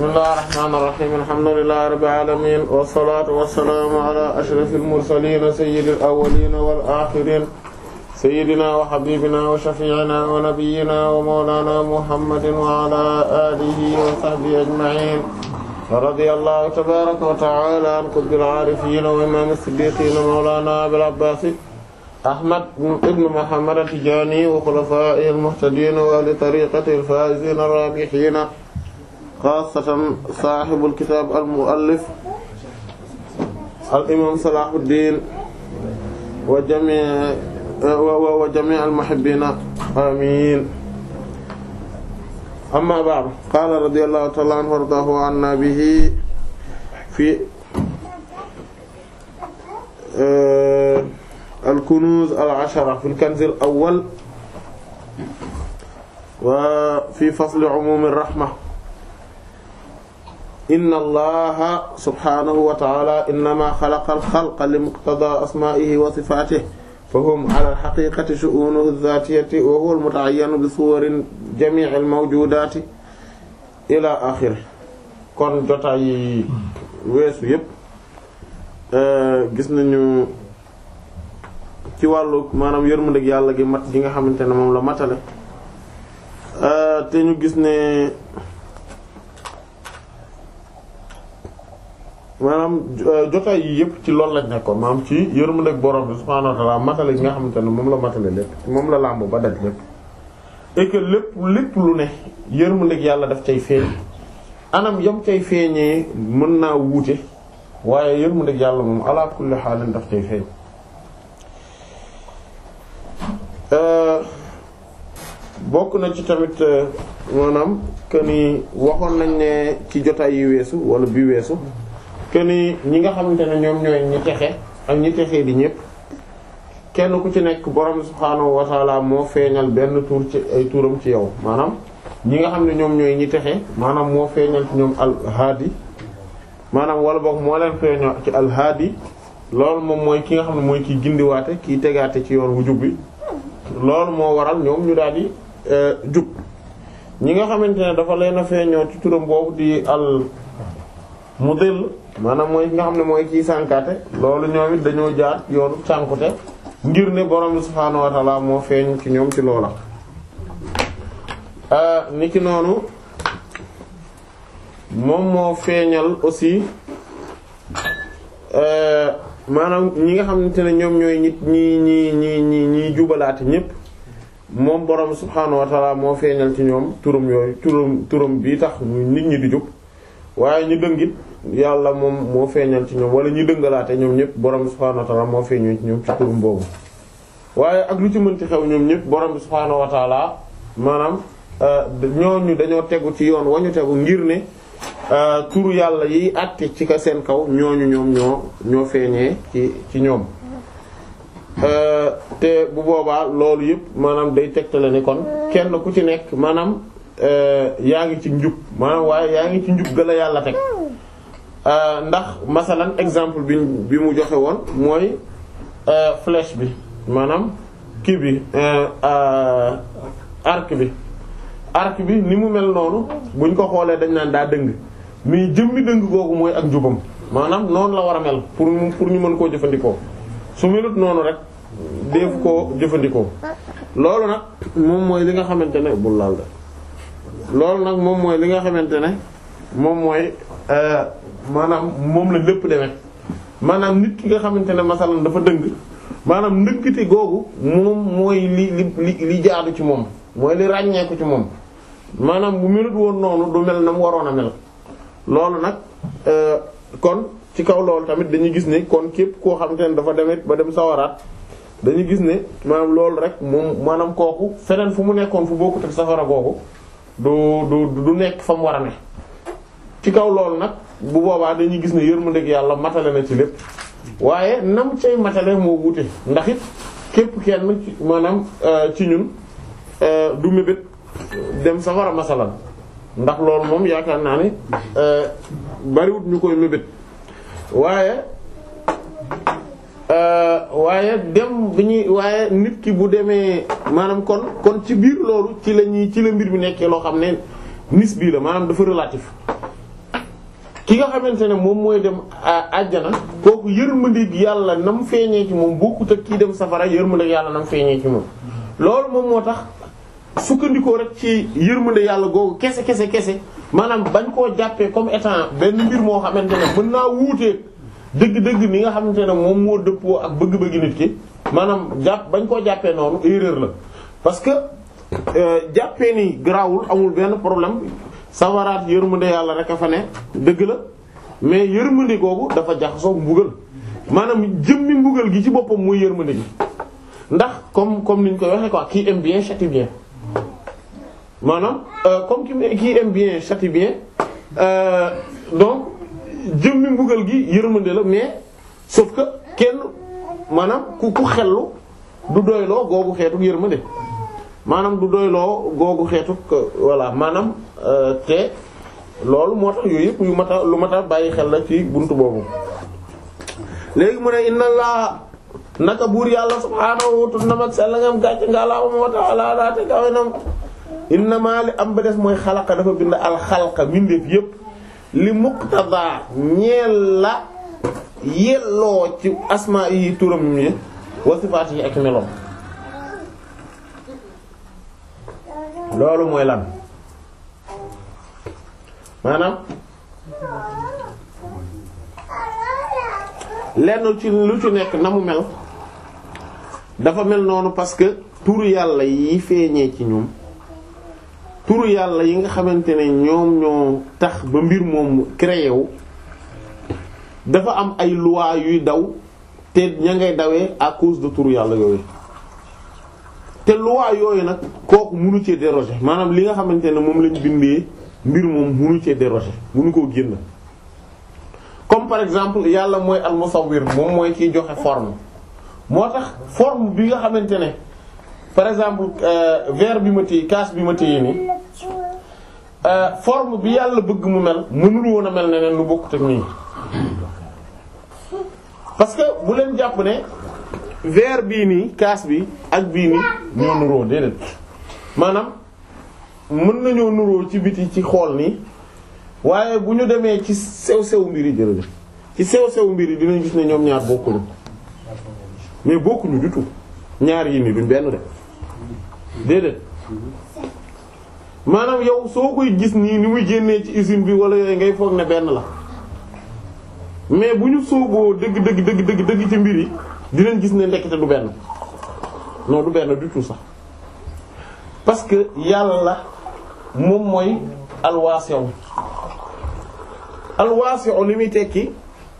bismillahir rahmanir rahim alhamdulillahi rabbil alamin wassalatu wassalamu ala ashrafil mursalin sayyidil awwalin wal akhirin sayyidina wa habibina wa shafi'ina wa nabiyyina wa mawlana muhammadin wa ala alihi wa sahbihi ajma'in رضي الله تبارك وتعالى عن قطب العارفين وإمام الصديقين مولانا أبي العباس أحمد بن محمد التجاني وخلفائه المهتدين وآل طريقته الفائزين الرابحين xaasatan saaxibul kitaab al muallif al imaam Salahuddin wa jamii wa jamii al muhibbiina amiin amma ba'du qaala radiyallahu ta'ala anhu wardaahu anna bihi fi eh, al kunuuz al ashara fil kanz al awwal wa fi fasli umuumi rahma inna allaha subhanahu wa ta'ala innama xalaqa al-xalqa limuqtada asma'ihi wa sifatihi fa hum ala haqiqati shu'unuhu adh-dhatiyyati wa huwa al-muta'ayyanu bi suwari jami'i al-mawjudati ila akhirih kon jotaay weesu yépp euh, gis nañu ci wàllu maanaam yërmandeeg yàlla gi mat gi nga xamante ne moom la matale euh, te ñu gis ne maanaam euh, jotaay yi yëpp ci loolu lañ nekkoon maanaam ci yërmandeeg borom bi subhaanahu wa ta'ala matale gi nga xamante ne moom la matale lépp moom la làmb ba daj lépp. et lépp lépp lu ne yërmandeeg yàlla daf cay feeñ anam yam cay feeñee mën naa wuute waaye yërmandeeg yàlla moom ala kulli xaalin daf cay feeñ. Euh, bokk na ci tamit euh, maanaam que ni waxoon nañ ne ci jotaay yi weesu wala bi weesu. que ni ñi nga xamante ne ñoom ñooy ñi texe ak ñi texe di ñëpp kenn ku ci nekk borom subhaanahu wa taala moo feeñal benn tur ci ay turam ci yow maanaam ñi nga xam ne ñoom ñooy ñi texe maanaam moo feeñal ci ñoom alhaadi maanaam wala boog moo ci alhaadi loolu moom mooy ki nga xam ne mooy kiy gindiwaate kiy tegaate ci yoon wu jub bi loolu moo waral ñoom ñu daal di euh, jub ñi nga xamante ne dafa leen a feeñoo ci turam boobu di al. mu dell maanaam mooy nga xam ne mooy kii sànkaate loolu ñoom it dañoo jaar yoon yoonu sànkute ngir ne borom bi subhaanahu moo feeñ ci ñoom ci loola ah, ni ki noonu moom moo feeñal aussi eh, maanaam ñi nga xamante ne ñoom ñooy nit ñi ñi ñi ñi ñiy jubalaate ñépp moom borom subhaanahu wa ta'ala moo feeñal ci ñoom turam yooyu turam turam bii tax nit ñi di jub waaye ñu dëngit yàlla moom moo feeñal ci ñoom wala ñuy dëngalaate ñoom ñëpp borom bi subhaanahu wa moo feeñu ci ñoom ci turum boobu waaye ak lu ci mënti xew ñoom ñëpp borom bi subhaanahu wa ta'ala maanaam euh, ñooñu dañoo tegu ci yoon wañu tegu ngir ne euh, turu yàlla yiy àtte seen kaw ñooñu ñoom ñoo ñoo feeñee ci ñoom euh, te bu boobaa loolu yëpp maanaam day tegtale ni kon kenn ku ci nekk maanaam yaa ngi ci njub maanaam waaye yaa ngi ci njub gën yàlla teg Euh, ndax masalan exemple bi bi mu joxe woon mooy euh, flèche bi maanaam kii bi euh, arc bi arc bi ni mu mel noonu buñ ko xoolee dañ naan daa dëng mais jëmmi dëng googu mooy ak njubam maanaam noonu la war a mel pour pour ñu mën koo jëfandikoo su melut noonu rek deefu koo jëfandikoo loolu nag moom mooy li nga xamante ne bul laal da loolu nag moom mooy li nga xamante ne moom mooy Euh, maanaam moom la lépp demee maanaam nit ki nga xamante ne masalan dafa dëng maanaam ndëggte googu moom mooy li li li jaadu ci moom mooy li ràññeeku ci moom maanaam bu melut woon noonu du mel na mu waroon a mel loolu nag euh, kon ci kaw loolu tamit dañuy gis ne kon képp koo xamante ne dafa demee ba dem sawaraat dañuy gis ne manaam loolu rek moom maanaam kooku feneen fu mu nekkoon fu bokkut safara googu du du du nekk fa mu war a ne ci kaw loolu nag bu boobaa dañuy gis ne yërmandeeg yàlla matale na ci lépp waaye nam cay matale moo wute ndax it képp kenn maanaam euh, ci ñun euh, du mébét dem safara masalan ndax loolu moom yaakaar naa ne euh, bariwut ñu koy mébét waaye waaye dem bi ñuy waaye nit ki bu demee maanaam kon kon ci biir loolu ci la ñuy ci la mbir bi nekkee loo xam ne nis bii la maanaam dafa relatif ki nga xamante ne moom mooy dem àjjana kooku yërmandeeg yàlla na mu feeñee ci moom bokkut ak kii dem safara yërmandeeg yàlla na mu feeñee ci moom. loolu moom moo tax sukkandikoo rek ci yërmande yàlla googu kese kese kese maanaam bañ koo jàppee comme étant benn mbir moo xamante ne mën naa wuutee dëgg-dëgg ni nga xamante ne moom moo dëppoo ak bëgg-bëgg nit ki maanaam jàpp bañ koo jàppee noonu erreur la parce que euh, jàppee ni graawul amul benn problème. sawaraat yërmande yàlla rek a fa ne dëgg la mais yërmande googu dafa jaxasoo mbugal maanaam jëmmi mbugal gi ci boppam muy yërmande gi ndax comme comme niñ koy waxee quoi qui aime bien châtie bien maanaam euh, comme qui aime bien châtie bien euh, donc jëmmi mbugal gi yërmande la mais sauf que kenn maanaam ku ku xellu du doyloo googu xeetu yërmande maanaam du doyloo googu xeetu voilà maanaam euh, te loolu moo tax yooyu yëpp yu mata lu mata bàyyi xel la ci bunt boobu léegi mu ne inna laa naka buur yàlla subhaanahu wa ta'ala ak sell ngam gàcc nga am ba des mooy xalaqa dafa bind alxalqa mbindeef yëpp li muqtada ñeel la yelloo ci asmaa yi turam yi wa yi ak meloom loolu mooy lan maanaam lenn ci lu ci nekk na mu mel dafa mel noonu parce que turu yàlla yi feeñee ci ñoom turu yàlla yi nga xamante ne ñoom ñoo tax ba mbir moom créé wu dafa am ay loi yuy daw te ña ngay dawee à cause de turu yàlla yooyu te loi yooyu nag kooku munu cee déroger maanaam li nga xamante ne moom lañ bindee mbir moom munu cee déroger munu koo génn comme par exemple yàlla mooy al-musawwir moom mooy ciy joxe form moo tax forme bi nga xamante ne par exemple euh, verre bi ma téye kaas bi ma téye nii euh, forme bi yàlla bëgg mu mel mënul woon a mel ne lu bokkut ak nii parce bu leen jàpp ne verre bii nii kaas bi ak bii nii ñoo nuroo déedéet maanaam mën nañoo nuroo ci biti ci xool nii waaye bu ñu demee ci sew sew mbir yi jërëjëf ci sew sew mbir dinañ gis ne ñoom ñaar bokkuñu mais bokkuñu du tout ñaar yi nii duñ benn de déedéet maanaam yow soo koy gis nii ni muy génnee ci usine bi wala yooyu ngay foog ne benn la mais bu ñu sooboo dëgg dëgg dëgg dëgg dëgg ci mbir yi. dinañ gis ne ndekete du benn non du benn du tout sax parce que yàlla moom mooy alwaasi'u alwaasi'u li muy tekki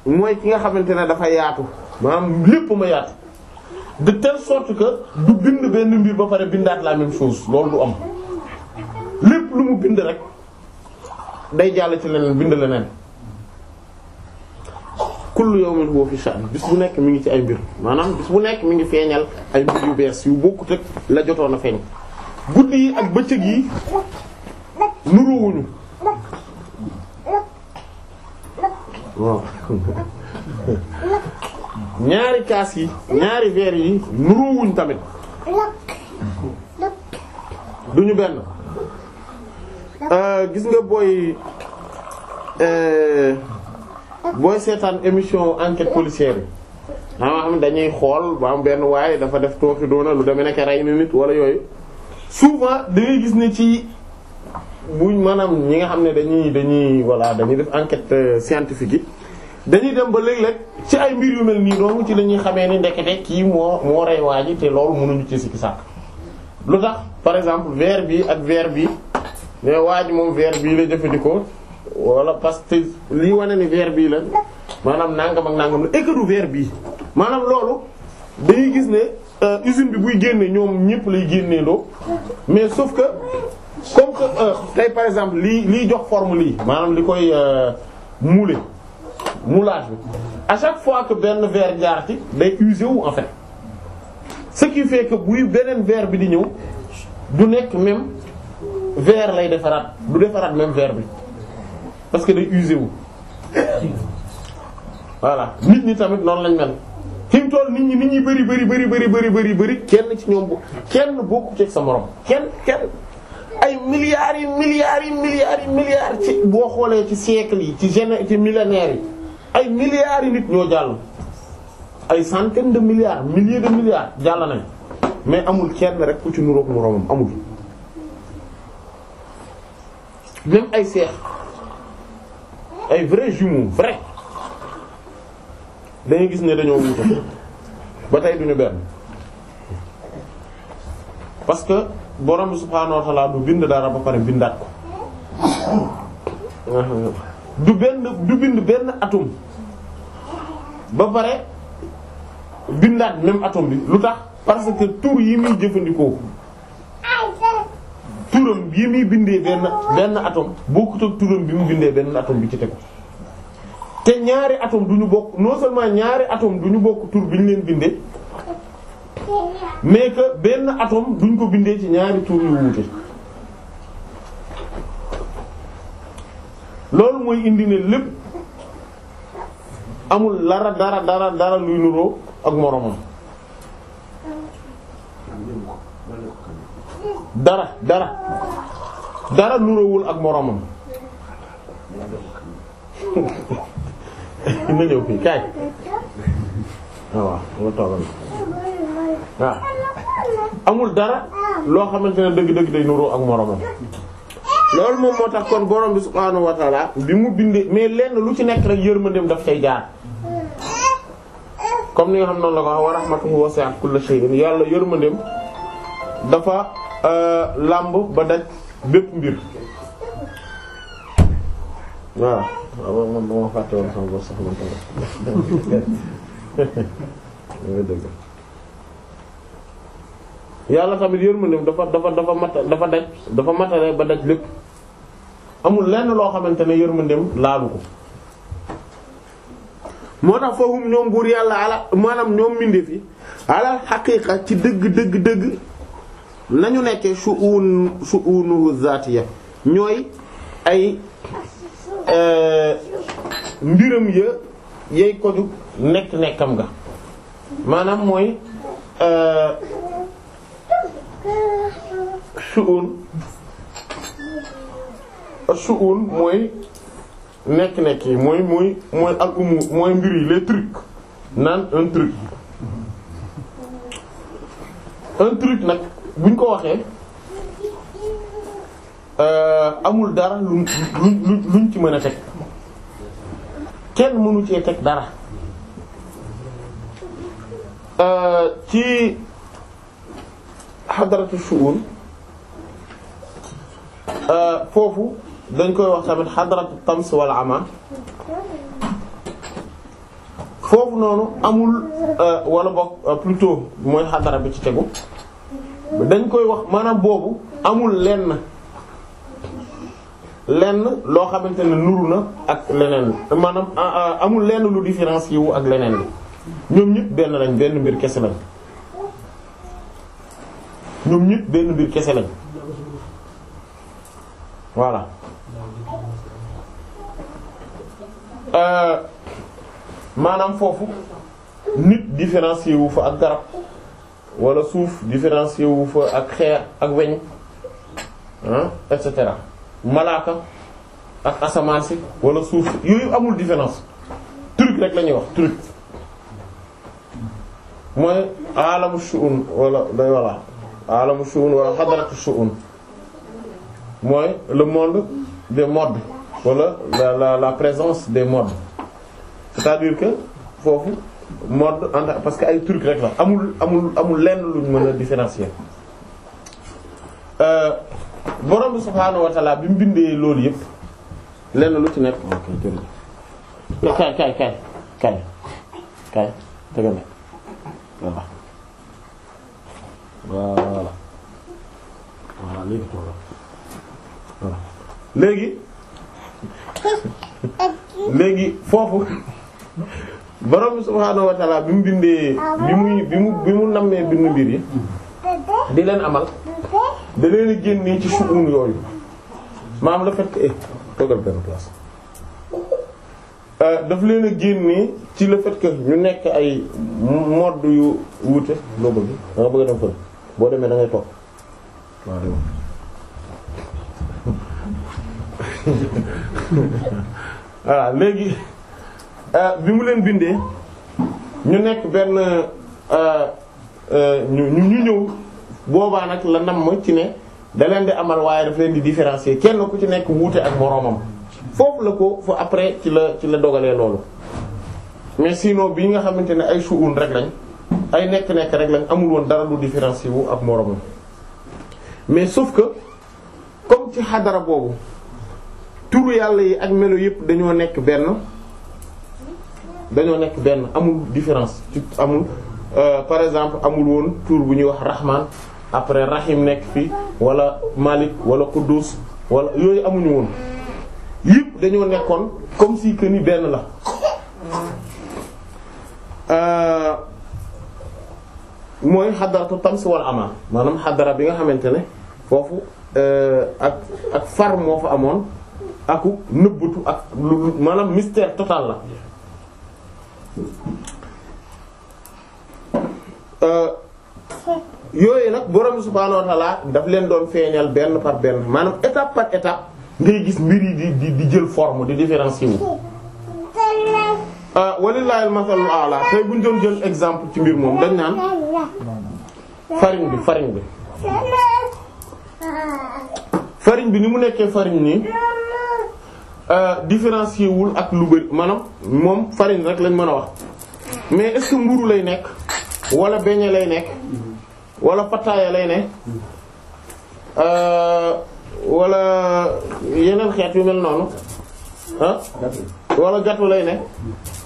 mooy ki nga xamante ne dafa yaatu maanaam lépp ma yaatu de telle sorte que du bind benn mbir ba pare bindaat la même foos loolu du am lépp lu mu bind rek day jàll ci leneen bind leneen. kullu yawmin huwa fi sha'n bis bu nekk mi ngi ci ay mbir maanaam bis bu nekk mi ngi feeñal ay mbir yu bees yu bokkut ak la jotoon a feeñ guddi yi ak bëccëg yi nuruwuñu waaw ñaari kaas yi tamit duñu benn euh, gis nga booy euh, booy seetaan émission enquête policière yi maanaam xam dañuy xool ba am benn waaye dafa def tooxi doona lu demee nekk rey na nit wala yooyu souvent da gis ne ci buñ maanaam ñi nga xam ne dañuy dañuy voilà dañuy def enquête euh, scientifique yi dañuy dem ba léeg-léeg ci ay mbir yu mel nii doomu ci la ñuy xamee ni ndekete kii moo moo rey waa ji te loolu mënuñu ci sikki sàkk lu tax par exemple verre bi ak vere bi mais waa moom verre bi la jëfandikoo wala parce que lii wane ni verbe bii la maanaam nangam ak nangam la écru verbe bii maanaam loolu dañuy gis ne euh, usine bi buy génne ñoom ñëpp lay génnee doo mais sauf que comme que euh, tey par exemple lii liy jox forme lii maanaam li koy euh, mouler moulage bi à chaque fois que benn verre jaar ci day usé wu en fait ce qui fait que buy beneen verre bi di ñëw du nekk même verre lay defaraat du defaraat même ver bi parce que day usé wu voilà nit ñi tamit noonu lañ mel fi mu toll nit ñi nit ñi bëri bëri bëri bëri bëri bëri bëri kenn ci ñoom bu kenn bokku ci sa moroom kenn kenn ay milliards yi milliards yi milliards ci boo xoolee ci siècles yi ci gén ci millénaires yi ay milliards yi nit ñoo jàll ay centaines de milliards milliers de milliards jàll nañ mais amul kenn rek ku ci nuroog moroomam amul même ay seex ay vrai jumeau vrai da gis ne dañoo wuute ba tey duñu benn parce que borom subhaanahu wa ta'ala du bind dara ba pare bindaat ko du benn du bind benn atome ba pare bindaat même atome bi lu tax parce que tur yi muy jëfandikoo turam yi muy bindee benn benn atome bokkut ak turam bi mu bindee benn atome bi ci tegu te ñaari atome du ñu bokk non seulement ñaari atome du ñu bokk tur bi ñu leen bindee mais que benn atome duñ ko bindee ci ñaari tur yu wuute. loolu mooy indi ne lépp amul dara dara dara dara luy nuroo ak moromam. dara dara dara nuróowul ak moroomam na ñëw fii kaay ah, waaw ah. amul dara loo xamante ne dëgg dëgg day nuroo ak moroomam loolu moom moo tax kon borom bi subhaanahu wa taala bi mu bindee mais lenn lu ci nekk rek yërmandeem daf cay jaar comme ni nga xam noonu la ko wax wa rahmatuhu wasi'at kulla shay'in yàlla yërmandeem dafa Euh, làmb ba daj bépp mbir waaw waaw ah, man dama fàtte woon sama bopp sax man tamit dëgg yàlla tamit yërmandeem dafa dafa dafa mata dafa daj dafa matale ba daj lépp amul lenn loo xamante ne yërmandeem laalu ko moo tax foofu ñoom buur yàlla ala maanaam ñoom mbindeef yi alal xaqiiqa ci dëgg dëgg dëgg nañu nekkee shu'un shu'unu zaatiya ñooy ay euh, mbiram ya yay ko jug nekk nekkam nga maanaam mooy euh, shu'un shu'un mooy nekk nekk yi mooy mooy mooy al mooy mbir yi les naan un truc nag buñ ko waxee euh, amul dara luñ luñ luñ ci mën a teg kenn mënu cee teg dara euh, ci xadaratu shu'ur euh, foofu dañ koy wax tamit xadaratu tams wal ama foofu noonu amul wala bokk pluto mooy xadara bi ci tegu dañ koy wax maanaam boobu amul lenn lenn loo xamante ne nuru na ak leneen maanaam ah, ah, amul lenn lu différencier wu ak leneen li ñoom ñëpp benn lañ benn mbir kese lañ ñoom ñëpp benn mbir kese lañ voilà euh, maanaam foofu nit différencier wu fa ak garab wala suuf différencié wu fa ak xeer ak weñ et cetera malaaka ak asamaan si wala suuf yooyu amul différence truc rek la ñuy wax truc mooy alamu shu'un wala day wala alamu shu'un wala xadaratu shu'un mooy le monde des modes wala la la la présence des modes c'est-à-dire que foofu mode en parce que ay truc rek la amul amul amul lenn lu mën a différencier euh, borom bi subhaanahu wa bi mu bindee loolu yëpp lenn lu ci nekk. ok jërëjëf. kay kay kay kay kay dëgg na voilà. voilà léegi tool voilà léegi léegi foofu. borom subhaanahu wa taala bi mu bindee bi muy bi mu bi mu nammee bind mbir yi di leen amal da leen a génnee ci suun yooyu maam la fekk eh toogal benn euh, daf leen a génnee ci le fait que ñu nekk ay modd yu wuute loo bëgg da bëgg dem fële boo demee da ngay toog léegi Euh, bi mu leen bindee ñu nekk benn euh, euh, ñu ñu ñëw boobaa nag la nam ci ne da leen di amal waaye daf leen di différencier kenn ku ci nekk wuute ak moroomam foofu la ko fa après ci la ci la dogalee loolu mais sinon bii nga xamante ne ay suun rek lañ ay nekk-nekk rek lañ amul woon dara lu différencier wu ak moroomam mais sauf que comme ci xadara boobu turu yàlla yi ak melo yëpp dañoo nekk benn dañoo nekk benn amul différence ci amul euh, par exemple amul woon tur bu ñuy wax rahman après rahim nekk fii wala malik wala quddus wala yooyu amuñu woon yëpp dañoo nekkoon comme si que ni benn la euh, mooy xadaratu tams wal amaan maanaam xadara bi nga xamante ne foofu euh, ak ak far moo fa amoon aku nëbbatu ak maanaam mystère total la Euh, yooyu nag borom subhaanahu wa ta'ala daf leen doon feeñal benn par benn maanaam étape par étape ngay gis mbir yi di di di jël forme di différencier wu. Euh, walillahi al-masalul a'la tey bu ñu doon jël exemple ci mbir moom dañ naan farine bi farine bi. farine bi ni mu nekkee farine nii. Euh, différencier wul ak lu bëri maanaam moom farine rek lañ mën a wax mais est-ce lay nekk wala beñe lay nekk wala pataaya lay nekk euh, wala yeneen xeet yu mel noonu ah wala gâteau lay nekk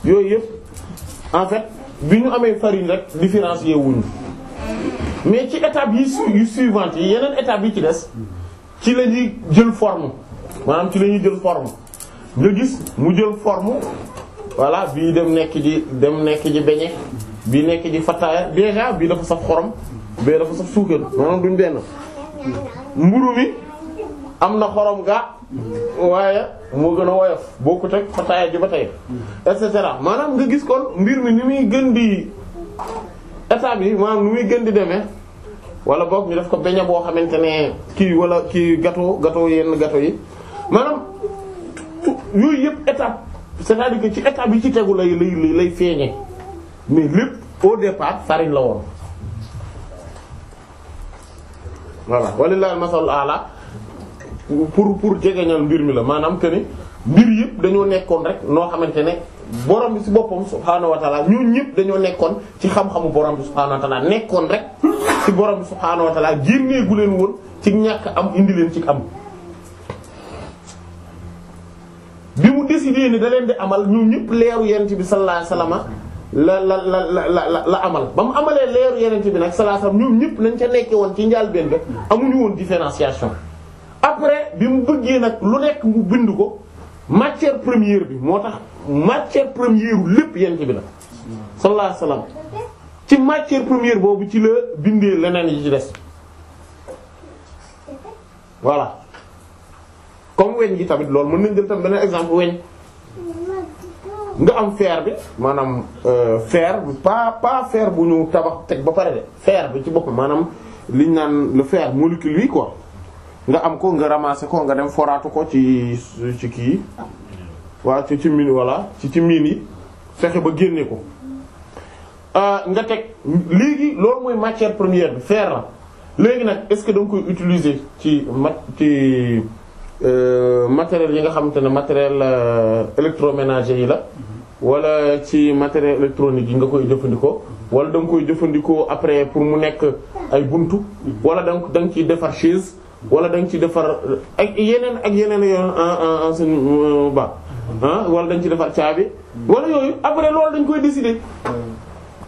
yooyu yëpp en fait bi ñu amee farine rek différencier wuñu mais ci étape yi yu yi yeneen étape yi ci des ci la ñuy jël forme maanaam ci la ñuy jël forme nga gis mu jël form voilà bii dem nekk ji dem nekk ji beñe bii nekk ji fataaya déjà bii dafa saf xorom bee dafa saf suukar maanaam duñ benn mburu mi am na xorom ga waaye moo gën a woyof bokkut ak fataaya ji ba tey et cetera maanaam nga gis kon mbir mi ni muy gën di état bi maanaam ni muy gën di deme walla boog ñu def ko beñe boo xamante ne kii wala kii gâteau gâteau yenn gâteau yi maanaam surtout yooyu yëpp étape c'est-à-dire que ci étape yi ci tegu lay lay lay feeñee mais lépp au départ farine la woon voilà walilahi masal ala pour pour jegeñal mbir mi la maanaam que ni mbir yëpp dañoo nekkoon rek noo xamante ne boroom bi ci boppam subhaanahu wa taala ñëpp dañoo nekkoon ci xam-xamu borom bi subhaanahu wa nekkoon rek ci borom bi subhaanahu wa taala génneegu leen woon ci ñàkk am indi leen ci am mu décidé ni da leen di amal ñu ñëpp leeru yonent bi sallallahu alayhi la la la la amal ba mu amalee leeru yonent bi nag sallallahu alayhi wasallam ñoom lañ ca nekkee woon ci njàlbéen ba amuñu woon différenciation. après bi mu bëggee nag lu nekk mu bind ko matière première bi moo tax matière première lépp yonent bi la sallallahu ci matière première boobu ci la bindee leneen yi ci des voilà. comme weñ gi tamit lool mën nañ jël tamit beneen exemple weñ nga am fer bi maanaam euh, fer bi pas pas fer bu ñu tabax teg ba pare de fer bi ci boppam maanaam liñ naan le fer molécule bi quoi nga am ko nga ramasser ko nga dem foraatu ko ci ci kii waa ci ci miin voilà ci ci miin yi fexe ba génne ko euh, nga teg léegi loolu mooy matière première bi fer la léegi nag est-ce que da koy utiliser ci ma ci Euh, matériel yi nga xamante ne matériel euh, électroménager yi la wala ci matériel électronique yi nga koy jëfandikoo wala da koy jëfandikoo après pour mu nekk ay buntu wala da nga da nga ciy defar chaise wala da nga ciy defar euh, ak yeneen ak yeneen yoon en en en ba wala da ci ciy defar caabi wala yooyu après loolu dañ koy décider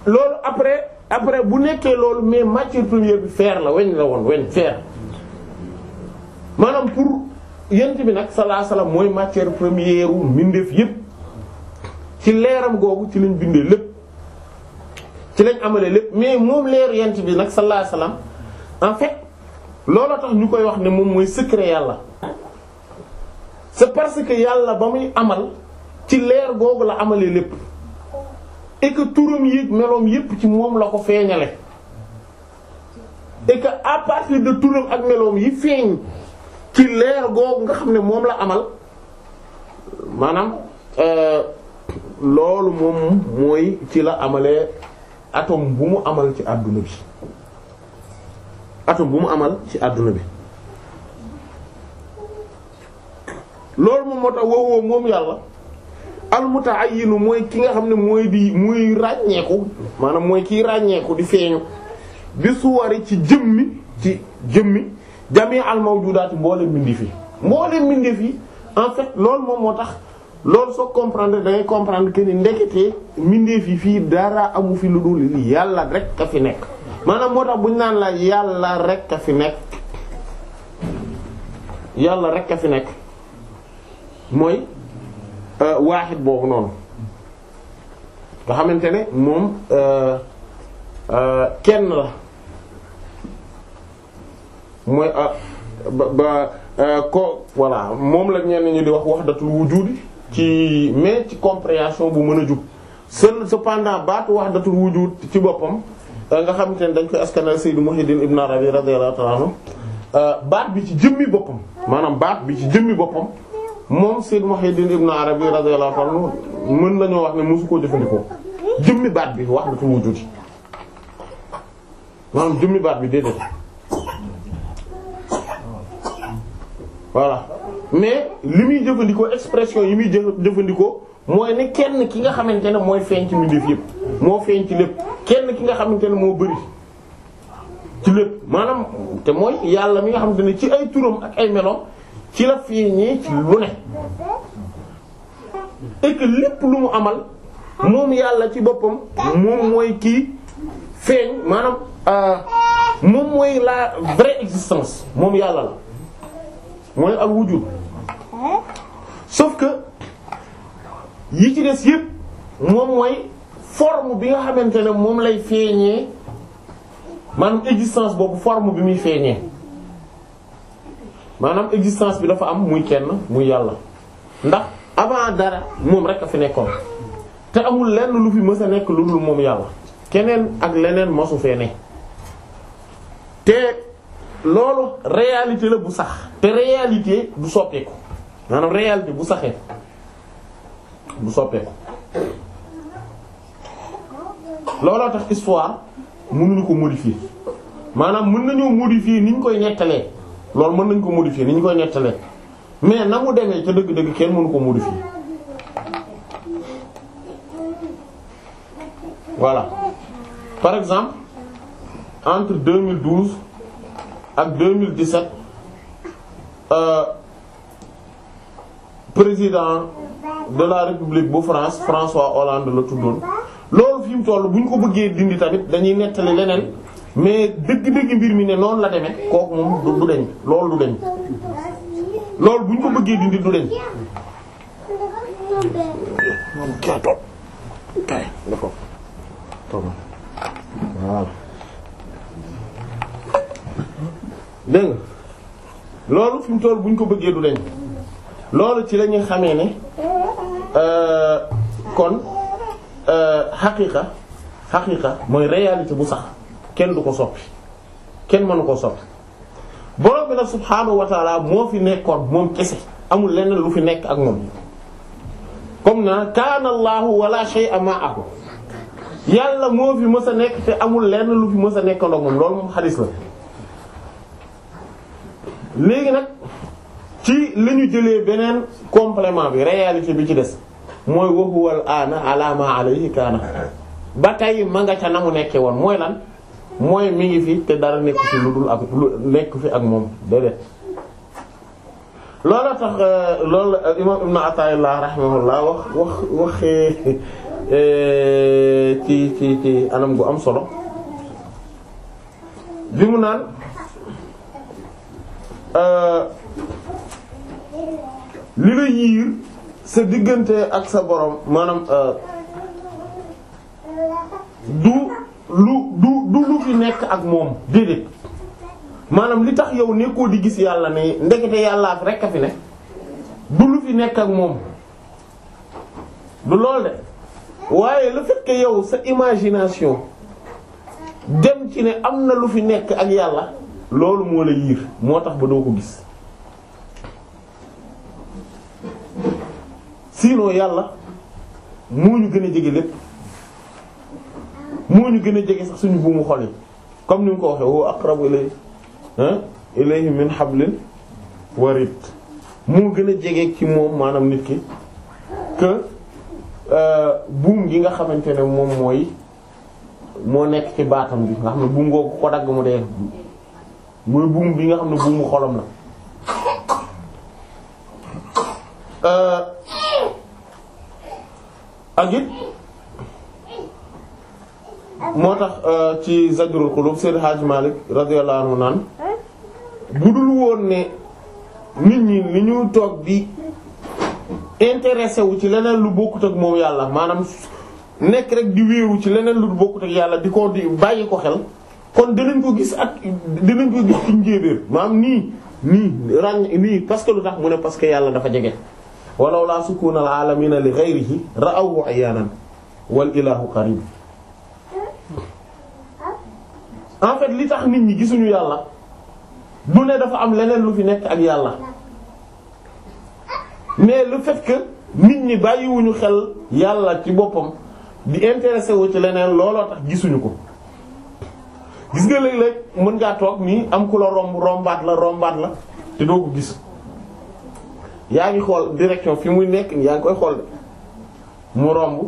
loolu après après bu nekkee loolu mais matière première bi fer la weñ la woon weñ fer maanaam pour yent bi nag sallallahu mooy matière première wu mbindeef yépp ci leeram googu ci lañ bindee lépp ci lañ amale lépp mais moom leer yent bi nag sallallahu alayhi wasallam en fait looloo tax ñu koy wax ne moom mooy secret yàlla c'est parce que yàlla ba muy amal ci leer googu la amalee lépp et que turam yi meloom yépp ci moom la ko feeñale et que à turam ak meloom yi feeñ ci leer googu nga xam ne moom la amal maanaam euh, loolu moom mooy ci la amale atome bu mu amal ci àdduna bi atome bu mu amal ci àdduna bi loolu moom moo tax wowoo moom yàlla al mutaayyinu mooy ki nga xam ne mooy di muy ràññeeku maanaam mooy kiy ràññeeku di feeñu bi suwari ci jëmmi ci jëmmi jamii al mawjudaat mbooleem mbindeef yi mbooleem mbindeef yi en fait loolu moom moo tax loolu soo comprendre da ngay comprendre que ni ndekete mbindeef yi fii dara amu fi lu dul yàlla rek ka fi nekk maanaam moo bu ñu naan la yàlla rek ka fi nekk yàlla rek ka fi nekk mooy euh, waaxit boobu noonu nga xamante ne moom euh, euh, kenn la. mooy ah, ba euh, ko voilà moom la ñenn ñu di wax wax wahdatul wujudi ci mais ci compréhension bu mën a jub seul cependant baatu wahdatul wujud ci boppam euh, nga xamante ne dañ koy askanal Sayyid Muhyiddin Ibn Arabi radiyallahu ta'ala anhu euh, baat bi ci jëmmi boppam maanaam baat bi ci jëmmi boppam moom Sayyid Muhyiddin Ibn Arabi radiyallahu anhu mën nañoo wax ne mosu koo jëfandikoo jëmmi baat bi wax wahdatul wujud maanaam jëmmi baat bi déedéet. voilà mais li muy jëfandikoo expression yi muy jëfandikoo mooy ne kenn ki nga xamante ne mooy feeñ ci mbindeef yépp moo feeñ ci lépp kenn ki nga xamante ne moo bari ci lépp maanaam te mooy yàlla mi nga xamante ne ci ay turam ak ay melo ci la feeñee ci lu ne et que lu mu amal moom yàlla ci boppam moom mooy kii feeñ maanaam euh, moom mooy la vraie existence moom yàlla la mooy al wujud sauf que yi ci des yëpp moom mooy forme bi nga xamante ne moom lay feeñee maanaam existence boobu forme bi muy feeñee maanaam existence bi dafa am muy kenn muy yàlla ndax avant dara moom rek a fi nekkoon te amul lenn lu fi mës a nekk lu dul moom yàlla keneen ak leneen masu fee te loolu réalité la bu sax te réalité du soppeeku maanaam réalité bu saxee du soppeeku looloo tax histoire mënuñu ko modifier maanaam mën nañoo modifier ni ñu koy nettalee loolu mën nañ ko modifier ni ñu koy nettalee mais na mu demee ca dëgg-dëgg kenn mënu ko modifier voilà par exemple entre 2012 ak 2017 euh, président de la république bu France François Hollande la tuddoon loolu fi mu toll bu ñu ko bëggee dindi tamit dañuy nettali leneen mais dëgg-dëgg mbir mi ne noonu la demee kooku moom du deñ loolu du deñ loolu bu ñu ko bëggee dindi du deñ dégg loolu fi tool toll bu ñu ko bëggee du dañ loolu ci lañuy ñuy xamee ne euh, kon euh, xaqiqa xaqiqa mooy réalité bu sax kenn du ko soppi kenn mënu ko soppi borom bi nag subhaanahu wa moo fi nekkoon moom kese amul leneen lu fi nekk ak moom comme na kaana Allahu wala shay'a ako yàlla moo fi mës a nekk te amul lenn lu fi mës a nekkandoog moom loolu moom xadis la léegi nag ci la ñu jëlee beneen complément bi réalité bi ci des mooy wa huwa al aana ala ma kaana ba tey ma nga ca na mu nekkee woon mooy lan mooy mi ngi fii te dara nekk fi lu dul ak lu nekk fi ak moom déedéet loolu tax euh, loolu euh, imam ibn Ata'illah rahimahullah wax wax waxee euh, ci ci ci anam gu am solo bi mu naan Euh, li la yiir sa diggante ak sa borom maanaam euh, du lu du lu fi nekk ak moom déedéet maanaam li tax yow nekkoo di gis yàlla ne ndekete yàllaa rekk a fi ne du lu fi nekk ak moom du lool de waaye le fait yow sa imagination dem ci ne am na lu fi nekk ak yàlla loolu moo la yiir moo tax ba doo ko gis sinon yàlla moo ñu gën a jege lépp moo ñu gën a jege sax suñu buumu xol yi comme ni mu ko waxee wa aqrabu ilay ilayhi min hablil warid moo gën a jege ci moom maanaam nit ki que euh, buum gi nga xamante ne moom mooy moo nekk ci baatam bi nga xam ne buum googu ko dagg mu dee mooy buum bi nga xam ne buumu xolam la euh, ak it moo tax euh, ci Zajrul Qulub Seydi Hadji Malick radiyallahu anhu naan bu dul woon ne nit ñi li ñu toog di intéressé wu ci leneen lu bokkut ak moom yàlla maanaam nekk rek di wéeru ci leneen lu bokkut ak yàlla di ko di bàyyi ko xel kon dinañ ko gis ak dinañ ko gis ci njéebéer maanaam nii nii ràññ nii parce que lu tax mu ne parce que yàlla dafa jege walaw laa sukuna al alamina li ghayrihi ra'awhu ayyanan wal ilahu qarib en fait li tax nit ñi gisuñu yàlla du ne dafa am leneen lu fi nekk ak yàlla mais lu fekk nit ñi bàyyiwuñu xel yàlla ci boppam di intéressé wu ci leneen looloo tax gisuñu ko gis nga léeg-léeg mën ngaa toog nii am ku la romb rombaat la rombaat la te doo ko gis yaa ngi xool direction fi muy nekk nii yaa ngi koy xool mu romb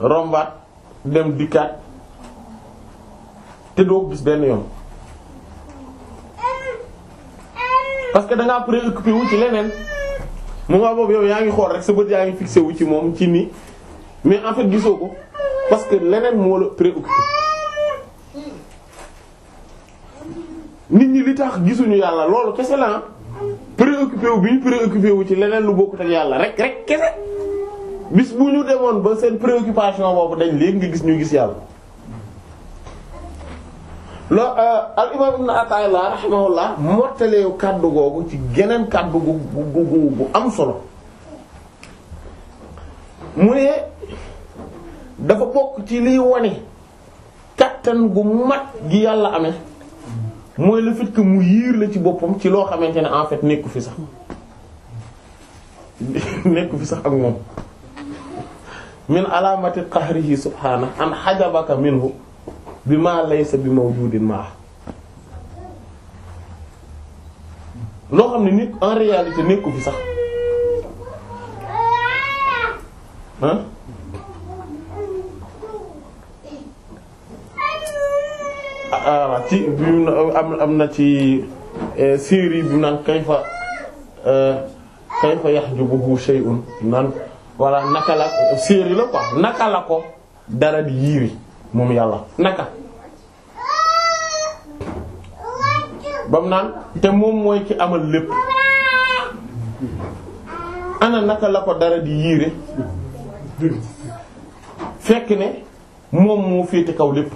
rombaat dem dikkaat te doo ko gis benn yoon parce que da ngaa préoccupé wu ci leneen moment boobu yow yaa ngi xool rek sa bët yaa ngi fixé wu ci moom ci nii mais en fait gisoo ko parce que leneen moo la préoccupé. nit ñi li tax gisuñu yàlla loolu kese la préoccupé wu bi ñu préoccupé wu ci leneen lu bokkut ak yàlla rek rek kese bis bu ñu demoon ba seen préoccupation boobu dañ léegi nga gis ñu gis yàlla. lo euh, al imaam ibn Ata'illah rahimahullah mottaleewu kàddu googu ci geneen kàddu gu gu gu am solo mu ne dafa bokk ci liy wone kattan gu mat gi yàlla ame mooy le fait mu yiir la ci boppam ci loo xamante ne en fait nekku fi sax nekku fi sax ak moom min alaamati qahrihi subhaana an xajabaka minhu bi ma laysa bi mawjudin ma loo xam ne nit en réalité nekku fi sax Ah, ci bi am na ci eh, série bi naan kayfa eh, kayfa yahjubuhu shay'un naan walla naka la série la quoi naka la ko dara di yiiri moom yàlla naka bam naan te moom mooy ci amal lépp ana naka la ko dara di yiire fekk ne moom moo féete kaw lépp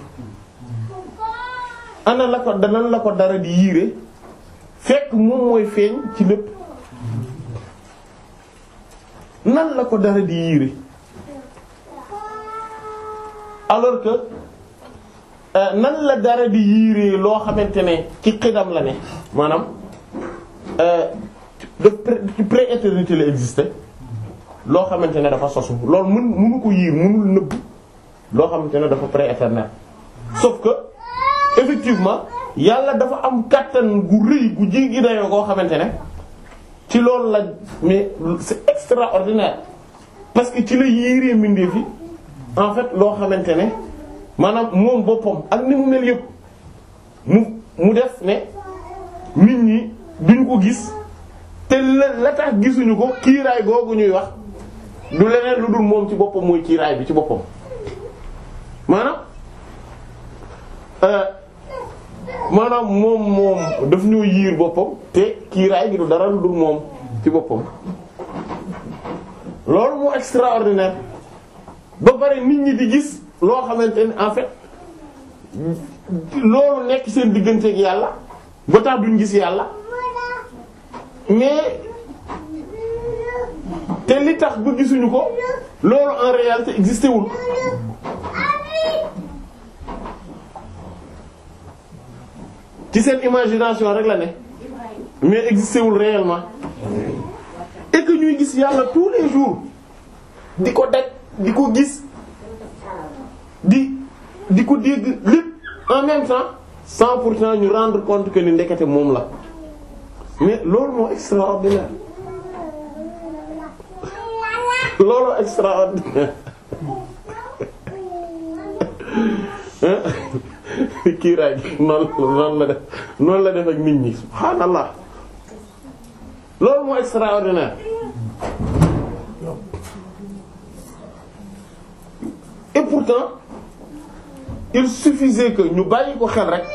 ana la ko danan la ko dara di yiire fekk moom mooy feeñ ci lépp nan la ko dara di yiire alors que euh, nan la dara di yiire loo xamante ne ci xidam la ne maanaam euh, de ci pré-éternité la existé loo xamante ne dafa sosu loolu mën mënu ko yiir mënul nëbb loo xamante ne dafa pré-éternel sauf que effectivement yàlla dafa am kàttan gu rëy gu jéggi dayoo koo xamante ne ci loolu la mais c'est extraordinaire parce que ci la yéeree mbindeef yi en fait loo xamante ne maanaam moom boppam ak ni mu mel yëpp mu mu def ne nit ñi duñu ko gis te la tax gisuñu ko kiiraay googu ñuy wax du leneen lu dul moom ci boppam mooy kiiraay bi ci boppam maanaam. Euh, maanaam moom moom daf ñoo yiir boppam te kiiraay gi du dara lu dul moom ci boppam loolu moo extraordinaire ba pare nit ñi di gis loo xamante ni en fait loolu nekk seen diggante digganteeg yàlla ba tax duñ gis yàlla mais te li tax ba gisuñu ko loolu en réalité existé wul ci seen imagination rek la ne mais existé wul réellement et que ñuy gis yàlla tous les jours di ko daj di ko gis di di ko dégg lépp en même temps sans pourtant ñu rendre compte que ni ndekete moom la mais loolu moo extraordinaire loolu extraordinaire kiiraay gi noonu la def noonu la def ak nit ñi subhaanallah loolu moo extraordinaire et pourtant il suffisait que ñu bàyyi ko xel rek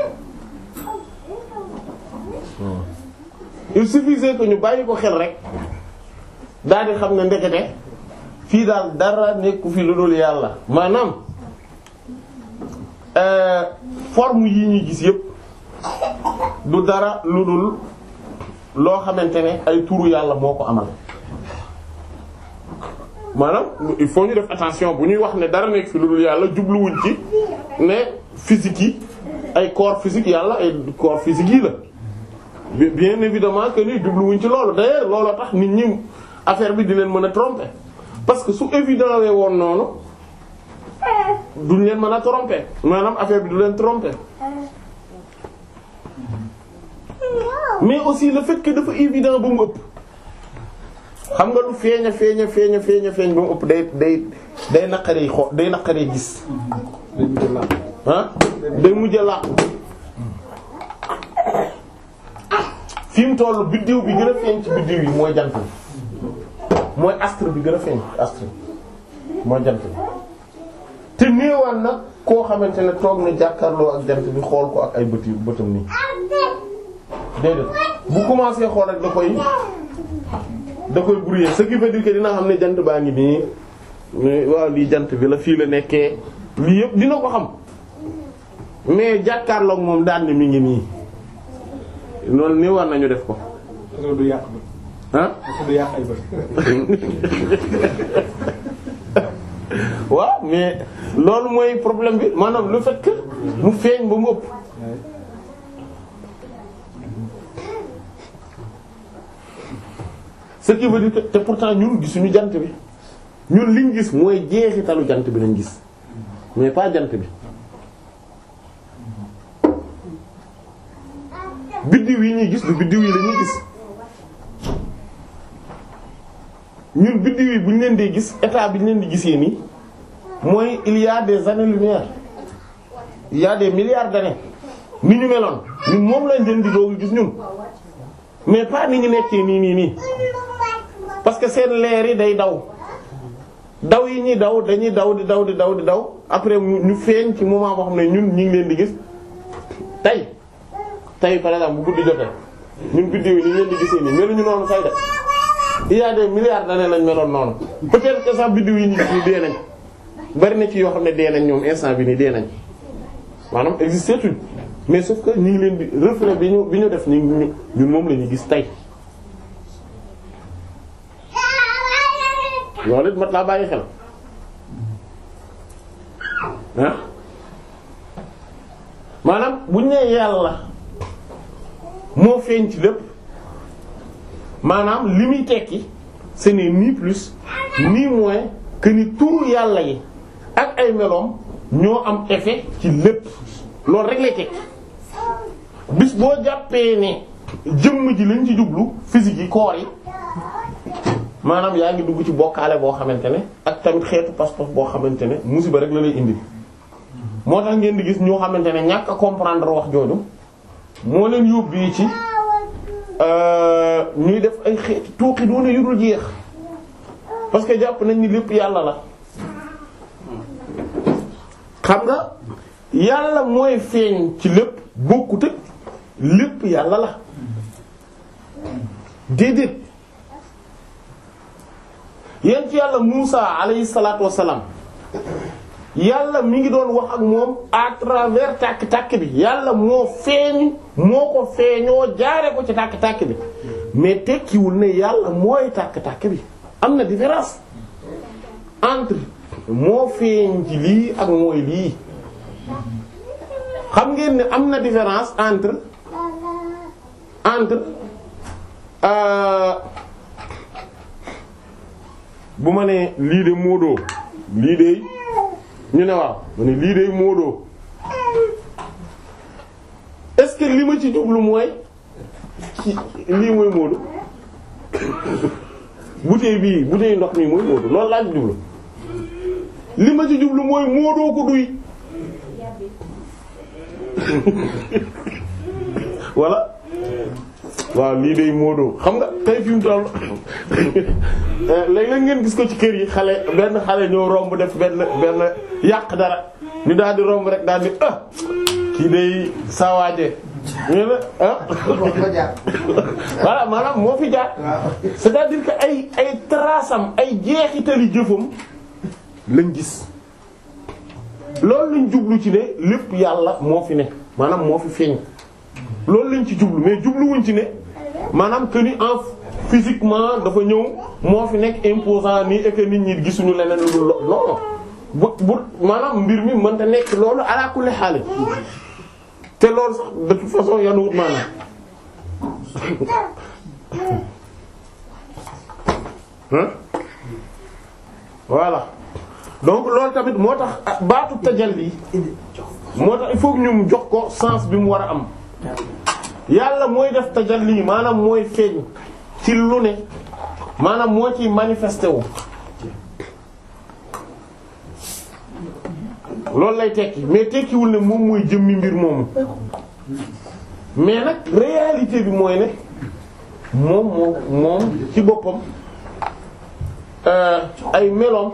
il suffisait que ñu bàyyi ko xel rek daal xam ne ndekete fii daal dara nekku fi lu dul yàlla maanaam Euh, forme yi ñuy gis yëpp du dara lu dul loo xamante ne ay turu yàlla moo ko amal maanaam il faut ñu def attention bu ñuy wax ne dara nekk fi lu dul yàlla jubluwuñ ci ne physique yi ay corps yàlla ay corps physique yi la bien évidemment que ni jubluwuñ ci loolu d'ailleurs looloo tax nit ñi affaire bi di leen mën a tromper parce que su évident woon noonu duñ leen mën a tromper maanaam affaire bi du leen tromper mais aussi le fait que dafa évident ba mu ëpp xam nga lu feeña feeña feeña feeña feeñ ba mu ëpp day day day naqaree xo day naqaree gis ah day mujj a làqu fi mu toll biddiw bi gën a feeñ ci biddiw yi mooy jant bi mooy astre bi gën a feeñ astre mooy jant bi te néewaan nag koo xamante ne toog na jàkkaarloo ak jant bi xool ko ak ay bët yu bëtam nii déedéet bu commencé xool rek da koy da koy brouillé ce qui veut dire que dina xam ne jant baa ngi nii waaw lii jant bi la fii la nekkee lii yëpp dina ko xam mais jàkkaarloog moom daan ni mi ngi nii loolu nii war nañu def ko. du yàq waaw mais loolu mooy problème bi maanaam le fait que mu feeñ ba mu ëpp. ce qui veut dire que te pourtant ñun gisuñu jant bi ñun liñ gis mooy jeexitalu jant bi nañ gis mais pas jant bi. biddiw yi ñuy gis du biddiw yi lañuy gis. ñun biddiw yi bu ñu leen dee gis état bi ñu leen di gisee nii mooy il des années-lumière il y a des milliards d'années ni ñu meloon ñun moom lañ leen di doog gis ñun mais pas ni ñu nekkee nii nii nii parce que seen leer yi day daw daw yi ñuy daw dañuy daw di daw di daw di daw après ñu feeñ ci moment boo xam ne ñun ñu ngi leen di gis tey tey par exemple bu guddi jotee ñun biddiw yi ni ñu leen di gisee nii meluñu noonu say def il y a des milliards d'années lañ meloon noonu peut-être que sax biddiw yi ñu ñu nañ bari na ci yoo xam ne dee nañ ñoom instant bi nii dee maanaam existé tuuti mais sauf que ñu ngi leen di reflet bi ñu bi ñu def ñu ñun moom la ñu gis tey. loolu it mat laa bàyyi xel ah maanaam bu ñu nee yàlla moo feeñ ci lépp. maanaam li muy tekki ce n'est ni plus ni moins que ni yàlla yi ak ay meloom ñoo am effet ci lépp loolu rekk lay tekki bis boo jàppee ne jëmm ji lañ ci jublu physique yi corps yi maanaam yaa ngi dugg ci bokkaale boo xamante ne ak tamit xeetu passeport boo xamante ne musiba rek la lay indi moo tax ngeen di gis ñoo xamante ne ñàkk comprendre wax jooju moo leen yóbbee ci. ñuy def ay xeeti tuuti doone yu dul jeex parce que jàpp nañ ni lépp yàlla la xam nga yàlla mooy feeñ ci lépp bokkute ak lépp yàlla la déedéet yéen ci yàlla Muusa alayhi wassalaam yàlla mi ngi doon wax ak moom à travers tàkk-tàkk bi yàlla moo feeñ moo ko feeñoo jaare ko ci tàkk-tàkk bi mais tekkiwul ne yàlla mooy tàkk-tàkk bi am na différence entre moo feeñ ci lii ak mooy lii xam ngeen ne am na différence entre entre euh, bu ma ne lii de Modou lii de. ñu ne waa ma lii day moodoo est-ce que li ma ci jublu mooy ci lii mooy moodu bouteille bii bouteille ndox mi mooy moodu loolu laa ci jublu li ma ci jublu mooy moodoo ko duy voilà waaw lii day Modou xam nga tey fi mu ngeen gis ko ci kër yi xale benn xale ñoo romb def benn benn yàq dara ñu daal rek daal di ah, ah. moo fi jaar. cest à ay ay lañ gis loolu lañ jublu ci ne lépp yàlla moo fi ne maanaam moo fi feeñ. loolu lañ ci jublu mais jubluwuñ ci ne maanaam que ni en physiquement dafa ñëw moo fi nekk imposant nii et que ñi gisuñu leneen lu dul loolu bu bu maanaam mbir mi mënta nekk loolu ala kulli xaal te loolu sax de toute façon yanu wut maanaam hein voilà donc loolu tamit moo tax ah, baatu tajal bi moo tax il faut que ñu jox ko sens bi mu war a am yàlla mooy def tajal lii maanaam mooy feeñ ci lu ne maanaam moo ciy manifesté wu loolu lay tekki mais tekkiwul ne moom mooy jëmmi mbir moomu mais nag réalité bi mooy ne moom moom ci boppam euh, ay meloom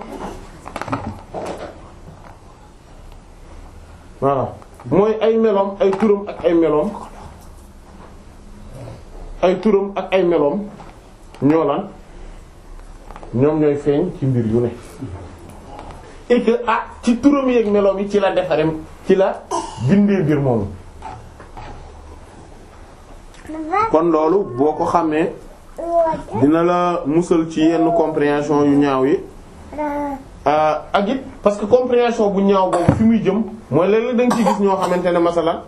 voilà mooy ay meloom ay turam ak ay meloom ay turam ak ay meloom ñoo lan ñoom ñooy feeñ ci mbir yu ne et ah ci turam yéeg meloom yi ci la defaree ci la bindee mbir moomu kon loolu boo ko xamee dina la musal ci yenn compréhension yu ñaaw yi ah, ak it parce que compréhension bu ñaaw boobu fi muy jëm mooy léeg-léeg da nga gis ñoo xamante ne masala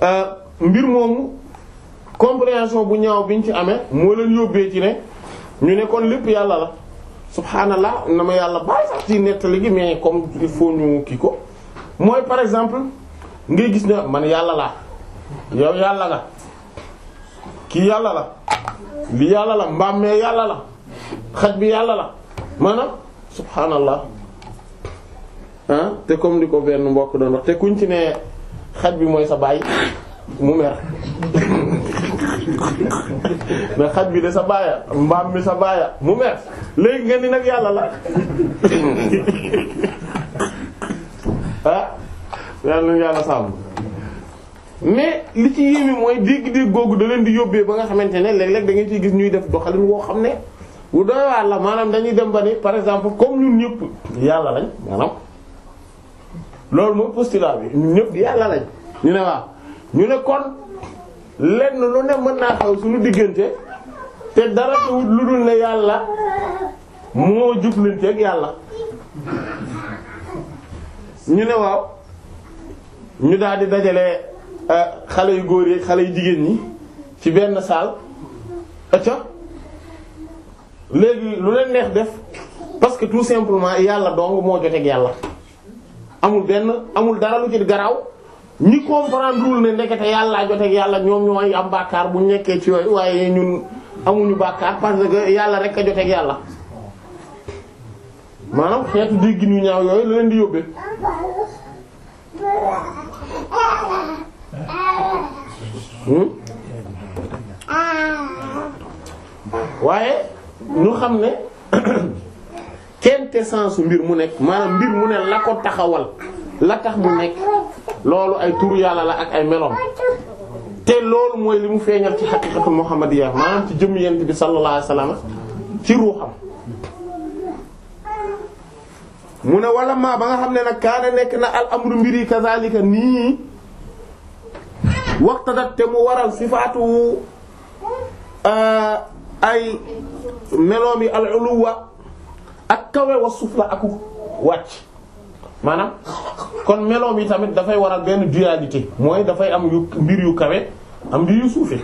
ah, mbir moomu compréhension bu ñaaw biñ ci amee moo leen yóbbee ci ne ñu ne kon lépp yàlla la subhaanallah na ma yàlla baal sax ci nettali gi mais comme il ñu kii ko mooy par exemple ngay gis ne man yàlla laa yow yàlla la kii yàlla la li yàlla la mbaam mee yàlla la xaj bi yàlla la maanaam subhaanallah ah te comme ni ko benn mbokk doon wax te kuñ ci ne xaj bi mooy sa baay mu mer mais xaj bi de sa baaya mbaam mi sa baaya mu mer léegi ngeen ni nag yàlla la ah yàlla na yàlla li ci yéeme mooy dégg-dégg googu da leen di yóbbee ba nga xamante ne léeg-léeg da ngeen ciy gis ñuy def doxalin woo xam ne bu doy waar la maanaam dañuy dem ba ni par exemple comme ñun ñëpp yàlla lañ maanaam loolu mooy postulat bi ñëpp yàlla lañ ñu ne waaw ñu ne kon. lenn lu ne mën naa xew suñu diggante te dara tawut lu dul ne yàlla moo jublanteeg yàlla ñu ne waaw ñu daldi dajale euh, xale yu góor yi xale yu jigéen ñi ci benn saal acca léegi lu leen neex def parce que tout simplement yàlla dong moo joteeg yàlla amul benn amul dara lu ci garaaw ñi comprendre lul ne ndekete yàllaa joteeg yàlla ñoom ñooy am bàkkaar bu nekkee ci yooyu waaye ñun amuñu bàkkaar parce que yàlla rek a joteeg yàlla maanaam xeetu dégg ñu ñaaw yooyu la leen di yóbbee. Hmm? waaye ñu xam ne quintessence mbir mu nekk maanaam mbir mu ne la ko taxawal. la tax mu nekk loolu ay tur yàlla la ak ay meloom te loolu mooy li mu feeñal ci xaqiiqatul muhammadiyya maanaam ci jëm yent bi sallallahu alayhi ci ruuxam mu ne wala maa nga xam ne na kaana nekk na al amru mbiri kazalika nii waxtadat te mu waral sifaatu ay meloom yi al uluwa ak kawe wa sufla aku wàcc maanaam kon meloom yi tamit dafay war waral benn dualité mooy dafay am yu mbir yu kawe am mbir yu suufe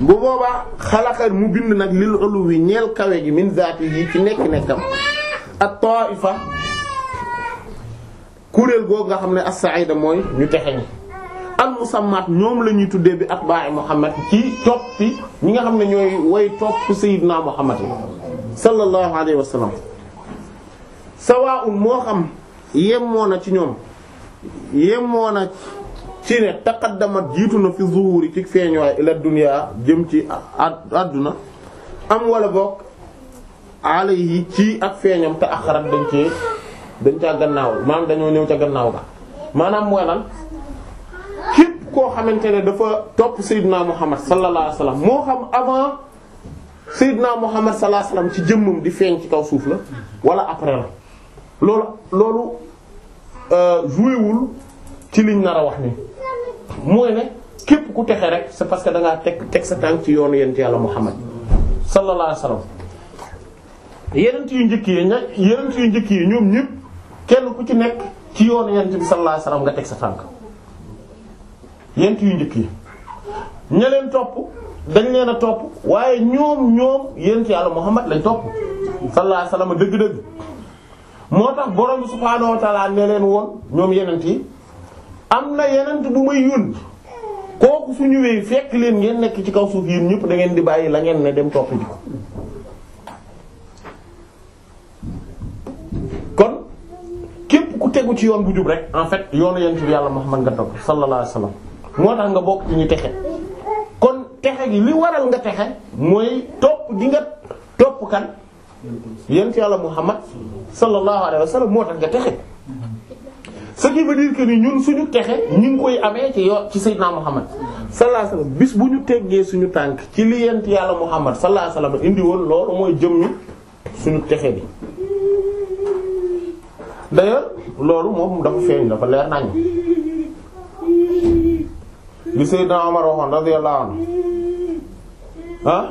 bu boobaa xalaqa mu bind nag lil uluwi ñeel kawe gi min yi ci nekk nekkam ak ta'ifa kuréel googu nga xam ne as-sa'ida mooy ñu texe ñi al musammat ñoom la ñuy tuddee bi atba'i Muhammad ci toppi ñi nga xam ne ñooy way topp Seydina Muhammad sallallahu alayhi wa sallam sawaa'un moo xam yemmoo na ci ñoom yemmoo na ci ne taqaddamat jiitu na fi zuhuri ci feeñuwaay ila dunya jëm ci àdduna am wala bokk yi ci ak feeñam te axarat dañ cee dañ caa gannaaw maanaam dañoo ñëw ca gannaaw ba maanaam mooy lan képp koo xamante ne dafa topp Seydina Muhammad sallallahu alayhi wasallam moo xam avant Seydina Muhammad sallallahu alayhi wasallam ci jëmmam di feeñ ci kaw suuf la wala après la loolu loolu euh, jouéwul ci liñ nar a wax ni mooy ne képp ku texe rek c'est parce que dangaa ngaa teg teg sa tànk ci yoonu yent yàlla Muhammad sallallahu alayhi wasallam yenent yu njëkk yi ña yenent yu njëkk yi ñoom ñëpp kenn ku ci nekk ci yoon yent bi sallallahu alayhi wasallam teg sa tànk yenent yu njëkk yi ña leen topp dañ leen a topp waaye ñoom ñoom yent yàlla Muhammad lañ topp sallallahu alayhi wasallam dëgg-dëgg moo tax borom bi subhaanahu wa leen woon ñoom yenent yi am na yenent bu may yónni kooku su ñëwee fekk leen ngeen nekk ci kaw suuf yéen ñëpp dangeen di bàyyi la ngeen ne dem topp kon képp ku tegu ci yoon bu jub rek en fait yoonu yenent bi yàlla Muhammad nga topp sallallahu alayhi wasallam moo tax nga bokk ci ñu texe kon texe gi li waral nga texe mooy topp di nga topp kan yent yàlla Muhammad sallallahu alayhi wa sallam moo tax nga texe ce qui veut dire que ni ñun suñu texe ñu koy amee ci yo ci Seydina Muhammad sallallahu alayhi bis bu ñu teggee suñu tànk ci li yent yàlla Muhammad sallallahu alayhi wa sallam indi woon loolu mooy jëm ñu suñu texe bi d'ailleurs loolu moom dafa feeñ dafa leer nañ li Seydina Umar waxoon radiyallahu anhu ah?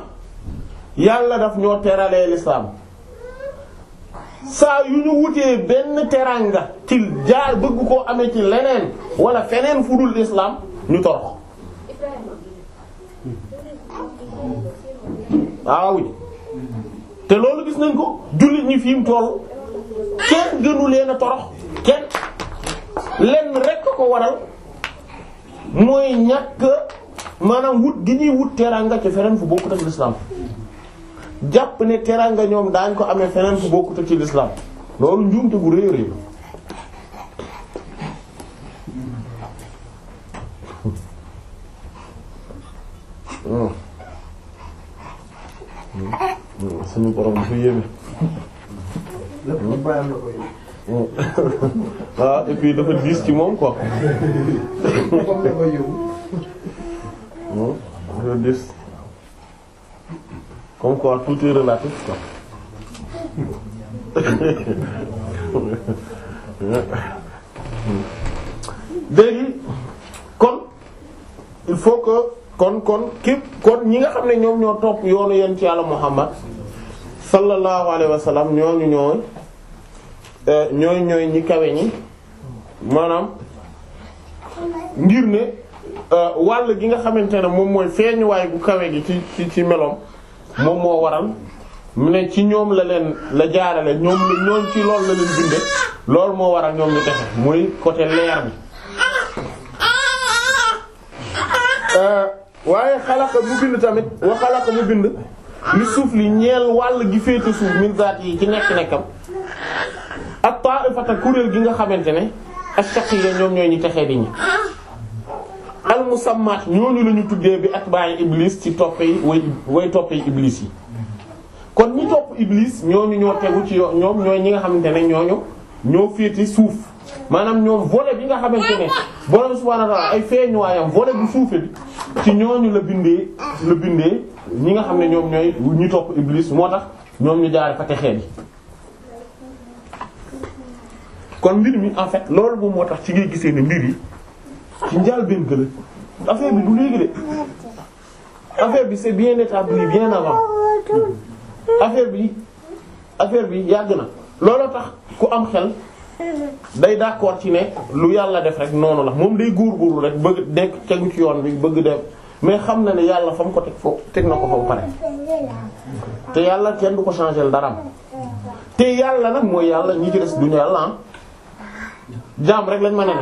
yàlla daf ñoo teralee l'islam saa yu ñu wutee benn teraanga ci jaar bëgg koo amee ci leneen wala feneen fu dul islam ñu torox ah oui te loolu gis nañ ko jullit ñi fi mu toll kenn gënu leen a torox kenn lenn rek ko waral mooy ñàkk maanaam wut gi ñuy wut teraanga ci feneen fu bokkut ak l'islam jàpp ne teraanga ñoom daañ ko amee feneen fu bokkut ci lislaam loolu njuumte bu rëy rëy suñu borom dafa yéeme. ah et puis dafa diis ci moom quoi. Hmm? dafa diis. comme quoi tout est relatif kon il faut que kon kon képp kon ñi nga xam ne ñoom ñoo topp yoonu ci Yàlla Muhammad sallallahu alayhi wa sallam ñooñu ñooy eh, ñooy ñooy ñi kawe ñi maanaam ngir ne eh, wàll gi nga xamante ne moom mooy feeñuwaay gu kawe gi ci ci ci meloom. moom moo waral mu ne ci ñoom la leen la jaarale ñoom ñoom ci loolu la leen binde loolu moo waral ñoom ñu texe mooy côté leer bi euh, waaye xalaqa bu bind tamit wa xalaqa mu bind lu suuf li ñeel wàll gi féete suuf min zaat yi ci nekk-nekkam ak ta'ifata kuréel gi nga xamante ne ak shaqiya ñoom ñooy ñi texee di ñi al musammaat ñooñu la ñu tuddee bi ak atba'i iblis ci topp yi way way topp yi yi kon ñi topp iblis ñooñu ñoo tegu ci yo ñoom ñooy ñi nga xamante ne ñooñu ñoo féete suuf maanaam ñoom volet nga xamante ne borom wa ay feeñuwaayam volet bu suufee bi ci la bindee la bindee ñi nga xam ne ñoom ñooy ñi topp iblis moo tax ñoom ñu jaare fa texee bi kon mbir mi en fait loolu moom moo tax ci ngay gisee ne mbir yi. ci njàlbéen gën a affaire bi du léegi de affaire bi c'est bien établi bien avant affaire bi affaire bi yàgg na looloo tax ku am xel day d'accord ci ne lu yàlla def rek noonu la moom day góorgóorlu rek bëgg nekk tegu ci yoon bi bëgg def mais xam na ne yàlla fa ko teg foofu teg na ko fa pare te yàlla kenn du ko changer dara te yàlla nag mooy yàlla ñi ci des duñu yàlla ah. jaam rek lañ mën a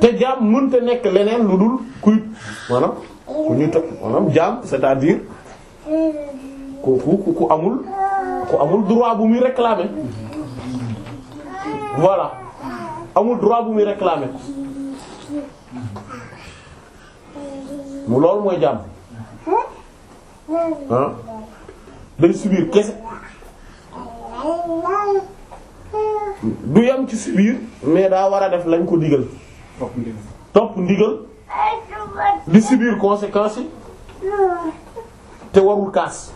te jaam mënta nekk leneen lu dul kuy maanaam ku jaam c'est-à-dire ku ku amul ku amul droit bu muy réclamer voilà amul droit bu muy réclamer mu loolu mooy jaam ah day kese. du yam ci si mais daa war a def lañ ko digal topp ndigal di subir conséquences te warul kaas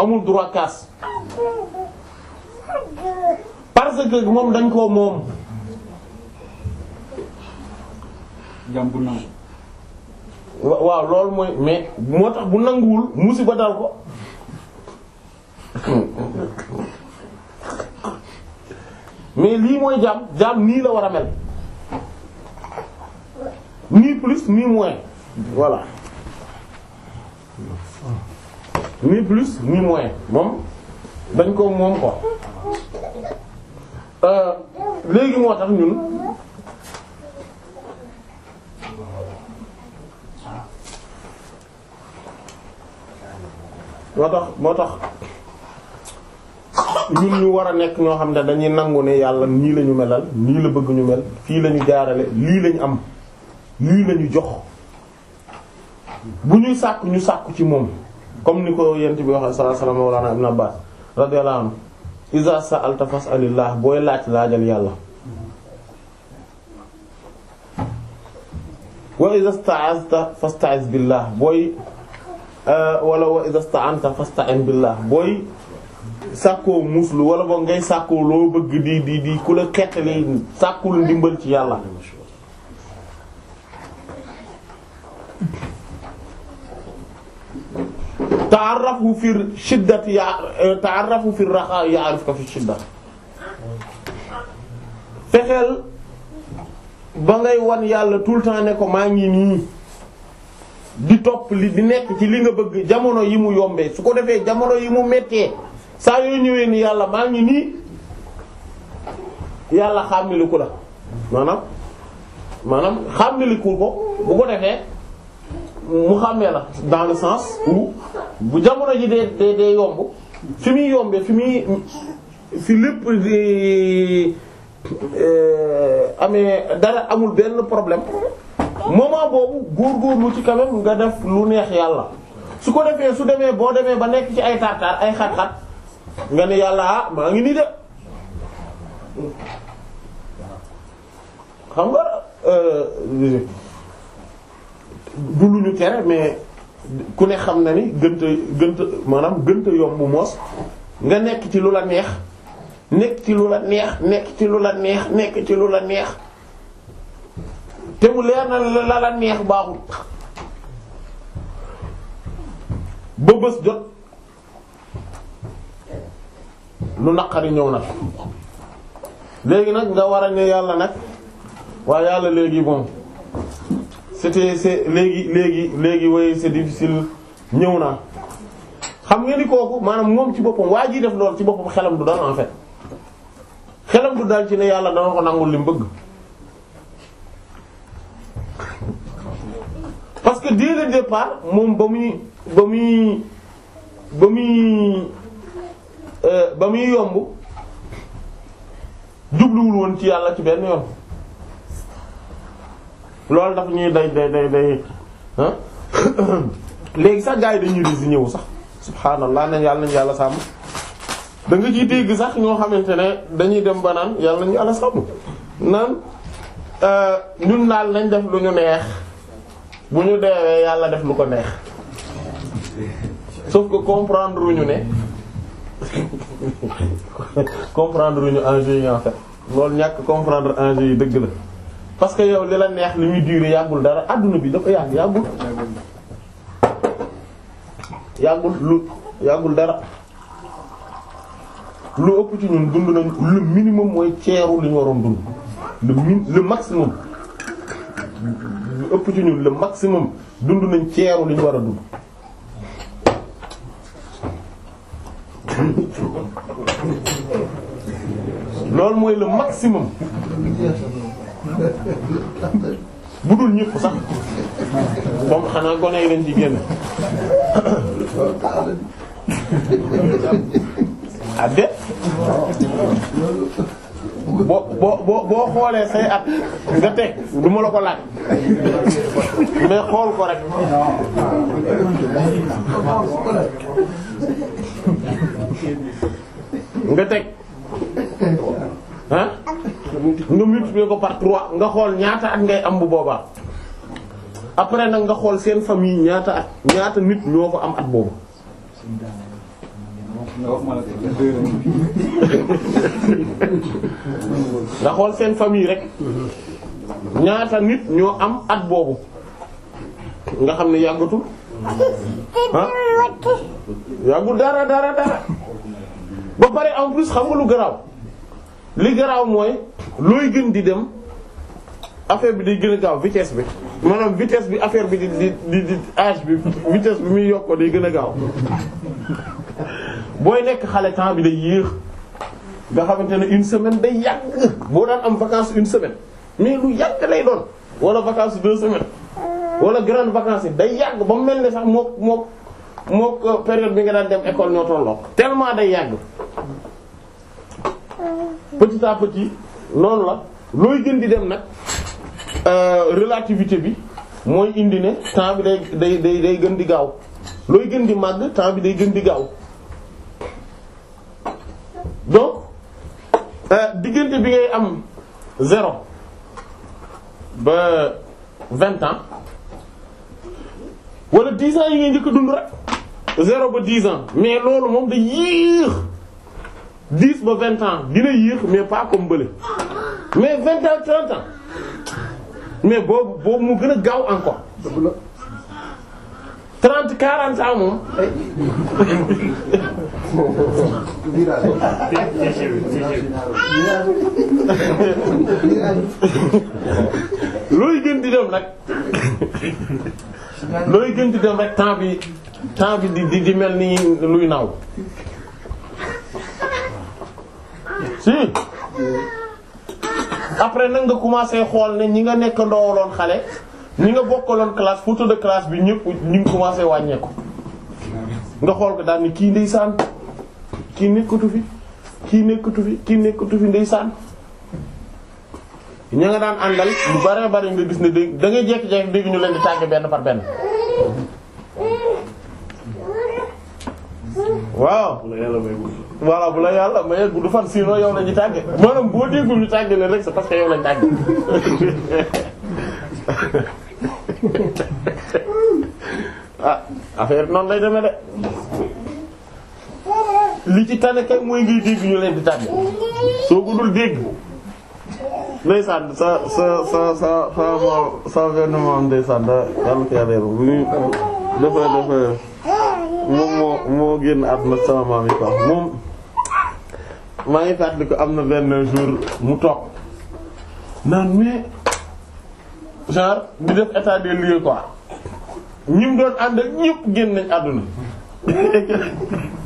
amul droit kaas parce que moom dañ koo moom jàm bu waaw loolu mooy mais moo tax bu nanguwul musiba dal ko mais lii mooy jaam jaam nii la war a mel ni plus ni moins voilà ni plus ni moins moom dañ ko moom ko euh, léegi moo tax ñun moo tax moo tax ñun ñu war a nekk ñoo xam ne dañuy nangu ne yàlla nii la ñu melal nii la bëgg ñu mel fii la ñu jaarale lii la am lii la jox bu ñuy sàkk ñu sàkk ci moom comme ni ko yent bi wax sallallahu alayhi wa sallam mawlana ibn abbas radiyallahu booy laaj laajal yàlla wa booy wala wa iza sta'anta booy sàkkoo muslu wala boog ngay sàkkoo loo bëgg di di di ku la xettali sàkkul ndimbal ci yàlla ta'arrafu fi shiddati ya euh, ta'arrafu fi raxa ya'rifka fi shidda fexeel ba ngay wan yàlla tout le temps ne ko maa ngi nii di topp li di nekk ci li nga bëgg jamono yi mu yombee su ko defee jamono yi mu mettee saa yoo ñëwee ni yàlla maa ngi nii yàlla xàmmiliku la maanaam maanaam xàmmiliku ko bu ko defee mu xàmmee la dans le sens bu jamono ji dee dee dee yomb fi muy yombee fi muy fi lépp di eh, amee dara amul benn problème moment boobu góorgóorlu ci quand nga def lu neex yàlla su ko defee su demee boo demee ba nekk ci ay tartar ay xat-xat nga ne yàlla ah maa ngi nii de xam nga euh, du lu ñu tere mais ku ne xam na ni gënt gënt maanaam gënt yomb moos nga nekk ci lu la neex nekk ci lu la neex nekk ci lu la neex nekk ci lu la neex te mu leer na la la neex baaxul ba bës jot lu naqari ñëw nag léegi nag nga war a ne yàlla nag waaye yàlla léegi bon c'était c'est léegi léegi léegi waaye c'est difficile ñëw naa xam nga ni kooku maanaam moom ci boppam waa ji def lool ci boppam xelam du dal en fait xelam du dal ci ne yàlla dama ko nangul li mu parce que dès le départ moom ba muy ba muy ba muy Euh, ba muy yomb jubluwul woon ci yàlla ci benn yoon loolu daf ñuy day day day day léegi sax gars yi dañuy résigné wu sax subhaanallah nañ yàlla nañ yàlla sàmm danga ci ciy dégg sax ñoo xamante ne dañuy dem ba naan yàlla nañ yàlla sàmm naan euh, ñun naal nañ def lu ñu neex bu ñu deewee yàlla def mu ko neex sauf que comprendre ñu ne comprendre ñu enjeu yi en loolu ñàkk comprendre enjeu yi dëgg la parce que yow li la neex li ñuy durer yàggul dara àdduna bi dafa yàgg yàggul yàggul dara lu ëpp ci ñun dund nañ le minimum mooy ceeru li ñu waroon dund le min le maximum lu ëpp ci ñun le maximum dund nañ ceeru li ñu war a dund loolu mooy le maximum bu dul ñëpp sax moom xanaa gone yi leen ci génn adde ah, boo boo boo xoolee say at nga teg du la ko laat mais xool ko rek. nga teg ah nga multiplier ko par 3 nga xool ñaata at ngay am bu boobaa après nag nga xool seen famille ñaata at ñaata nit ñoo ko am at boobu. nga xool seen famille rek ñaata nit ñoo am at boobu nga xam ne yàggatul ah yàggul dara dara dara ba pare en plus xam nga lu garaaw li garaaw mooy looy gën di dem affaire bi day gën a gaaw vitesse bi maanaam vitesse bi affaire bi di di di âge bi vitesse bi muy yokk day gën a gaaw booy nekk xale temps bi day yéex nga xamante ne une semaine day yàgg boo daan am vacance une semaine mais lu yàgg lay doon wala vacances deux semaines wala grande vacances yi day yàgg ba mu mel ne sax mook moo moo euh, période bi nga daan dem école ñoo tolloo tellement day yàgg petit à petit noonu la looy gën di dem nag euh, relativité bi mooy indi ne temps bi day day day gën di gaaw looy gën di màgg temps bi day gën di gaaw donc euh, diggante bi ngay am zéro ba vingt ans wala dix ans yi ngay njëkk dund rek zéro ba dix ans mais loolu moom da yéex dix ba vingt ans dina yéex mais pas comme bële mais vingt ans trente ans mais boobu boobu mu gën a gaaw encore trente quarante ans moom eh. virage looy gën di dem nag looy gën di dem nag temps bi temps bi di di mel ni luy naaw si après nag nga commencé xool ne ñi nga nekk ndoowaloon xale ñi nga bokkaloon classe photo de classe bi ñëpp ñu ngi commencé wàññeeku nga xool ko daal ni kii ndeysaan kii nekkatu fi kii nekkatu fi kii nekkatu fi ndeysaan ña nga daan àndal lu baree bare nga gis ne da ngay jékki-jékki dégg ñu leen di tàgge benn par benn. waaw voilà bu la yàlla maye du fan sinon yow la ñu tàgge maanaam boo déggul ñu tàgge rek c'est parce que yow lañ tàgge ah affaire noonu lay demee de. li ci tane kay mooy ngay dégg ñu leen di tàgg soo ko dul dégg ndeysaan sa sa sa sa sa sa gouvernement ndeysaan da yàlla ko yàlla bu ñu dafa dafa moom moo moo génn àdduna sama maam yi quoi moom maa ngi fàttali ko am na benn jour mu toog naan mais genre di def état des lieux quoi ñi mu doon ànd ak ñëpp génn nañ àdduna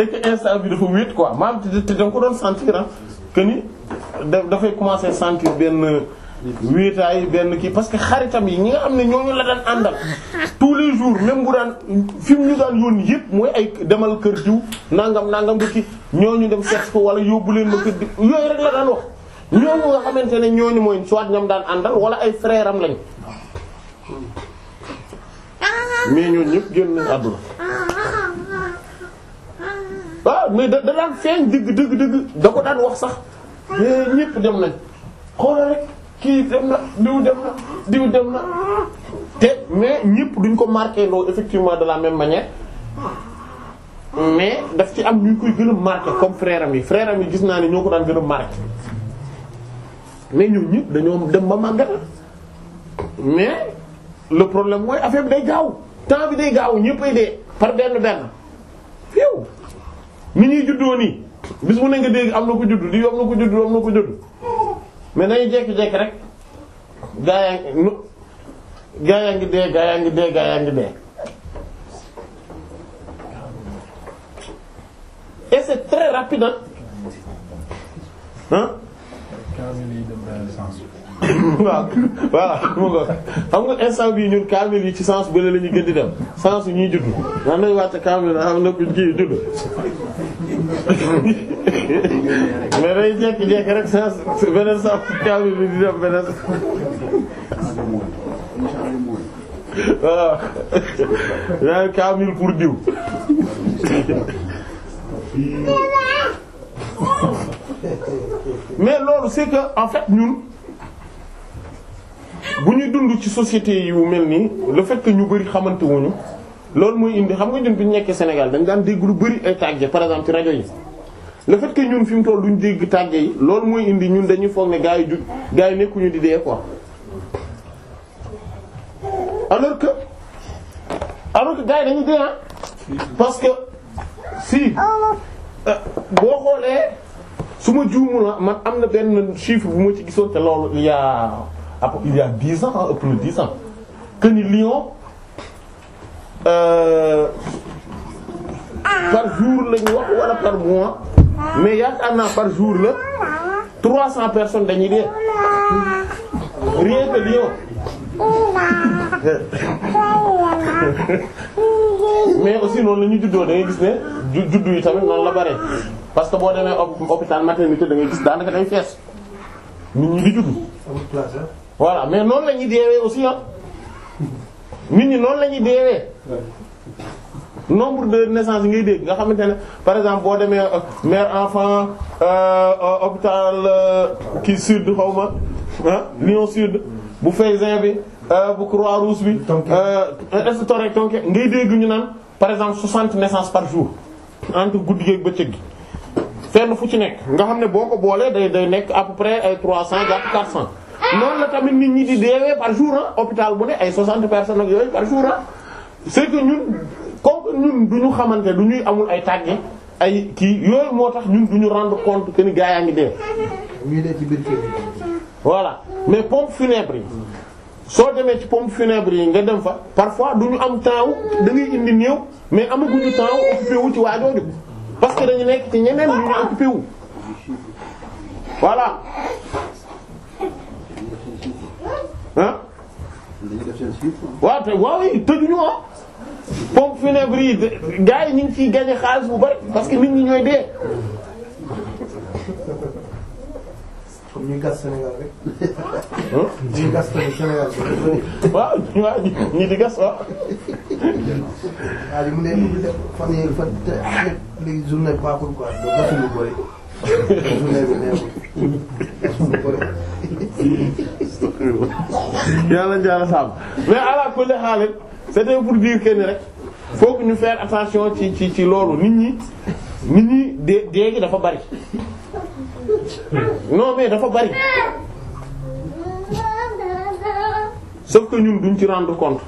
et que instant bi dafa wéet quoi maam te da nga ko doon sentir ah que ni dafay commencer sentir benn wéetaay benn kii parce que xaritam yi ñi nga xam ne ñooñu la daan àndal tous les jours même bu daan fi mu ñu daan yónni yëpp mooy ay demal kër diw nangam nangam ba kii ñooñu dem seet ko wala yóbbu leen ma kër di yooyu rek la daan wax ñooñu nga xamante ne ñooñu mooy soit ñam daan àndal wala ay frère am lañ mais ñooñu ñëpp génn àdduna. waaw mais da daan feeñ dëgg dëgg dëgg da ko daan wax sax ñépp dem nañ xoolal rek kii dem na diw dem na diw dem na te mais ñépp duñ ko marqué loo effectivement de la même manière mais daf ci am ñu koy gën a comme frère am yi frère am yi gis naa ni ñoo ko daan gën a marqué mais ñoom ñépp dañoo dem ba màggat mais le problème mooy affaire bi day gaaw temps bi day gaaw ñépp ay dee par benn benn fiw ni ñuy juddoo nii bis mu ne nga dégg am na ku juddu lii am na ko juddu am na ko juddu mais dañuy jékki-jékki rek gaa yaa ngi gaa yaa ngi dee gaa yaa ngi de gaa yaa ngi dee. et c'est très rapide waaw voilà xam nga instant bii ñun kaamil yi ci sens bële la ñuy gën di dem sens ñuy judd daan nañu wàcc kaamil na xam na ku ji judd mais day jékki-jékki rek sens kaamil pour diw. mais loolu c'est en fait ñun. bu ñu dund ci société yu mel nii le fait ñu bëri xamante wuñu loolu mooy indi xam nga ñun bi ñu nekkee Sénégal dañ daan dégg lu bëri ay tàgge par exemple ci rajo yi le fait ñun fi mu toll duñ dégg tàgge yi loolu mooy indi ñun dañuy foog ne gaa yi ju gaa yi nekkuñu di dee quoi alors que alors que gaa yi dee ah parce que si euh, boo xoolee su ma juumu la ah, man am na benn chiffre bu ma ci gisoon te loolu yaa Ah, il y a dix ans hein, plus de dix ans que ni euh, ah. par jour la ñu wax wala par mois mais yaakaar naa par jour la trois cents personnes dañuy dee rien que mais aussi noonu la ñu juddoo da gis ne juddu yi tamit noonu la bare parce que boo demee hôpital maternité da ngay gis daanaka dañ fees nit ñi di juddu. voilà mais noonu lañuy ñuy deewee aussi ah nit ñi noonu lañuy ñuy deewee nombre de naissances yi ngay dégg nga xamante ne par exemple boo demee euh, mère enfant euh, euh, hôpital kii sud xaw ma ah Lyon sud bu Feyzin bi bu Croix-Rouge bi. est Torek Tonke ngay dégg ñu naan par exemple 60 naissances par jour entre guddi gi bëccëg gi. fenn fu ci nekk nga xam ne boo ko boolee day day nekk à peu près ay 300 jàpp 400. noonu la tamit nit ñi di deewee par jour ah hôpital bu ne ay 60 personnes ak yooyu par jour a ah. c'est que ñun comme ñun du ñu xamante du ñuy amul ay tàgge ay kii yooyu moo tax ñun du ñu rend compte que ni gaa yaa ngi dee. ñuy voilà mais pompe funèbre yi soo demee ci pompe funèbre yi nga dem fa parfois du ñu am temps wu da ngay indi néew mais amaguñu temps wu occupé wu ci waajooju parce que dañu nekk ci ñeneen ñu ñu occupé wu ah. waaw te waaw yi tëjuñu ah. pompe funèbre yi gars yi ñu ngi ciy gagné xaalis bu bari parce que nit ñi ñooy dee. comme ñuy gas Sénégal rek. ñuy gas tamit Sénégal rek. waaw waaw ñi di gas waaw. waaw li mu ne fan yii fan les journées baaxul quoi ba gasuñu bëri. yàlla jaala saam mais ala kulli xaal c'était pour dire que rek faut que ñu faire attention ci ci ci loolu nit ñi nit ñi dé déegi dafa bari non mais dafa bari sauf que ñun duñ ci rend compte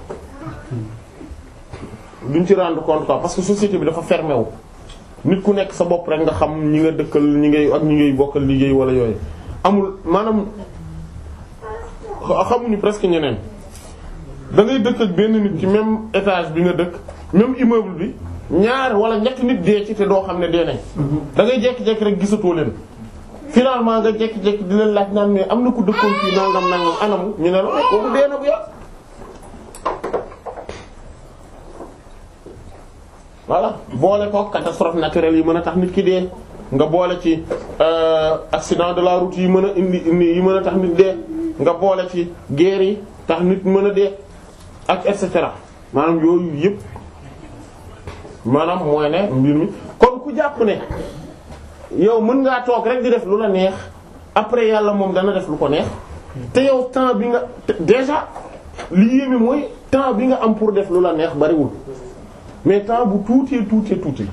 duñ ci rendre compte quoi parce société bi dafa fermé wu. nit ku nekk sa bopp rek nga xam ñi nga dëkkal ñi ngay ak ñi ngay bokkal liggéey wala yooyu amul maanaam xamuñu presque ñeneen da dëkk ak benn nit ci même étage bi nga dëkk même immeuble bi ñaar wala ñetti nit dee ci te doo xam ne dee nañ mhm. da ngay jékki-jékki rek gisatoo leen finalement nga jékki-jékki di leen laaj naan am na ko dëkkoon fii nangam nangam anamu ñu ne la kooku dee na bu voilà boole ko catastrophe naturelle yi mën a tax nit ki dee nga boole ci euh, accident de la route yi mën a indi yi mën a tax nit dee nga boole ci guerre yi tax nit mën a de ak et cetera maanaam yooyu yëpp maanaam mooy ne mbir mi kon ku jàpp ne yow mën ngaa toog rek di def lu la neex après yàlla moom dana def lu ko neex te yow temps bi nga déjà li yéeme mooy temps bi nga am pour def lu la neex bariwul mais temps bu tuuti tuuti tuuti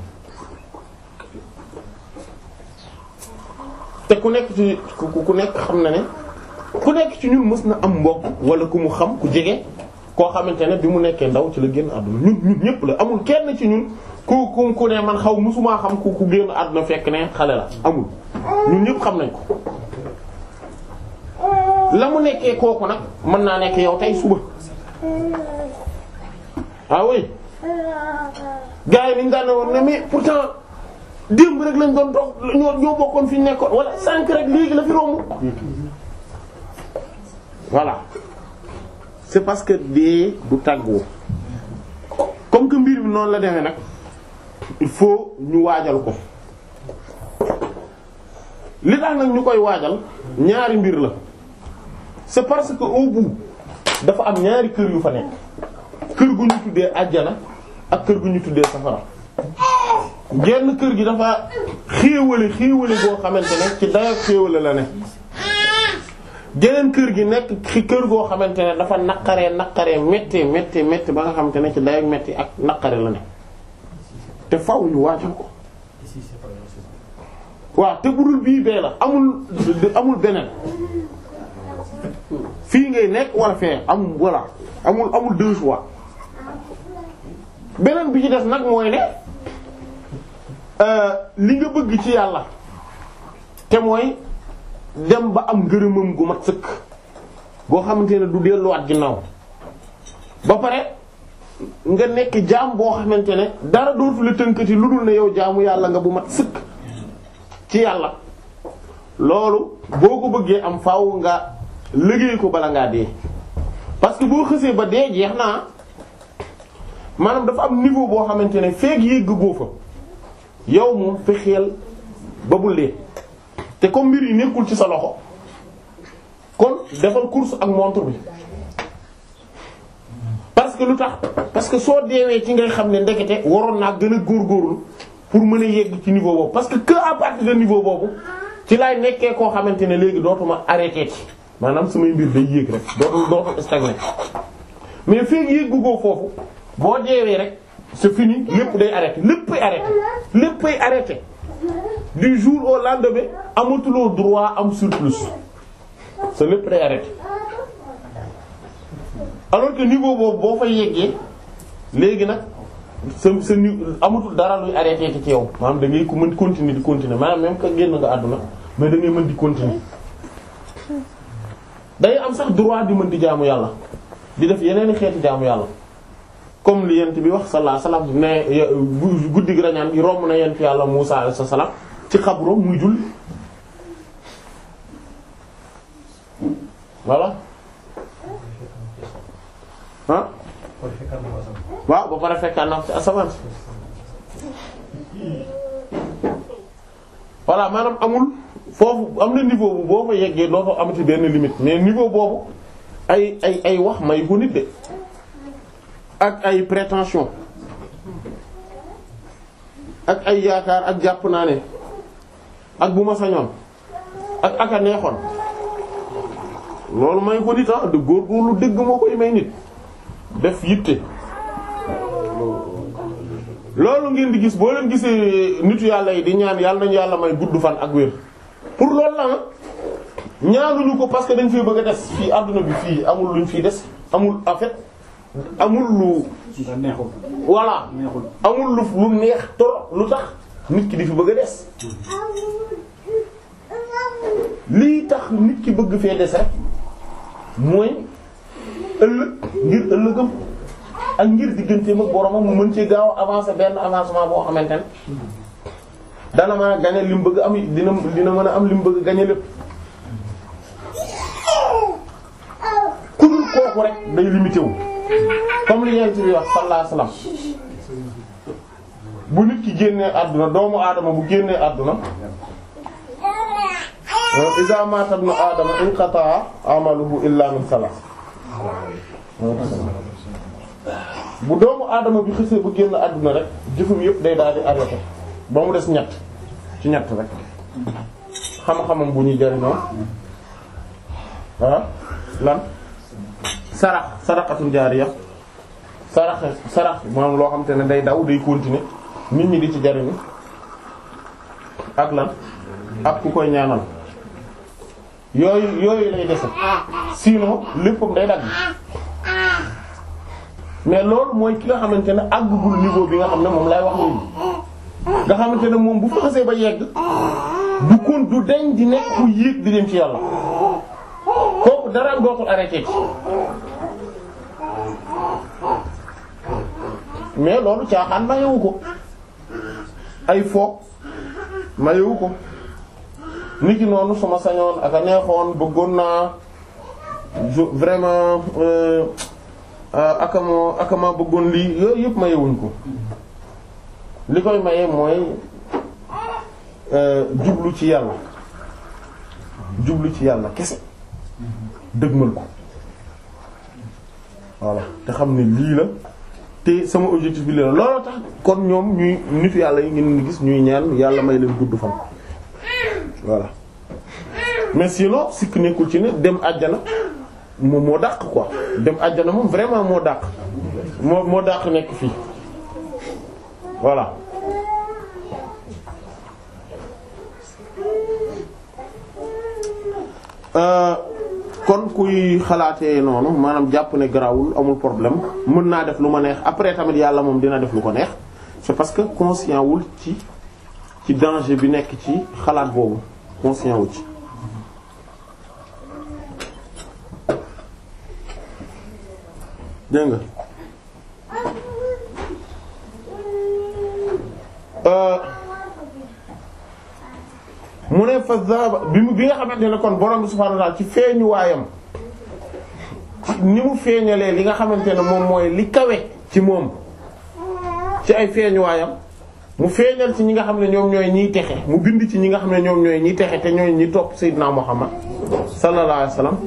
te ku nekk ci ku nekk xam na ne ku nekk ci ñun mës na am mbokk wala ku mu xam ku jege koo xamante ne bi mu nekkee ndaw ci la génn àdduna ñun ñun ñëpp la amul kenn ci ñun ku ku ku ne man xaw mësumaa xam ku ku génn àdduna fekk ne xale la amul ñun ñépp xam nañ ko la mu nekkee kooku nag mën naa nekk yow tey suba ah gars yi dañu daan ne woon ne mais pourtant démb rek lañ doon dox ñoo ñoo bokkoon fi ñu nekkoon wala sànq rek léegi la fi romb. voilà c'est parce que dee du tàggoo comme que mbir mi noonu la demee nag il faut ñu waajal ko li tax nag ñu koy waajal ñaari mbir la c'est parce que au dafa am ñaari kër yu fa nekk. gu ñu tuddee àjjana ak kër gu ñu tuddee safara genn kër gi dafa xéewale xéewale boo xamante ne ci dayo xéewale la ne geneen kër gi nekk kër goo xamante ne dafa naqaree naqaree métti métti métti ba nga xamante ne ci dayo metti ak naqare la ne te faw ñu waajal ko waaw te budul bii bee la amul amul beneen fii ngay nekk wala fee am voilà amul amul deux choix beneen bi ci des nag mooy ne euh, li nga bëgg ci yàlla te mooy dem ba am ngërëmam gu mat sëkk goo xamante ne du delluwaat ginnaaw ba pare nga nekk jaam boo xamante ne dara dootu la tënkati lu dul ne yow jaamu yàlla nga bu mat sëkk ci yàlla loolu boo ko bëggee am faw nga liggéey ko bala ngaa dee parce boo xësee ba dee jeex naa maanaam dafa am niveau boo xamante ne feeg yéeg goo fa yow moom fexeel ba bu lee te comme mbir yi nekkul ci sa loxo kon defal course ak montre bi parce que lu tax parce que soo deewee ci ngay xam ne ndekete waroon naa gën a góor góorgóorlu pour mën a yegg ci niveau boobu parce que que à partir niveau boobu ci laay nekkee koo xamante ne léegi dootuma arrêté ci maanaam samay mbir day yéeg rek dootul dootul stagné mais feeg yéeg goo foofu. boo deewee rek c'est fini lépp day arrêté léppay arrêté léppay arrêté du jour au lendemain amatuloo droit am surplus sa lépp day arrêté alors que niveau boobu boo fa yeggee léegi nag sa sa ni amatul dara luy arrêté ci yow maanaam da ngay ko mën continuer di continuer maanaam même que génn nga àdduna mais da ngay mën di continuer day am sax droit di mën di jaamu yàlla di def yeneen xeeti jaamu yàlla comme li yent bi wax sallallahu alayhi wasallam ne guddi gi rañaan romb na yent yàlla Musa alayhi wasallam ci xabroom muy julli voilà ah waaw ba pare fekkaan naa ci asamaan voilà maanaam amul foofu am na niveau bu boo ko yeggee doo am amati benn limite mais niveau boobu ay ay ay wax may ko nit de ak ay prétention ak ay yaakaar ak jàpp naa ne ak bu ma sañoon ak ak a neexoon loolu may ko nit ah de góorgóorlu dëgg moo koy may nit def yitte loolu ngeen di gis boo leen gisee nitu yàlla yi di ñaan yàlla nañ yàlla may gudd fan ak wér pour loolu la ah. ñaanuñu ko parce que dañ fee bëgg a des fii àdduna bi fii amul luñ fii des amul en amul lu. neexul. voilà amul lu lu neex trop lu tax nit ki di fi bëgg a des. lii tax nit ki bëgg fee des rek mooy ëllëg ngir ëllëgam ak ngir digganteem ak boromam mu mën ci gaaw avancer benn avancement boo xamante ne dana mën a gagner li mu bëgg am dina dina mën a am li mu bëgg gagner lépp. ku kooku rek day limité comme li yent bi wax sallallahu alayhi wasallam bu nit ki génnee àdduna doomu aadama bu génnee àdduna iza aadama inqata'a amaluhu illa min bu doomu aadama bi xësee bu génn àdduna rek jëfum yëpp day daal di ba mu des ñett ci ñett rek xam-xamam bu ñuy jariñoo ah lan sarax saraxatun jaariya sarax sarax maanaam loo xam te ne day daw day continuer nit ñi di ci jariñu ak lan ak ku koy ñaanal yooyu yooyu lay dese sinon léppam day dagg mais loolu mooy ki nga xamante ne àggul niveau bi nga xam ne moom lay wax léegi nga xamante ne moom bu fa ba yegg du kon du deñ di nekk yéeg di dem ci yàlla doo dara doo arrêté mais loolu caaxaan mayewu ko ay foog mayewu ko niki noonu su ma sañoon ak a neexoon bëggoon naa vraiment euh, euh, aka bëggoon lii yooyu yëpp mayewuñ ko li koy maye mooy euh, jublu ci yàlla jublu ci yàlla kese dëgmal ko voilà te xam ne lii la te sama objectif bi lii la looloo tax kon ñoom ñuy nit yàlla yi ngeen gis ñuy ñaan yàlla may leen gudd fan voilà mais sinon sikk nekkul ci ne dem àjjana moom moo dàq ko dem àjjana moom vraiment moo dàq moo moo dàq nekk fii voilà euh, kon kuy xalaatee noonu maanaam jàpp ne garaawul amul problème mën naa def lu ma neex après tamit yàlla moom dina def lu ko neex c'est parce que conscient wul ci ci danger bi nekk ci xalaat boobu conscient wu ci. dégg nga euh, mu ne fa zaaba bi mu bi nga xamante ne kon borom bi subhaanahu wa ta'aala ci feeñu waayam ni mu feeñalee li nga xamante ne moom mooy li kawe ci moom ci ay feeñu waayam mu feeñal ci ñi nga xam ne ñoom ñooy ñiy texe mu bind ci ñi nga xam ne ñoom ñooy ñiy texe te ñooy ñi topp Seydina Muhammad sallallahu alayhi wasallam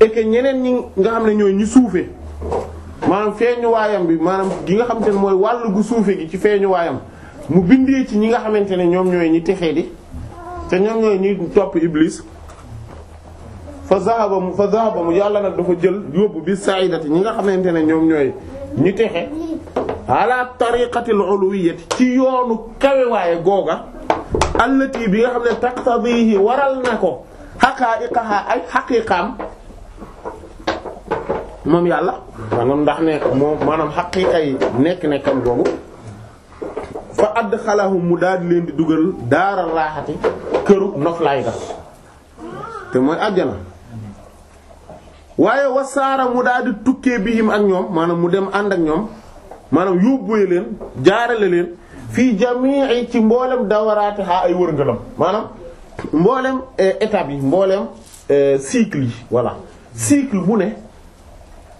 et que ñeneen ñi nga xam ne ñooy ñi suufee maanaam feeñu waayam bi maanaam gi nga xamante ne mooy wàll gu suufe gi ci feeñuwaayam mu bindee ci ñi nga xamante ne ñoom ñooy ñi texee di te ñoom ñooy ñuy topp iblis fa zahaba mu fa zahaba mu yàlla nag dafa jël yóbbu bi saidati ñi nga xamante ne ñoom ñooy ñi texe ala tariqatil uluwiyyati ci yoonu kawewaaye googa allati bi nga xam ne taqtadihi waral na ko xaqaa'iqaha ay xaqiiqaam moom yàlla maanaam ndax ne moom maanaam xaqiiqa yi nekk nekkam googu fa add xalaaxum mu daal leen di dugal daara raaxati këru noflaay ga te mooy àjjana waaye wa saara mu daal di bi bihim ak ñoom maanaam mu dem ànd ak ñoom maanaam yóbbuwee leen jaarale leen fii jamii ci mboolem dawaraati xaa ay wërngëlam maanaam mboolem eh, étapes yi mboolem eh, cycle yi voilà cycle bu ne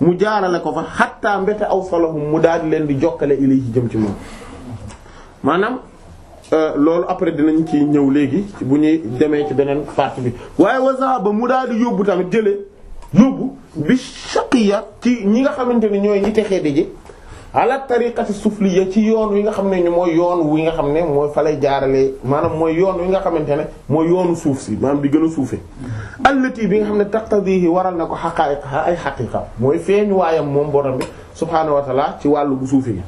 mu jaarale ko fa xattaa mbete aw solahum mu daal leen di jokkale ilay ci jëm ci moom maanaam euh, loolu après dinañ ci ñëw léegi bu ñuy demee ci beneen partie bi waaye wasaaba ba mu daal di yóbbu tamit jëlee yóbbu bi shaqiya ci ñi nga xamante ni ñooy ñi texee di ji ala tariqati sufliya ci yoon wi nga xam ne ñu mooy yoon wi nga xam ne mooy fa lay jaarale maanaam mooy yoon wi nga xamante ne mooy yoonu suuf si maanaam di gën a suufee allati bi nga xam ne taqtadihi waral na ko xaqaa'iqa ay xaqiqa mooy feeñ waayam moom borom bi subhaanahu wa ta'ala ci wàllu bu suufee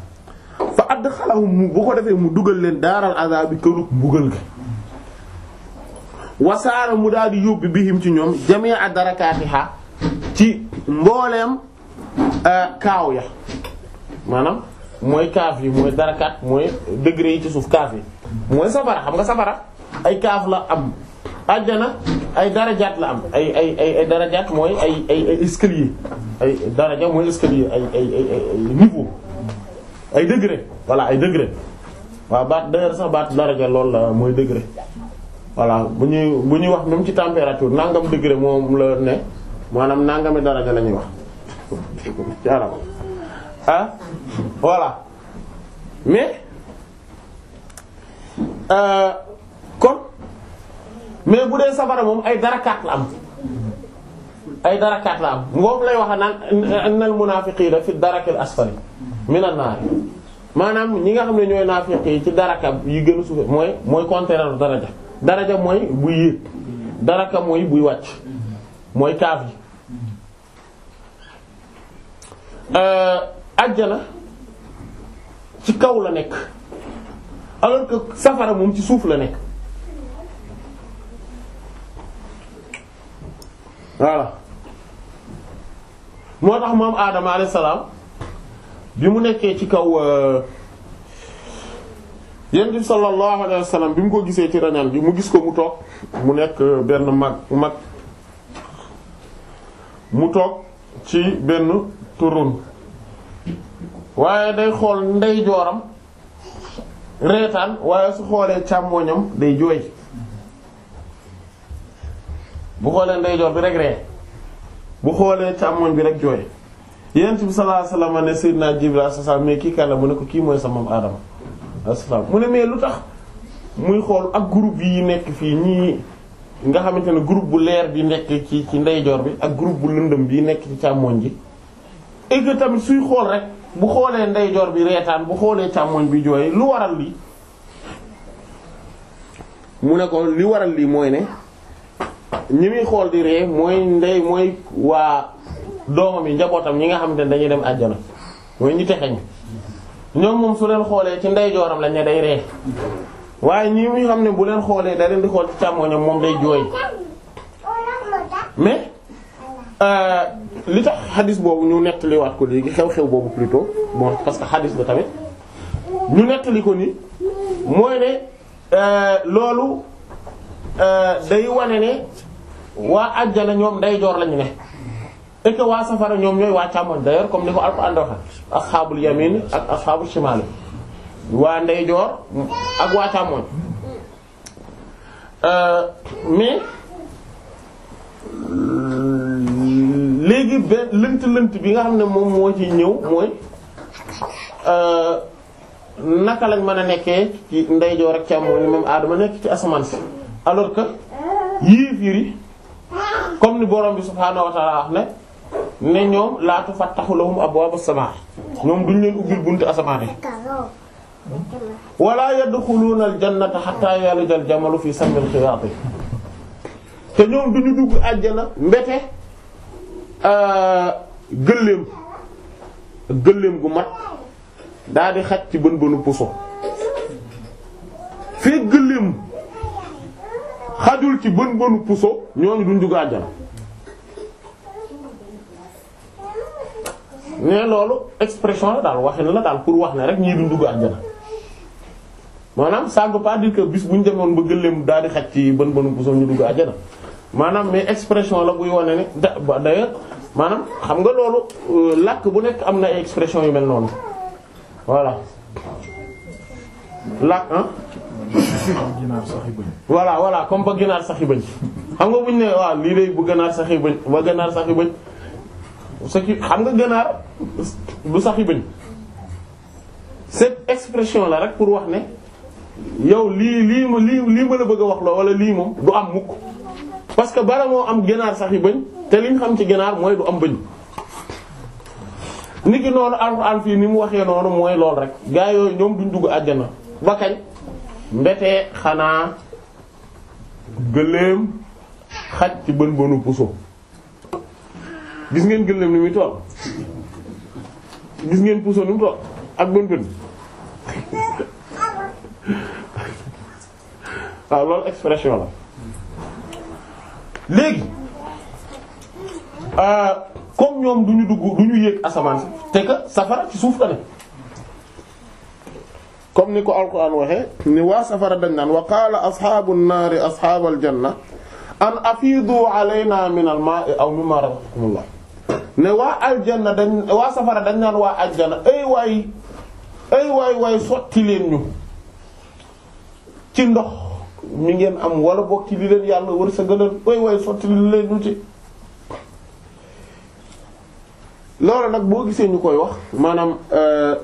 fa adxalahum mu bu ko defee mu dugal leen daaral azaabi këru mbugal gi wasaara mu daal di bi bihim ci ñoom jamii a xa ci mbooleem euh, kaaw ya maanaam mooy kaaf yi mooy darakaat mooy degré yi ci suuf kaaf yi mooy safara xam nga safara ay kaaf la am àjjana ay darajaat la am ay ay ay ay darajaat mooy ay ay ay escalier ay ay ay niveau ay degré voilà ay degré waaw baat d'ailleurs sax baat daraja loolu la mooy degré voilà bu ñuy bu ñuy wax même ci température nangam degré moom la ne maanaam nangami daraja la ñuy wax ci arab ah voilà mais euh, mais bu dee safara moom ay darakaat la am ay darakaat la am moom lay wax a naan innal munaafiqiina fi darakil asfali mina naar maanaam ñi nga xam ne ñooy naafiq yi ci daraka yi gën a suufe mooy mooy contraire dara ja mooy buy yéeg daraka mooy buy wàcc mooy kaaf yi ajjana euh, ci kaw la nekk alors que safara moom ci suuf la nekk voilà moo tax moom aadama alayhi salaam bi mu nekkee ci kaw euh, yonent bi sallallahu alayhi wa bi mu ko gisee ci rañaan bi mu gis ko mu toog mu nekk euh, benn mag mag mu toog ci benn turun waaye day xool ndey jooram reetaan waaye su xoolee càmmoñam day jooy bu xoolee ndey joor bi rek ree bu xoolee càmmoñ bi rek jooy yonent bi sallallahu alayhi wasallam ne Seydina sa asalaam mais kii kan la mu ne ko kii mooy sa maam Adama asalaam mu ne mais lu tax muy xool ak groupe yi nekk fii ñii nga xamante ne groupe bu leer bi nekk ci ci ndeyjoor bi ak groupe bu lëndëm bi nekk ci càmmoñ bi et tamit suy xool rek bu xoolee ndeyjoor bi reetaan bu xoolee càmmoñ bi jooy lu waral lii mu ne ko li waral lii mooy ne ñi muy xool di ree mooy ndey mooy waa doomam yi njabootam ñi nga xamante ne dañuy dem àjjana mooy ñi texeñ ñoom moom su leen xoolee ci ndeyjooram lañu ne day ree waaye ñi muy xam ne bu leen xoolee da leen di xool ci càmmoñam moom day jooy mais euh, li tax xadis boobu ñu nettaliwaat ko léegi xew-xew boobu plutôt bon parce que xadis la tamit ñu nettali ko ni mooy ne euh, loolu euh, day wane ne waa àjjana ñoom ndeyjoor lañu ne. et que waa safara ñoom ñooy waa càmmoñ d'ailleurs comme ni ko Alxuraan waxe asxaabul yamin ak asxaabul shimal waa ndeyjoor ak waa càmmoñ euh, mais léegi benn lënt lënt bi nga xam ne moom moo ci ñëw mooy euh, naka lañ mën a nekkee ci ndeyjoor ak càmmoñ même aadama nekk ci asamaan si alors que yii fiiri comme ni borom bi subhaanahu wa ta'ala ne ne ñoom laatu fattaxu lahum abwaabu samaa ñoom duñ leen ubbil buntu asamaan yi wala yadxuluuna aljannata xataa yalija aljamalu fi sammil xiyaati te ñoom duñu dugg àjjana mbete euh, gëléem gëléem gu mat daa di xaj ci bën bënu puso fee gëléem xajul ci bën bënu puso ñooñu duñ dugg àjjana mais loolu expression la daal waxin la daal pour wax na rek ñii duñ dugg àjjana maanaam ça veut pas dire bis bu ñu demoon ba gëléem daal di xaj ci bën bën bu soo ñu dugg àjjana maanaam mais expression la buy wane ne da d'ailleurs maanaam xam nga loolu euh, làkk bu nekk am na ay expression yu mel noonu voilà làkk ah. voilà voilà comme ba sax yi bëñ xam nga buñ ne waaw lii lay bu ganaar saxi bëñ ba ganaar saxi bëñ sa ki xam nga ganaar du saxi bañ cette expression la rek pour wax ne yow lii lii lii lii ma la bëgg a wax la wala lii moom du am mukk parce que bara moo am ganaar saxi bañ te liñ xam ci ganaar mooy du am bañ nit ki noonu alxuraan fii ni mu waxee noonu mooy lool rek gaa yooyu ñoom duñ dugg àjjana ba kañ mbete xanaa gëléem xaj ci bën bënu puso gis ngeen gëléem ni muy toll gis ngeen puso mu toll ak bën-bën waaw loolu expression la léegi euh, comme ñoom du ñu dugg du ñu yéeg asamaan si te que safara ci suuf la ne comme ni ko alquran waxee ni waa safara dañ naan wa qaala asxaabu naari asxaabal janna an afiidu alayna min al maa'i aw mimma razaqakumullah ne waa aljanna dañ waa safara dañ naan waa aljanna ay waay ay waay sotti leen ñu ci ndox mi ngeen am wala bokk ci li leen yàlla wër sa gënal ay waay sotti leen ñu ci loolu nag boo gisee ñu koy wax maanaam euh,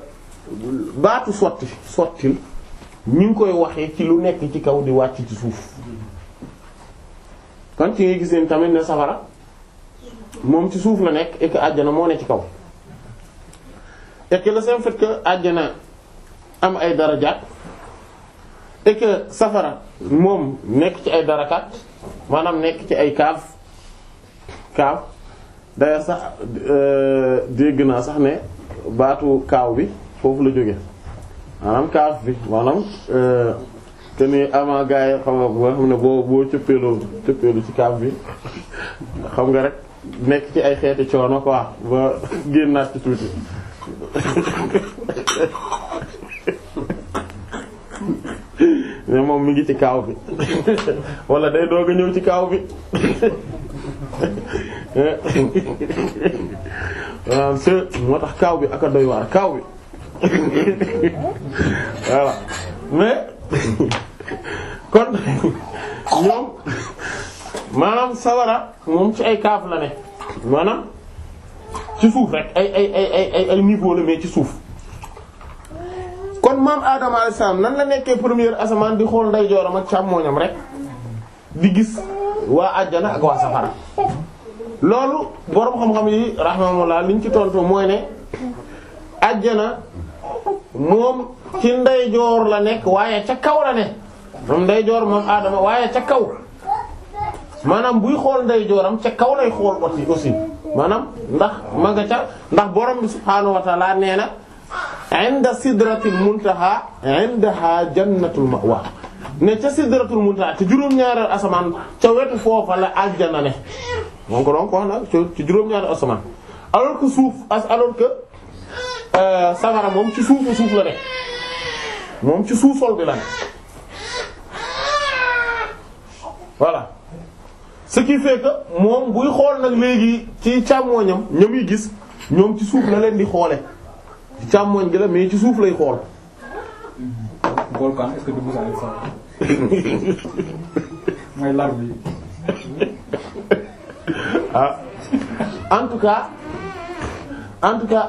baatu sotti sottil ñu koy waxee ci lu nekk ci kaw di wàcc ci suuf kon ci ngay gisee tamit ne safara moom ci suuf la nekk et que àjjana moo ne ci kaw et que le simple fait que àjjana am ay dara et que safara moom nekk ci ay darakaat maanaam nekk ci ay kaaf kaaf d'ailleurs sax euh, dégg naa sax ne baatu kaaw bi foofu la jóge maanaam kaaf bi maanaam te euh, ni avant gars yi xam ne boo boo cëppeeloo cëppeelu ci kaaf bi xam nga rek nekk ci ay xeeti coono quoi ba génnaat ci tuuti mais moom mu ngi ci kaaw bi wala day doog a ñëw ci kaaw bi moo tax kaaw bi ak doy waar kaaw bi voilà mais kon ñoom maanaam sawara moom ci ay kaaf la ne maanaam ci suuf rek ay ay ay niveau la mais ci suuf kon maam Adama alayhi nan la nekkee première asamaan di xool ndeyjooram ak càmmooñam rek di gis waa àjjana ak waa safara loolu borom xam-xam yi rahmaanullah liñ ci tontu mooy ne àjjana moom ci ndeyjoor la nekk waaye ca kaw la ne moom ndeyjoor moom Adama waaye ca kaw. maanaam buy xool ndeyjooram ca kaw lay xool aussi aussi maanaam ndax ma nga ca ndax borom bi subhaanahu wa ta'ala nee na inda sidratil muntaha indaha jannatul ma'wa ne ca sidratul muntaha te juróom-ñaareel asamaan ca wetu foofa la àjjana ne moom ko doon ko wax na ci juróom-ñaareel asamaan alors que suuf as alors euh, safara moom ci suuf la bi la ne voilà ce qui fait moom buy xool nag léegi ci càmmooñam ña gis ñoom ci suuf la leen di xoole ci càmmooñ gi la mais ci suuf lay xool. bool kan est-ce que bi ah. en tout cas en tout cas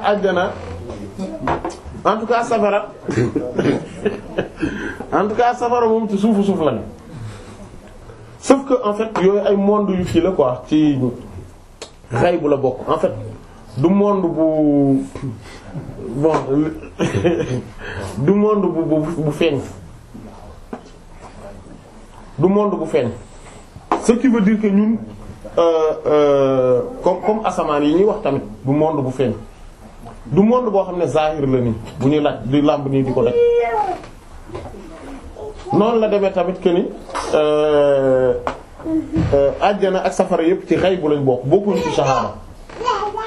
en tout cas safara en tout cas safara moom ci suufu suuf la sauf que en fait yooyu ay monde yu fii la quoi ci xay bu la bokk en fait du monde bu bon du monde bu feeñ du monde bu feeñ ce qui veut dire que ñun euh, euh, comme comme asamaan yi ñuy wax tamit du monde bu feeñ du monde boo xam ne zahir la nii bu ñuy laaj di làmb nii di ko def noonu la demee tamit que ni euh, euh, àjjana ak safara yépp ci xay bu lañ bokk bokkuñu ci saxaara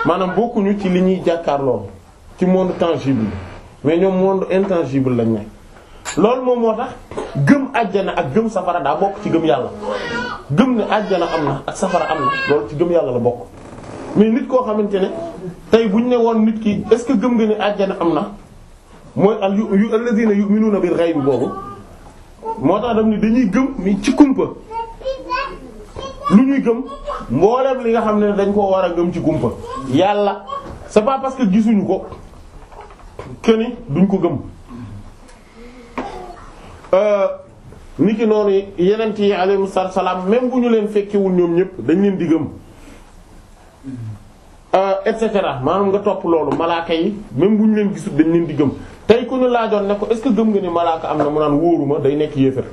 maanaam bokkuñu ci li ñuy jàkkaarloo ci monde tangible mais ñoom monde intangible lañ nekk loolu moom moo tax gëm àjjana ak gëm safara daa bokk ci gëm yàlla gëm ne àjjana am na ak safara am na loolu ci gëm yàlla la bokk mais nit koo xamante ne tey bu ñu ne woon nit ki est-ce que gëm nga ne àjjana am na mooy al yu alladhina yu'minuna bil ghaybi boobu. moo tax daf ni dañuy gëm mi ci kumpa lu ñuy gëm mboolem li nga xam ne dañ koo war a gëm ci kumpa yàlla c'est pas parce que gisuñu ko que duñ ko gëm. Euh, nit ki noonu yeneen yi alayhimu salaam même bu ñu leen fekkewul ñoom ñëpp dañ leen di gëm. Euh, et cetera maanaam nga topp loolu malaaka yi même bu ñu leen gisul dañ leen di gëm tey ku ñu laajoon ne ko est-ce que gëm nga ni malaaka am na mu naan wóoruma day nekk yéefar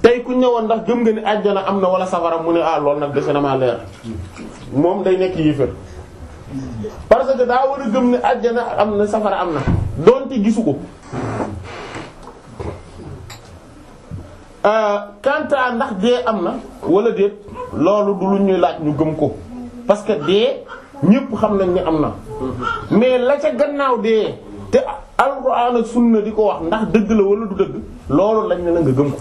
tey ku ñu ndax gëm nga ni àjjana am na wala safara mu ne ah loolu nag dese na maa leer moom day nekk yéefar parce que daa war a gëm ne àjjana am na safara am na donte gisu ko euh, quant ndax dee am na wala déet loolu du lu ñuy laaj ñu gëm ko. parce que dee ñëpp xam nañ ni am na mais la ca gannaaw dee te alxuraan ak sunna di ko wax ndax dëgg la wala du dëgg loolu lañ ne la nga gëm ko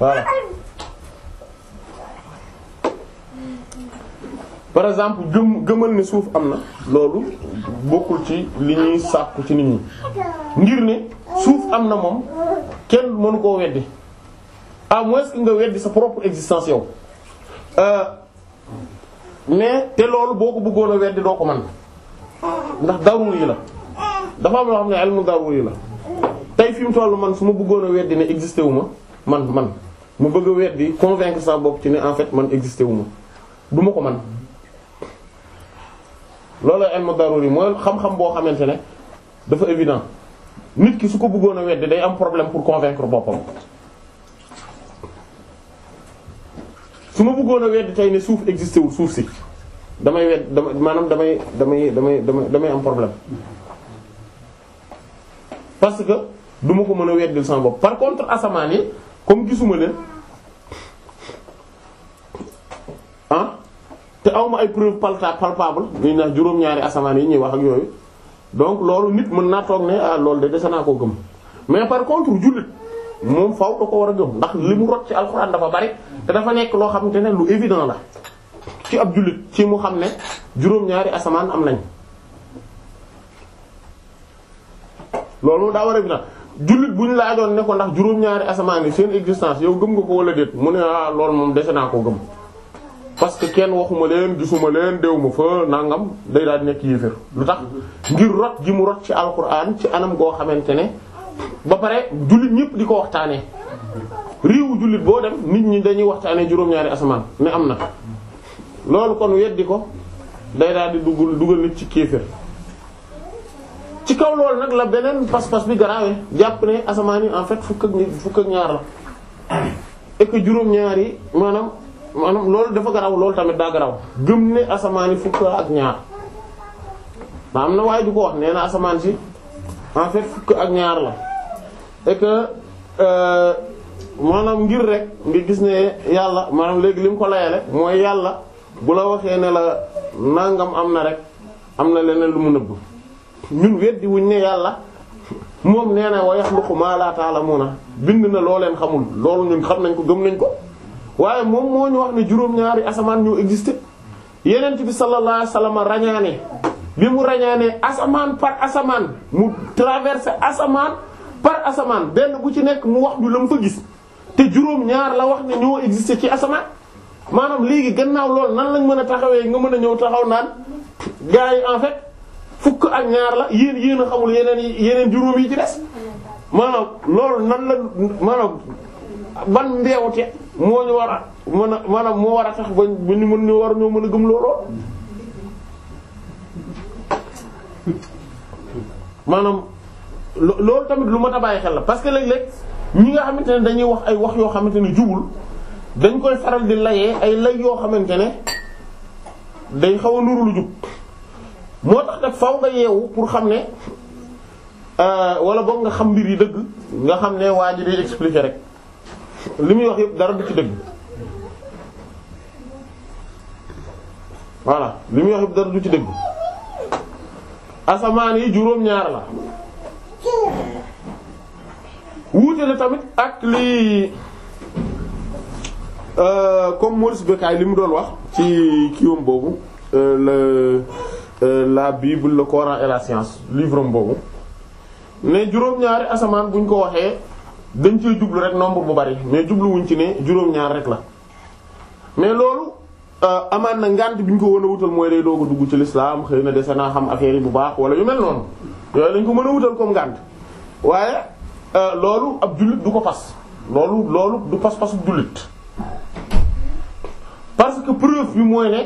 voilà par exemple gëm gëmal ne suuf am na loolu bokkul ci li ñuy sàkku ci nit ñi ngir ne suuf am na moom kenn mënu koo weddi à moins que nga weddi sa propre existence yow Euh, mais te loolu boo ko bëggoon a weddi doo ko mën ndax daruri la dafa am loo xam ne ilmu daruri la tey fi mu toll man su ma bëggoon a weddi ne existé wu ma man man mu bëgg a weddi convaincre sa bopp ci ne en man existé wu du ma ko man loolu ilmu daruri mooy xam-xam boo xamante ne dafa évident nit ki su ko bëggoon a weddi day am problème pour convaincre boppam. su ma bëggoon a weddi tey ne suuf existé wul suuf si damay wedd dama maanaam damay damay damay damay am problème parce que duma ko mën a weddil sama bopp par contre asamaan yi comme gisuma leen ah te awma ay preuve palta palpable ñuy naan juróom-ñaari asamaan yi ñuy wax ak yooyu donc loolu nit mën naa toog ne ah loolu de dese naa koo gëm mais par contre jullit moom faw da ko war a gëm ndax li mu rot ci alxuraan dafa bari te dafa nekk loo xamante ne lu évident la ci ab jullit ci mu xam ne juróom-ñaari asamaan am nañ loolu moom daa war a évident bu ñu laajoon ne ko ndax juróom-ñaari asamaan yi seen existence yow gëm nga ko wala déet ah, moom dese naa koo parce que kenn waxuma leen gisuma leen ma fa nangam day daal nekk yéefér lu tax ngir rot gi mu rot ci alxuraan ci anam goo xamante ne ba pare jullit ñëpp di ko waxtaanee réewu jullit boo dem nit ñi dañuy waxtaanee juróom-ñaari asamaan ne am na loolu kon weddi ko day daal di dugg dugal nit ci kéefër ci kaw loolu nag la beneen pas-pas bi garaawee jàpp ne asamaan yi en fait fukk ak fukk ñaar la et que juróom-ñaar yi maanaam maanaam loolu dafa garaaw loolu tamit daa garaaw gëm ne asamaan yi fukk ak ñaar ma am na waaye du ko wax nee asamaan si en fait fukk ak ñaar la. et que euh, maanaam ngir rek nga gis ne yàlla maanaam léegi lim ko layale mooy yàlla bu la waxee ne la nangam am na rek am na leneen lu mu nëbb ñun weddi wuñ ne yàlla moom nee na wa yaxluqu maa laa ta'lamuuna bind na loo leen xamul loolu ñun xam nañ ko gëm nañ ko waaye moom moo ñu wax ne juróom-ñaari asamaan ñu existé yeneen bi sallallahu alayhi wasallam rañaane bi mu rañaane asamaan par asamaan mu traversé asamaan. par asamaan benn bu ci nekk mu wax ñu la mu fa gis te juróom ñaar la wax ne ñoo existé ci asamaan maanaam léegi gannaaw loolu nan lañ mën a taxawee nga mën a ñëw taxaw naan gars yi en fait fukk ak ñaar la yéen yéen a yeneen yeneen juróom yi ci des maanaam loolu nan la maanaam ban ndeewte moo ñu war a mën a maanaam moo war a tax ba ñu mën ñu war ñoo mën a gëm looloo maanaam loolu tamit lu ma a bàyyi xel la parce que léeg-léeg ñi nga xamante ne dañuy wax ay wax yoo xamante ne jubul dañ koy faral di layee ay lay yoo xamante ne day xaw a nuru lu jub moo tax nag pour xam ne euh, wala boog nga xam mbir yi dëgg nga xam ne waa ji day rek li muy wax yëpp dara du ci dëgg voilà li muy wax yëpp dara ci dëgg asamaan yi juróom-ñaar la wuute na tamit ak li euh, comme Maurice li mu doon wax ci kiwam boobu euh, le euh, la Bible le Coran et la science livre boobu ne juróom-ñaari asamaan buñ ko waxee dañ cee jublu rek nombre bu bari mais wuñ ci ne juróom-ñaar rek la mais loolu amaan na ngànt bi ñu ko won a wutal mooy day doog ko dugg ci lislaam xëy na dese naa xam affaire bu baax wala yu mel noonu yooyu lañ ko mën a wutal comme ngànt waaye euh, loolu ab jullit du ko fas loolu loolu du pas-pas jullit parce que preuve bi mooy ne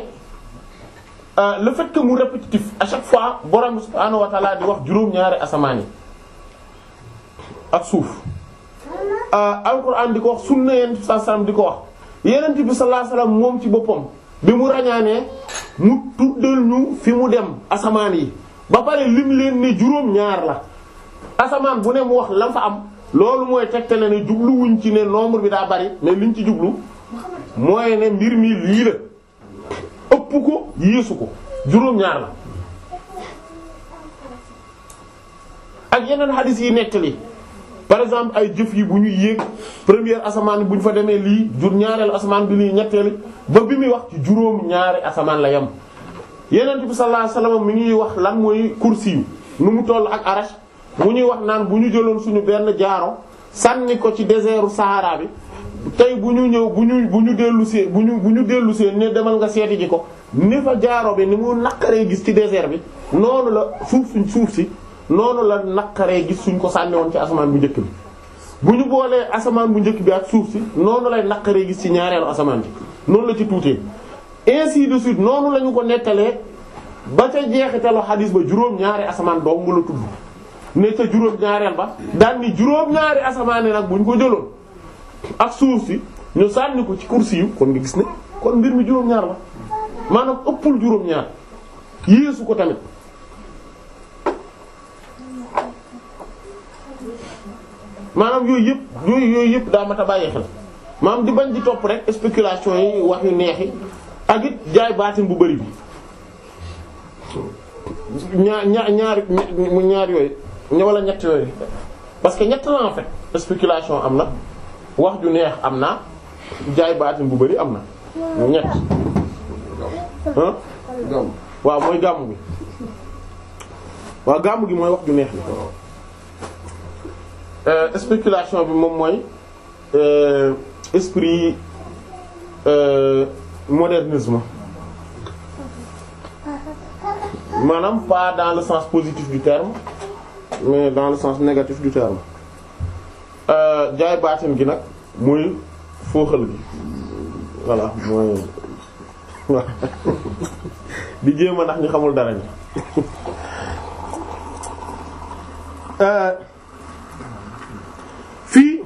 euh, le fait mu répétitif à chaque fois borom subhaanahu wa di wax juróom-ñaari asamaan yi ak suuf euh, alquran di ko wax sunna yonent bi sallallahu di ko wax yonent bi sallallahu alayhi wasallam moom ci boppam bi mu ràññaanee mu tuddal ñu fi mu dem asamaan yi ba pare lim leen ne juróom-ñaar la asamaan bu ne mu wax la fa am loolu mooy tegtale ne jubluwuñ ci ne nombre bi daa bari mais liñ ci jublu mooy ne mbir mi lii la ëpp ko yéesu ko juróom-ñaar la ak yeneen hadith yi nekk par exemple ay jëf yi bu ñu yéeg première asamaan bu ñu fa demee lii jur ñaareelu asamaan bi nii ñetteeli ba bi muy wax ci juróom ñaari asamaan la yem yeneen bi sallallahu alayhi mu mi ngi wax lan mooy kursiyu nu mu toll ak arash mu ñuy wax naan bu ñu jëloon suñu benn jaaro sànni ko ci désertu Sahara bi tey bu ñu ñëw bu ñu bu ñu dellu see bu ñu ñu dellu see ne demal nga seeti ji ko ni fa jaaro bi ni mu naqaree gis ci désert bi noonu la suuf suñ suuf si noonu la naqaree gis suñ ko sànni woon ci asamaan bu njëkk bi bu ñu boolee asamaan bu njëkk bi ak suuf si noonu lay naqaree gis ci ñaareelu asamaan bi noonu la ci tuutee ainsi de suite noonu la ko nettalee ba ca jeexitalu xadis ba juróom-ñaari asamaan doom mu la tudd ne ca juróom-ñaareel ba daan ni juróom-ñaari asamaan yi nag bu ñu ko jëloon ak suuf si ñu sànni ko ci kursi yu kon nga gis ne kon mbir mi juróom-ñaar la maanaam ëppul juróom-ñaar yéesu ko tamit maanaam yooyu yëpp yooyu yëpp daa mat a bàyyi xel maanaam di bañ di topp rek spéculation yi wax yu neex yi ak jaay baatin bu bari bi ñaar ñaar ñaari mu ñaar yooyu wala ñett yooyu parce que ñett la en fait spéculation am na wax ju neex am na jaay baatin bu bari am na ñett waaw mooy gàmmu bi waaw gàmmu gi mooy wax ju neex bi euh, spéculation bi moom mooy euh, esprit euh, modernisme maanaam pas dans le sens positif du terme mais dans le sens négatif du terme euh, jaay baatin gi nag muy fooxal gi voilà mooy di jéem a ndax ñu xamul dara ñi euh, fii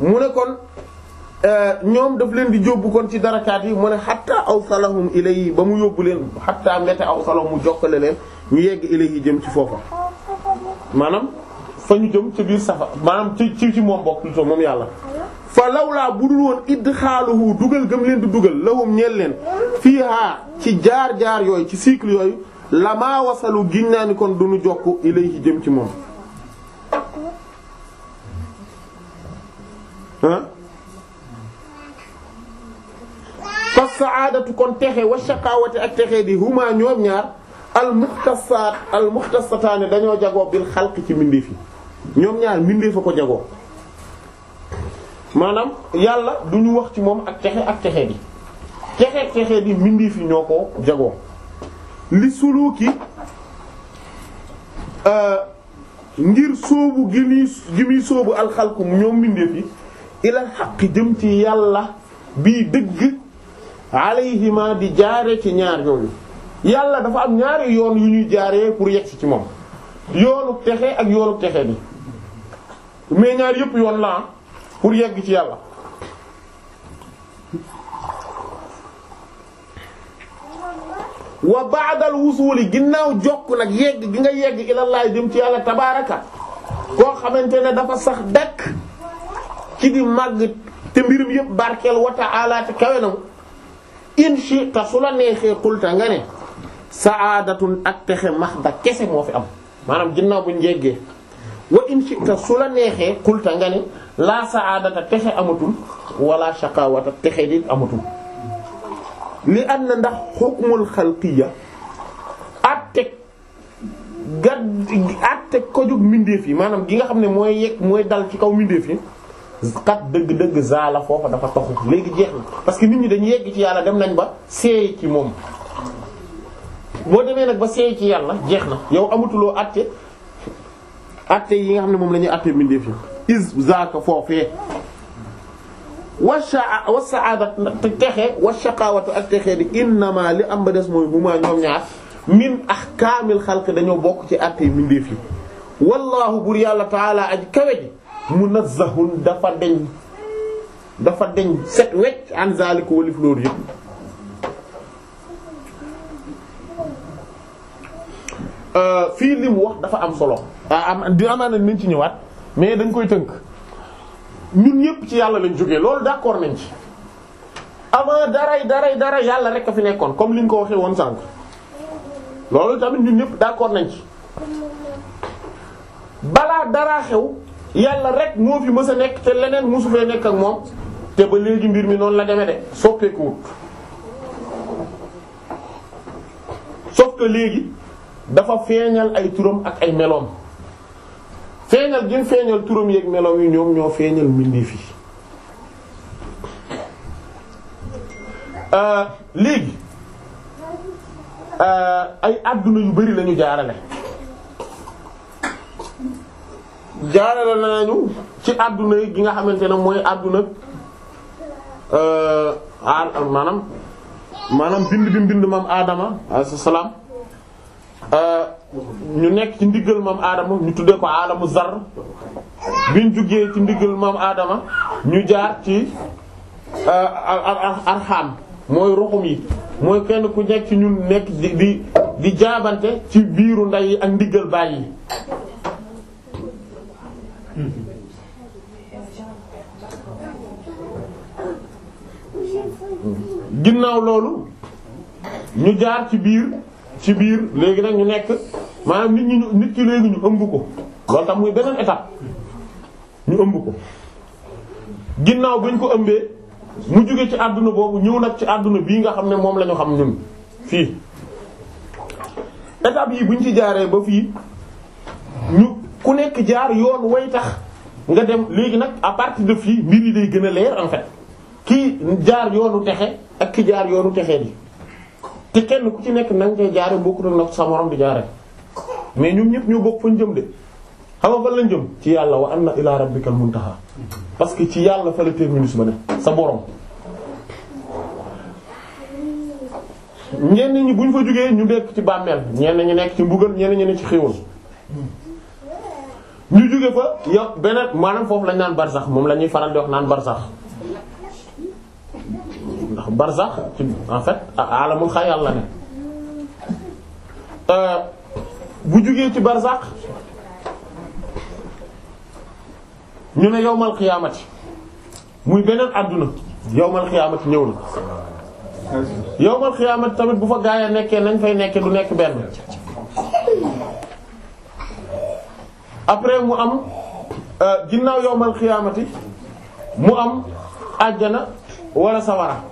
mu ne kon Euh, ñoom daf leen di jóbbu kon ci dara yi mu ne xatta aw salahum ilayhi ba mu yóbbu leen xatta mbete aw salahum mu jokkale leen ñu yegg ilayhi jëm ci foofa maanaam fa ñu jëm ci biir safa maanaam ci ci ci moom bokk plutôt moom yàlla fa lawlaa budul woon idxaaluhu dugal gëm leen di dugal lahum ñeel leen fii haa ci jaar-jaar yooyu ci cycle yooyu lamaa wasalu gin naa ni kon du ñu jokk ilayhi jëm ci moom ah as-sa'adatu kon texe wa ak texe di huma ñoom ñaar al-mukhtassaat al-mukhtassataani dañoo jagoo bil xalqi ci mbindeef yi ñoom ñaar mbindeef a ko jagoo maanaam yàlla du ñu wax ci moom ak texe ak texe di texe texe di mbindeef yi ñoo ko jagoo li suluuki euh, ngir sóobu gi muy gi muy sóobu alxalku ñoom mbindeef yi ilal xaq jëm ci yàlla bii dëgg alayhima di jaare ci ñaar yooyu yàlla dafa am ñaari yoon yu ñuy jaare pour yegsi ci moom yoonu texe ak yoonu texe bi mais ñaar yëpp yoon la pour yegg ci yàlla wa ba'dal wusuuli ginnaaw jokk nag yegg gi nga yegg ilallaah jëm ci yàlla tabaaraka koo xamante ne dafa sax dakk ci di màgg te mbirum yëpp barkeel wa ta'ala te in shi'ta su la neexee qulta nga ne sa aadatul ak texe mahda kese moo fi am maanaam ginnaaw bu njeggee wa in shi'ta su la neexee qulta nga ne laa sa'aadata texe amatul walla shaqawata texe dit amatul li an na ndax xukmul xalqiya àtteeg gad àtteeg ko jóg mbindeef yi maanaam gi nga xam ne mooy yegg mooy dal ci kaw mbindeef yi kat dëgg-dëgg zaala foofa dafa toxu léegi jeex na parce que nit ñi dañu yegg ci yàlla dem nañ ba seey ci moom boo demee nag ba seey ci yàlla jeex na yow amatuloo àtte àtte yi nga xam ne moom lañuy ñuy àtte mbindeef yi is zaaka foofee wasaa wa saada te texe wa shaqawatu ak texe di innama li am ba des mooy huma ñoom ñaar min ahkaamil xalq dañoo bokk ci àtte mbindeef yi wallaahu bur yàlla taala aj kawe na munazzahun dafa deñ dafa deñ set wecc an zalika walif loolu yëpp euh, fii li mu wax dafa am solo ah, am di amaa na nañ ci ñëwaat mais dañ koy tënk ñun ñëpp ci yàlla lañ jógee loolu d'accord nañ ci avant daray daray dara yàlla rek a fi nekkoon comme li ñu ko waxee woon sànq loolu tamit ñun ñëpp d'accord nañ ci balaa dara xew yàlla rek moo fi mës a nekk te leneen mosu fee nekk ak moom te ba léegi mbir mi noonu la demee de soppeekuwut sauf que léegi dafa feeñal ay turam ak ay meloom feeñal gën feeñal turam yeeg meloom yi ñoom ñoo feeñal mbindeef yi euh, léegi euh, ay àdduna yu bari lañu jaarale jaarale nañu ci àdduna gi nga xamante ne mooy àdduna euh, maanaam maanaam bind bi mbind maam Adama alayhi salaam euh, ñu nekk ci ndiggal maam Adama ñu tuddee ko alamu zar biñ jugee ci ndiggal maam aadama ñu jaar ci euh, arxam mooy ruxum yi mooy kenn ku nekk ci ñun nekk di di ci biiru ndey ak ndiggal baay yi. Mm-hmm. ginnaaw loolu ñu jaar ci biir ci biir léegi nag ñu nekk maanaam nit ñi nit ki léegi ñu ëmb ko loolu tam muy beneen étape ñu ëmb ko ginnaaw bañ ko ëmbee mu jóge ci àdduna boobu ñëw nag ci àdduna bii nga xam ne moom la ñu xam ñun fii étape yi buñ ci jaaree ba fii ñu ku nekk jaar yoon way tax nga dem léegi nag à partir de fii mbir yi day gën a leer en fait kii jaar yoonu texe ak ki jaar yoonu texe bi te kenn ku ci nekk na nga koy jaare bokkul ak sa morom di jaare mais ñoom ñëpp ñoo bokk fañ jëm de xam nga fan lañ jëm ci yàlla wa anna ila rabbikal muntaha parce que ci yàlla fa la terminus ba ne sa borom. ñenn ñi bu buñ fa jógee ñu nekk ci bàmmeel ñenn ñi nekk ci mbugal ñenn ñi nekk ci xéewal ñu jóge fa yo- beneen maanaam foofu lañ naan barsax moom lañuy ñuy faral di wax naan barsax ndax barsax en fait alamul xayal la ne euh, bu jógee ci barsax ñu ne yowmal xiyaamati muy beneen àdduna yowmal xiyaamati ñëw na yowmal xiyaamati tamit bu fa gaaya nekkee nañ fay nekkee du nekk benn après mu am euh, ginnaaw yowmal xiyaamati mu am àjjana walla safara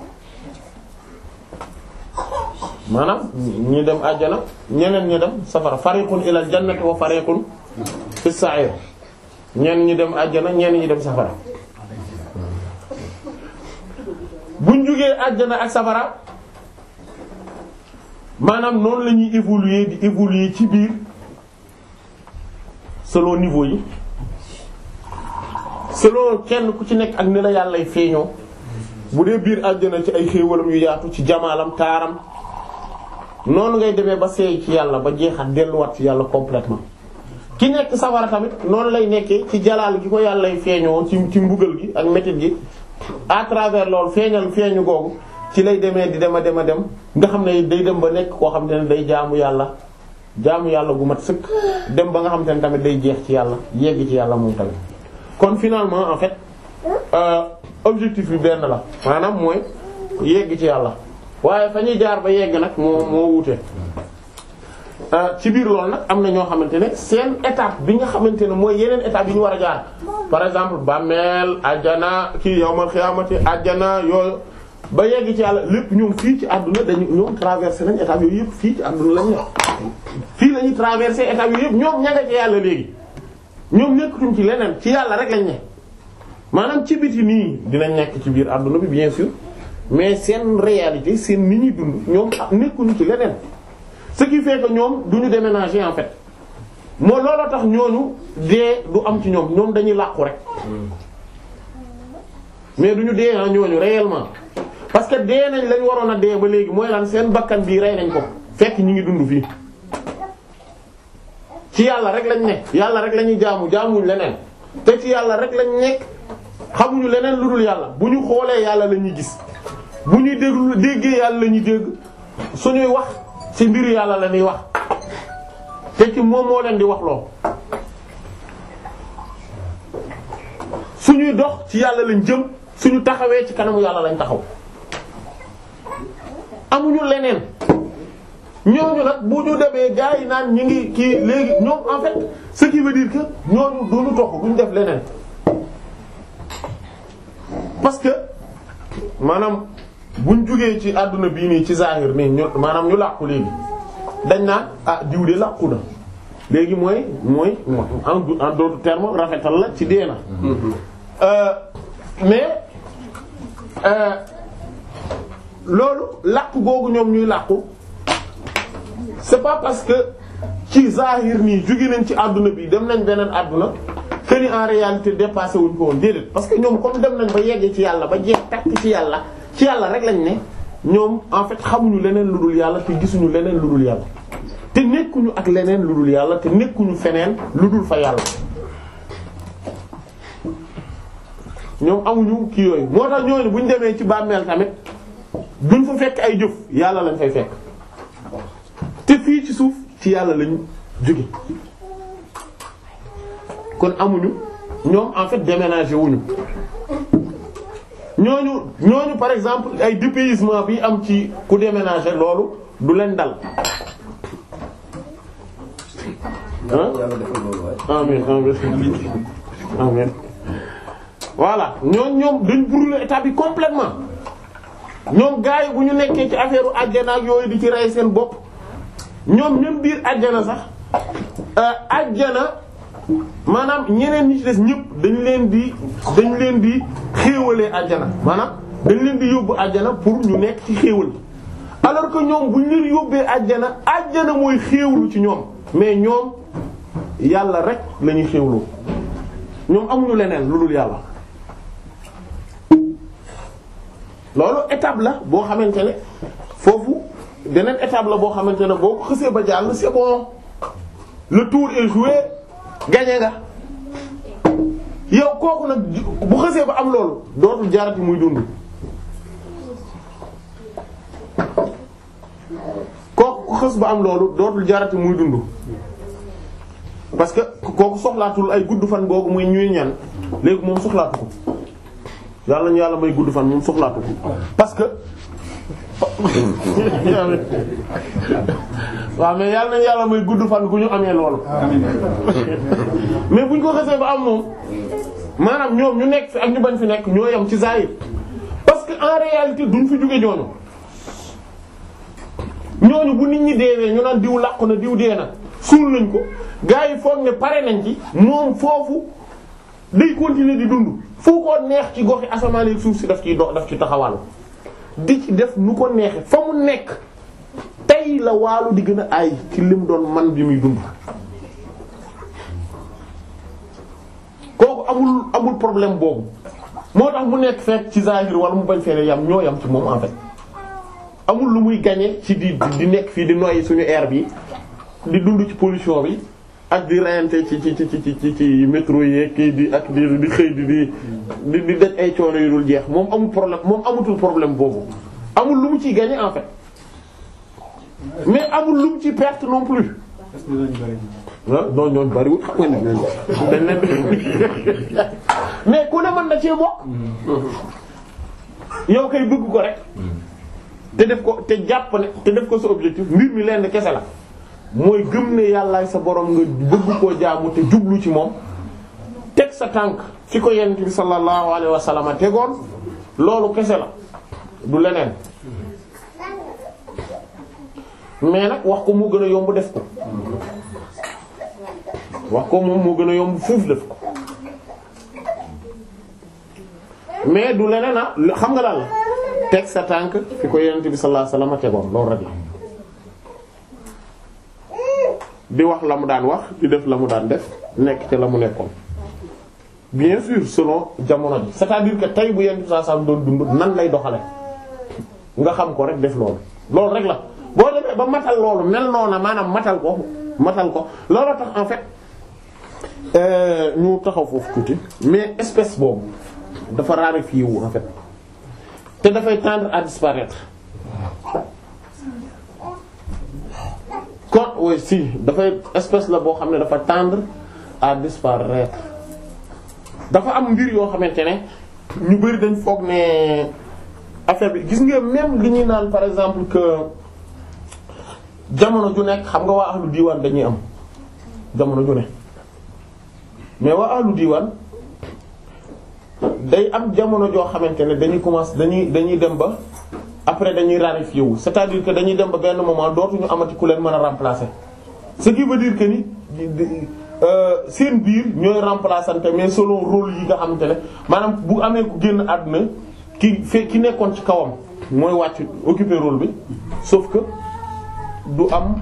maanaam ñi dem àjjana ñeneen ñi dem safara fariqun ilal jannati wa fariqun fis sa'ir ñenn ñi dem àjjana ñeen ñi dem safara buñ jógee àjjana ak safara maanaam noonu la ñuy di évoluer ci biir solo niveau yi selon kenn ku ci nekk ak ni la yàllay feeñoo bu dee biir àjjana ci ay xéewalam yu yaatu ci jamaalam taaram noonu ngay demee ba seey ci yàlla ba jeexal delluwaat ci yàlla complètement ki nekk safara tamit noonu lay nekkee ci jalaal gi ko yàllay feeñoo ci ci mbugal gi ak metit gi à travers loolu feeñal feeñu googu ci lay demee di dem a dem a dem nga xam ne day dem ba nekk koo xam ne day jaamu yàlla jaamu yàlla gu mat sëkk dem ba nga xam te tamit day jeex ci yàlla yegg ci yàlla moom tamit kon finalement en fait euh, objectif bi benn la maanaam mooy yegg ci yàlla waaye fa ñuy jaar ba yegg nag moo moo wuute euh, ci biir loolu nag am na ñoo xamante ne seen étape bi nga xamante ne mooy yeneen étape yi ñu war a jaar par exemple bàmmeel ajjana kii yawmal xiyaamati ajjana yooyu ba yegg ci yàlla lépp ñoom fii ci àdduna dañu ñoom traversé nañ état yooyu yëpp fii ci àdduna lañ ñor fii la ñuy traversé étapes yooyu ñoom ña nga ci yàlla léegi ñoom nekkatuñ ci leneen ci yàlla rek lañ ne maanaam ci biti nii dinañ nekk ci biir àdduna bi bien sûr mais seen réalité seen ni ñuy dund ñoom nekkuñu ci leneen ce qui fait que ñoom duñu déménager en fait moo looloo tax ñooñu dee du am ci ñoom ñoom dañuy làqu rek mm. mais duñu dee ñooñu réellement parce que dee nañ lañ waroon a dee ba léegi mooy lan seen bakkan bii rey nañ ko fekk ñu ngi dund fii ci yàlla rek lañ ne yàlla rek lañuy jaamu jaamuñ leneen te ci yàlla rek lañ nekk xamuñu leneen lu dul yàlla bu ñu xoolee yàlla la ñuy gis bu ñuy déglu déggee yàlla la ñuy dégg suñuy wax ci mbiru yàlla la ñuy wax te ci moom moo leen di wax loo ñuy dox ci yàlla lañ jëm su ñu taxawee ci kanamu yàlla lañ taxaw amuñu leneen ñooñu nag bu ñu demee gars yi naan ñu ngi kii léegi ñoom en fait ce qui veut dire que ñooñu duñu tox duñu def leneen parce que maanaam buñ jugee ci àdduna bii nii ci zahir nii ñu maanaam ñu làqu léegi dañ naan ah diw de làqu na léegi mooy mooy en d'autres termes rafetal la ci dee na mm-hmm. euh, mais. Euh, loolu làkk googu ñoom ñuy làkku c'est pas parce que ci zahir nii jóge nañ ci àdduna bi dem nañ beneen àdduna que ni en réalité dépassé wuñ ko woon déedéet parce que ñoom comme dem nañ ba yeggee ci yàlla ba jeex takk ci yàlla ci yàlla rek lañ ne ñoom en fait xamuñu leneen lu dul yàlla te gisuñu leneen lu dul yàlla te nekkuñu ak leneen lu dul yàlla te nekkuñu feneen lu dul fa yàlla ñoom amuñu kii yooyu moo tax ñooñu buñ demee ci bàmmeel tamit. duñ fa fekk ay jëf yàlla lañ fay fekk te fii ci suuf ci yàlla lañ jóge kon amuñu ñoom en fait déménager wuñu ñooñu ñooñu par exemple ay dépaysement bi am ci ku déménager loolu du leen dal. amin amin amin voilà ñooñu ñoom dañ brûler état bi complètement ñoom gars yi bu ñu nekkee ci affaire u ak yooyu di ci rey seen bopp ñoom même biir àjjana sax euh, àjjana maanaam ñeneen ñi ci des ñëpp dañ leen di dañ leen di xéewalee àjjana maanaam dañ leen di yóbbu àjjana pour ñu nekk ci xéewal alors ko ñoom bu ñu leen yóbbee àjjana àjjana mooy xéewlu ci ñoom mais ñoom yàlla rek lañuy ñuy xéewloo ñoom amuñu leneen lu dul yàlla. loolu étape la boo xamante ne foofu deneen étape la boo xamante ne boo ko xësee ba jàll c'est bon le tour est joué gagné nga yow kooku nag bu xësee ba am loolu dootul jaarati muy dund. kooku ku xës ba am loolu dootul jaarati muy dund parce que kooku soxlaatul ay gudd fan googu muy ñuy ñan léegi moom soxlaatu ko. yàlla ñu yàlla may gudd fan moom soxlaatu ko parce que waaw mais yàlla nañu yàlla may gudd fan ku ñu amee loolu mais bu ñu ko xasee ba am moom maanaam ñoom ñu nekk fi ak ñu bañ fi nekk ñoo yam ci zahir parce que en réalité duñ fi jóge ñooñu ñooñu bu nit ñi deewee ñu naan diw làqu na diw dee na suul nañ ko gars yi foog ne pare nañ ci moom foofu day continuer di dund foo ko neex ci goxi asamaan yi suuf si daf ciy dox daf ci taxawal di ci def nu ko neexee fa mu nekk tey la waalu di gën a ay ci lim doon man bi muy dund. kooku amul amul problème boobu moo tax mu nekk fekk ci saa zahir wala mu bañ fee yam ñoo yam ci moom en fait amul lu muy gagner ci di di nekk fii di noyyi suñu air bi di dund ci pollution bi. ak di reyante ci ci ci ci ci métro kii di ak di di xëy di di di daj ay coono yu dul jeex moom amul problème moom amutul problème boobu amul lu mu ciy gagner en fait mais amul lu mu ci perte non plus. est-ce mais ku ne mën na cee bokk. yow kay dugg ko rek. Mm. te def ko te jàpp ne te def ko sa objectif mbir mi lenn kese la. mooy gëm ne yàllaay sa boroom nga bëgg koo jaamu te jublu ci moom teg sa tànk fi ko yent bi sallallahu alayhi wa sallam tegoon loolu kese la du leneen mais na wax ko moo gën a yomb def ko wax ko moom moo gën a yomb fuuf def ko mais du leneen a ah. xam nga daal teg sa tànk fi ko yent bi sallallahu alayhi wa sallam tegoon loolu rek la di wax la mu daan wax di def la mu daan def nekk ca la mu nekkoon bien sûr selon jamono ji c'est-à-dire que tey bu yenn saa saa doon dund nan lay doxale nga xam ko rek def loolu loolu rek la boo demee ba matal loolu mel noona maanaam matal ko matal ko loolu tax en fait euh, ñu taxaw foofu tuuti mais espèce boobu dafa raréfié wu en fait te dafay tendre à disparaître kon oui si dafay espèce la boo xam ne dafa tendre à disparaître dafa am mbir yoo xamante ne ñu bari dañ foog ne affaire bi gis nga même li ñuy naan par exemple que jamono ju nekk xam nga waa ahlu diiwaan dañuy am jamono ju ne mais waa ahlu diwaan day am jamono joo xamante ne dañuy commencer dañuy dañuy dem ba. après dañuy raréfié wu c'est-à-dire que dañuy dem ba benn moment dootuñu amati ku leen mën a remplacer ce qui veut dire que ni euh, seen biir ñooy remplaçante mais solo role yi nga xamante ne maanaam bu amee ku génn àdduna ki fe ki nekkoon ci kawam mooy wàcc occuper role bi sauf que du am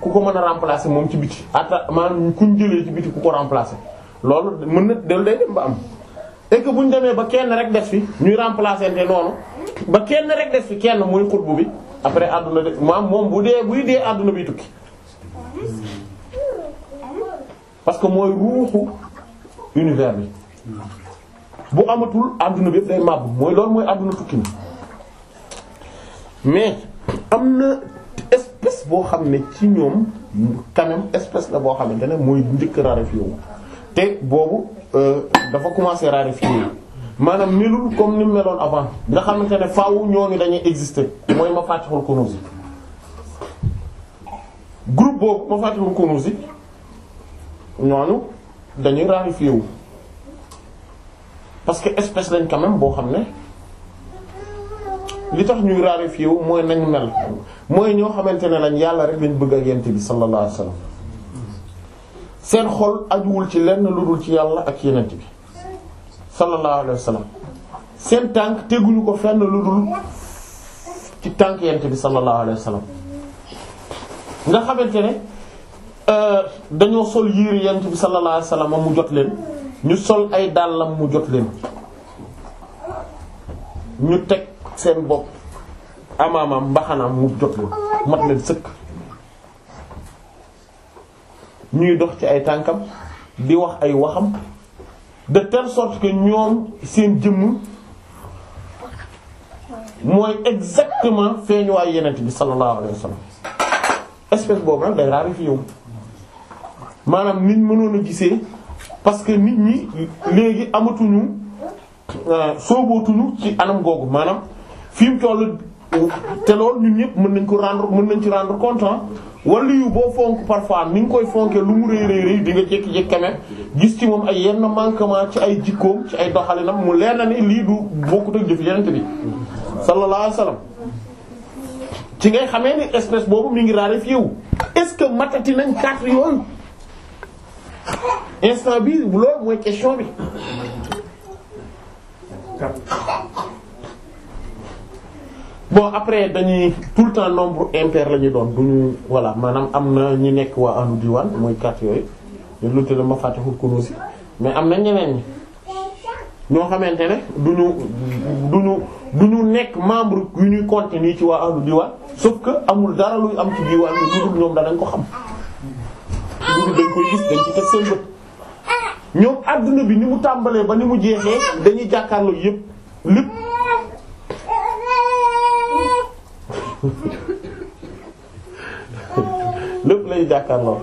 ku ko mën a remplacer moom ci biti ata maanaam kuñ jëlee ci biti ku ko remplacer loolu mën na del day dem ba am et bu ñu demee ba kenn rek def si ñuy remplacer te noonu ba kenn rek des kenn mooy xutbu bi après àdduna de maam moom bu dee buy dee àdduna biy tukki parce que mooy ruuxu univers bi bu amatul àdduna bi yëpp day màbb mooy loolu mooy àdduna tukki na mais am na espèce boo xam ne ci ñoom quand même espèce la boo xamante ne mooy njëkk raréfié wu te boobu euh, dafa commencer raréfié maanaam melul comme ni mu meloon avant nga xamante ne faaw ñooñu dañuy exister mooy ma fàttixul Kunûz yi groupe boobu ma fàttixul Kunûz ñooñu dañuy raréfié wu parce que espèce lañ quand boo xam ne li tax ñuy raréfié wu mooy nañ mel mooy ñoo xamante ne lañ yàlla rek lañ bëgg ak yent bi sallallahu alayhi seen xol ajuwul ci lenn lu dul ci yàlla ak yenent bi sallallahu alayhi wa seen tànk teguñu ko fenn lu dul ci tànk yent bi sallallahu alayhi wa nga xamante ne euh, dañoo sol yére yent bi sallallahu alayhi wa mu jot leen ñu sol ay dàllam mu jot leen ñu teg seen bopp amaamam mbaxanaam mu jot leen mat leen sëkk ñuy dox ci ay tànkam bi wax ay waxam de telle sorte que ñoom seen jëmm mooy exactement feeñuwaay yenent bi sallallahu alayhi wa sallam espèce boobu nag day raréfié wu maanaam niñ mënoon a gisee parce que nit ñi léegi amatuñu euh, soobootuñu ci anam googu maanaam fii mu toll te loolu ñun ñëpp mën nañ ko rendre mën nañ ci rendre compte waliyu boo fonk parfois ni nga koy fonkee lu mu rëy rëy rëy di nga jekki jékki gis ci moom ay yenn manquement ci ay jikkoom ci ay doxalinam mu leer na ni lii du bokkut ak jëf yeneen bi sallallahu alayhi wasallam ci ngay xamee ni espèce boobu mu ngi raréfié wu est-ce que matati nañ quatre yooyu instant bi loolu mooy question bi bon après dañuy tout le temps nombre impair la ñuy doon ñu voilà maanaam am na ñi nekk waa ahlu diwaan mooy quatre yooyu ñu lu tëdd ma fàtte xul kono si mais am na ñeneen ñoo xamante ne duñu duñu duñu nekk membre yu ñuy compter ci waa ahlu diwaan sauf que amul dara luy am ci diwaan yi ñoom danañ ko xam lu dul dañ koy gis dañ ci teg seen bët ñoom àdduna bi ni mu tàmbalee ba ni mu jeexee dañuy jàkkaarloo yépp lépp lépp lay jàkkaarloo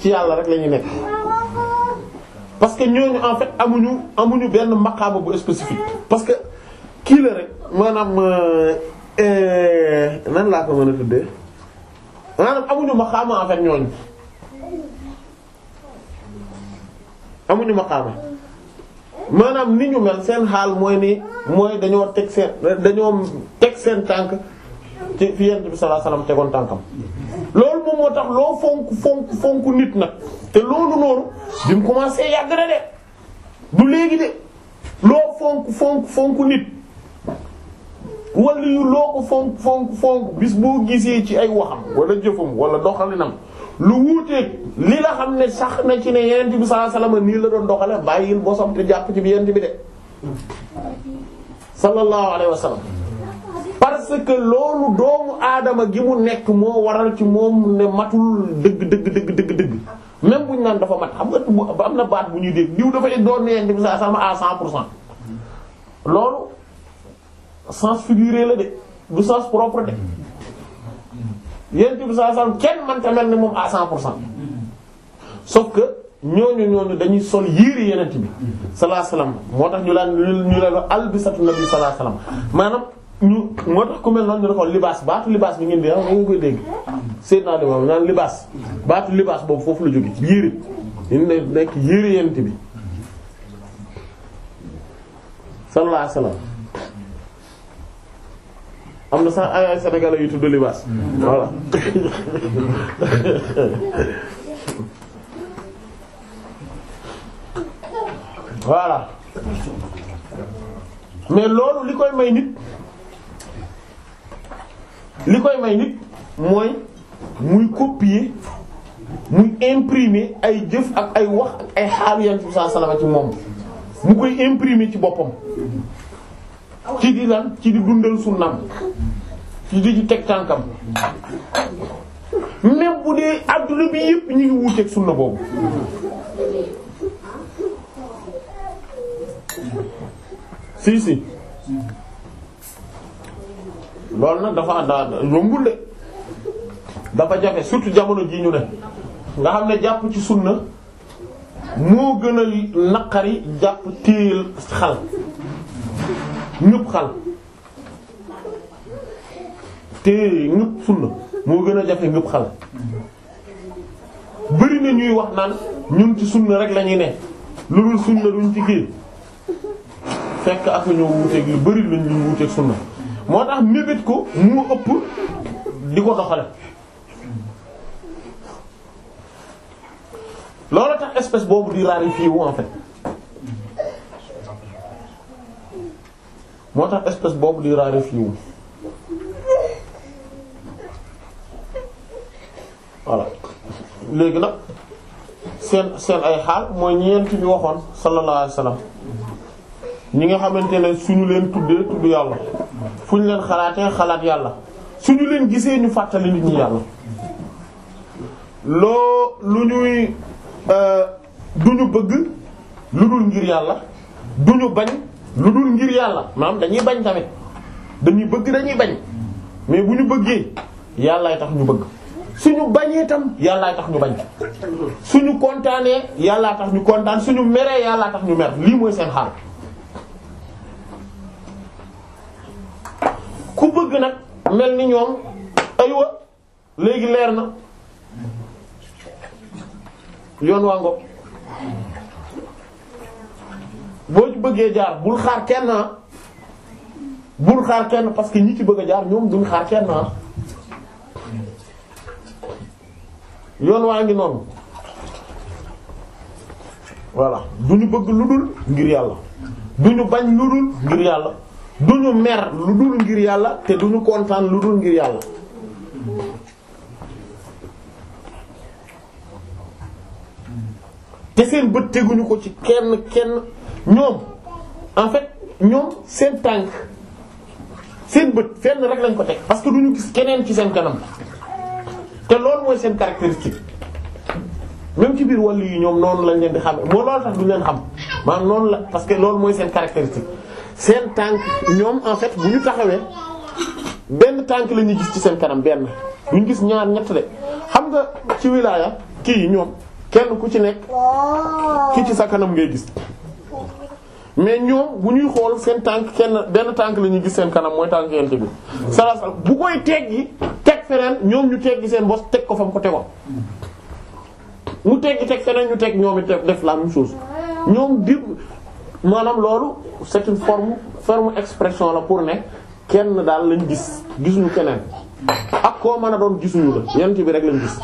ci yàlla rek la nekk parce que ñooñu en fait amuñu amuñu benn maqaama bu spécifique parce que kii la rek maanaam euh, euh, nan laa ko mën a tuddee maanaam amuñu maqaama en fait ñooñu amuñu maqaama maanaam ni ñu mel seen xaal mooy nii mooy dañoo teg seen dañoo teg seen tànk ci fi yent bi sallallahu tegoon tànkam loolu moom moo tax loo fonk fonk fonk nit nag te loolu noonu bi mu commencé yàgg de du léegi de loo fonk fonk fonk nit wala yu loo ko fonk bis boo gisee ci ay waxam wala jëfam wala doxalinam lu wuuteeg li la xam ne sax na ci ne yonent bi sallallahu alayhi wasallam nii la doon doxale bàyyil bosam te jàpp ci bi yonent bi de sallallahu alayhi wasallam parce que loolu doomu aadama gi mu nekk moo waral ci moom ne matul dëgg dëgg dëgg dëgg dëgg même bu naan dafa mat xam nga am na baat bu ñuy dégg diw dafay doon ne bi sallallahu alayhi wasallam cent pour cent loolu sens figuré la de du sens propre de yonent bi sallallahu alayhi wasallam kenn mënta mel ni moom à 100 pour cent sauf que ñooñu ñooñu dañuy sol yéeri yonent bi sallallahu alayhi wasallam moo tax ñu laan ñu leen albisatu nabi sallallahu alayhi wasallam maanaam ñu moo tax ku mel noonu ñu defoon libaas baatu libaas bi ngeen di wax nga koy dégg Seydina Limaamu ñu naan libaas baatu libaas boobu foofu la jóge yéeri ñu nekk yéeri yonent bi sallallahu alayhi wasallam am na sax ay sénégalais yu tudd libaas mm. voilà voilà mais loolu li koy may nit li koy may nit mooy muy copier muy imprimer ay jëf ak ay wax ak ay xaalu yan ci sallallahu moom mu koy imprimer ci boppam ci di lan ci di dundal sunnam ci di ci teg tànkam même bu dee adduna bi yëpp ñu ngi wuuteeg sunna boobu si si loolu nag dafa daa yombul de dafa jafe surtout jamono ji ñu ne nga xam ne jàpp ci sunna moo gën a naqari jàpp téel xal ñëpp xal te ñëpp sunna moo gën a jafe ñëpp xal bari ñuy wax naan ñun ci sunna rek la ñuy ne lu dul sunna duñ ci génn fekk ak ñoo wuuteeg lu bari lañ ñu wuuteeg sunna moo tax mébét ko mu ëpp di ko doxale loolu tax espèce boobu di raréfié wu en fait moo tax espèce boobu di raréfié wu voilà léegi nag seen seen ay xaal mooy ñeent bi waxoon sallallahu alayhi ñi nga xamante ne suñu leen tuddee tudd yàlla fu ñu leen xalaatee xalaat yàlla suñu leen gisee ñu fàttali nit ñi yàlla loo lu ñuy euh, du ñu bëgg lu dul ngir yàlla du ñu bañ lu dul ngir yàlla maam dañuy bañ tamit dañuy bëgg dañuy bañ mais bu ñu bëggee yàllaay tax ñu bëgg suñu bañee tam yàllaa tax ñu bañ suñu kontaanee yàllaa tax ñu kontaan suñu meree yàllaa tax ñu mer lii mooy seen xaal ku bëgg nag mel ni ñoom aywa léegi leer na yoon waa boo ci bëggee jaar bul xaar kenn ah. bul xaar kenn parce que ñi ci bëgg a jaar ñoom duñ xaar kenn ah. yoon waa ngi noonu voilà du ñu bëgg lu dul ngir yàlla du ñu bañ lu dul ngir yàlla du ñu mer lu dul ngir yàlla te du ñu kontaan lu dul ngir yàlla te seen bët teguñu ko ci kenn kenn ñoom en fait ñoom seen tànk seen bët fenn rek lañ ko teg parce que du ñu gis keneen ci seen kanam te lool mooy seen caractéristique même ci biir wàllu yi ñoom noonu lañ leen di xam moo loolu tax duñ leen xam maanaam noonu la parce que loolu mooy seen caractéristique seen tànk ñoom en fait bu ñu taxawee benn tànk la ñuy gis ci seen kanam benn ñu gis ñaar ñett de xam nga ci wilaaya kii yi ñoom kenn ku ci nekk kii ci sa kanam ngay gis. mais ñoom bu ñuy xool seen tànk kenn benn tànk la ñuy gis seen kanam mooy tànk yent bi sallallahu alayhi bu koy teggi teg feneen ñoom ñu teggi seen bos teg ko fa mu ko tegoon mu teggi teg feneen ñu teg ñoom it def laa même chose ñoom dir maanaam loolu c'est une forme forme expression la pour ne kenn daal lañ gis gisuñu keneen ak koo mën a doon gisuñu la yent bi rek lañ gis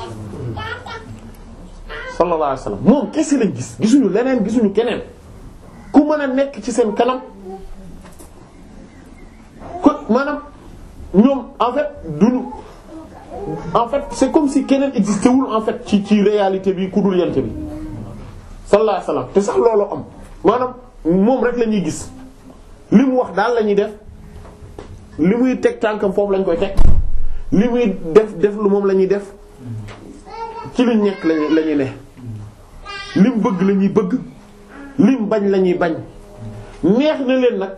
sallallahu alayhi wasallam moom kese lañ gis gisuñu leneen gisuñu keneen ku mën a nekk ci seen kanam ku maanaam ñoom en fait duñu en fait c'est comme si keneen existé wul en fait ci ci réalité bi ku dul yent bi sallallahu alayhi wasallam te sax loolu am maanaam moom rek la ñuy gis li mu wax daal la ñuy def limuy teg tànkam foofu lañ koy teg li muy def def lu moom la ñuy def ci luñ nekk lañuy la ñuy ne li bëgg la ñuy bëgg lim bañ la ñuy bañ neex na leen nag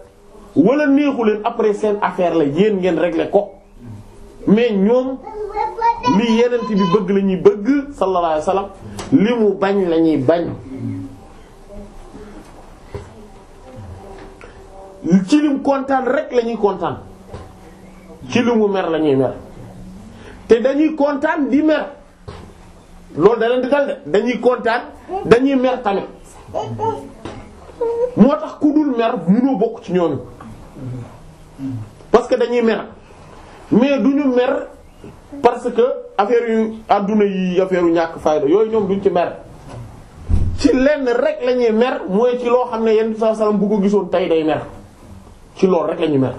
wala neexu leen après seen affaire la yéen ngeen régler ko mais ñoom li yenent bi bëgg la bëgg sallallahu alayhi wasallam li mu bañ la bañ ci lim kontaan rek lañuy kontaan ci li mu mer la mer te dañuy kontaan di mer loolu da leen de dañuy kontaan dañuy mer tamit moo tax ku dul mer mënoo bokk ci ñooñu parce que dañuy mer mais duñu mer parce que affaire yu àdduna yi affaire yu ñàkk fayda yooyu ñoom duñ ci mer ci lenn rek lañuy mer mooy ci loo xam ne yenn sa salaam bu ko gisoon tey day mer ci loolu rek lañuy mer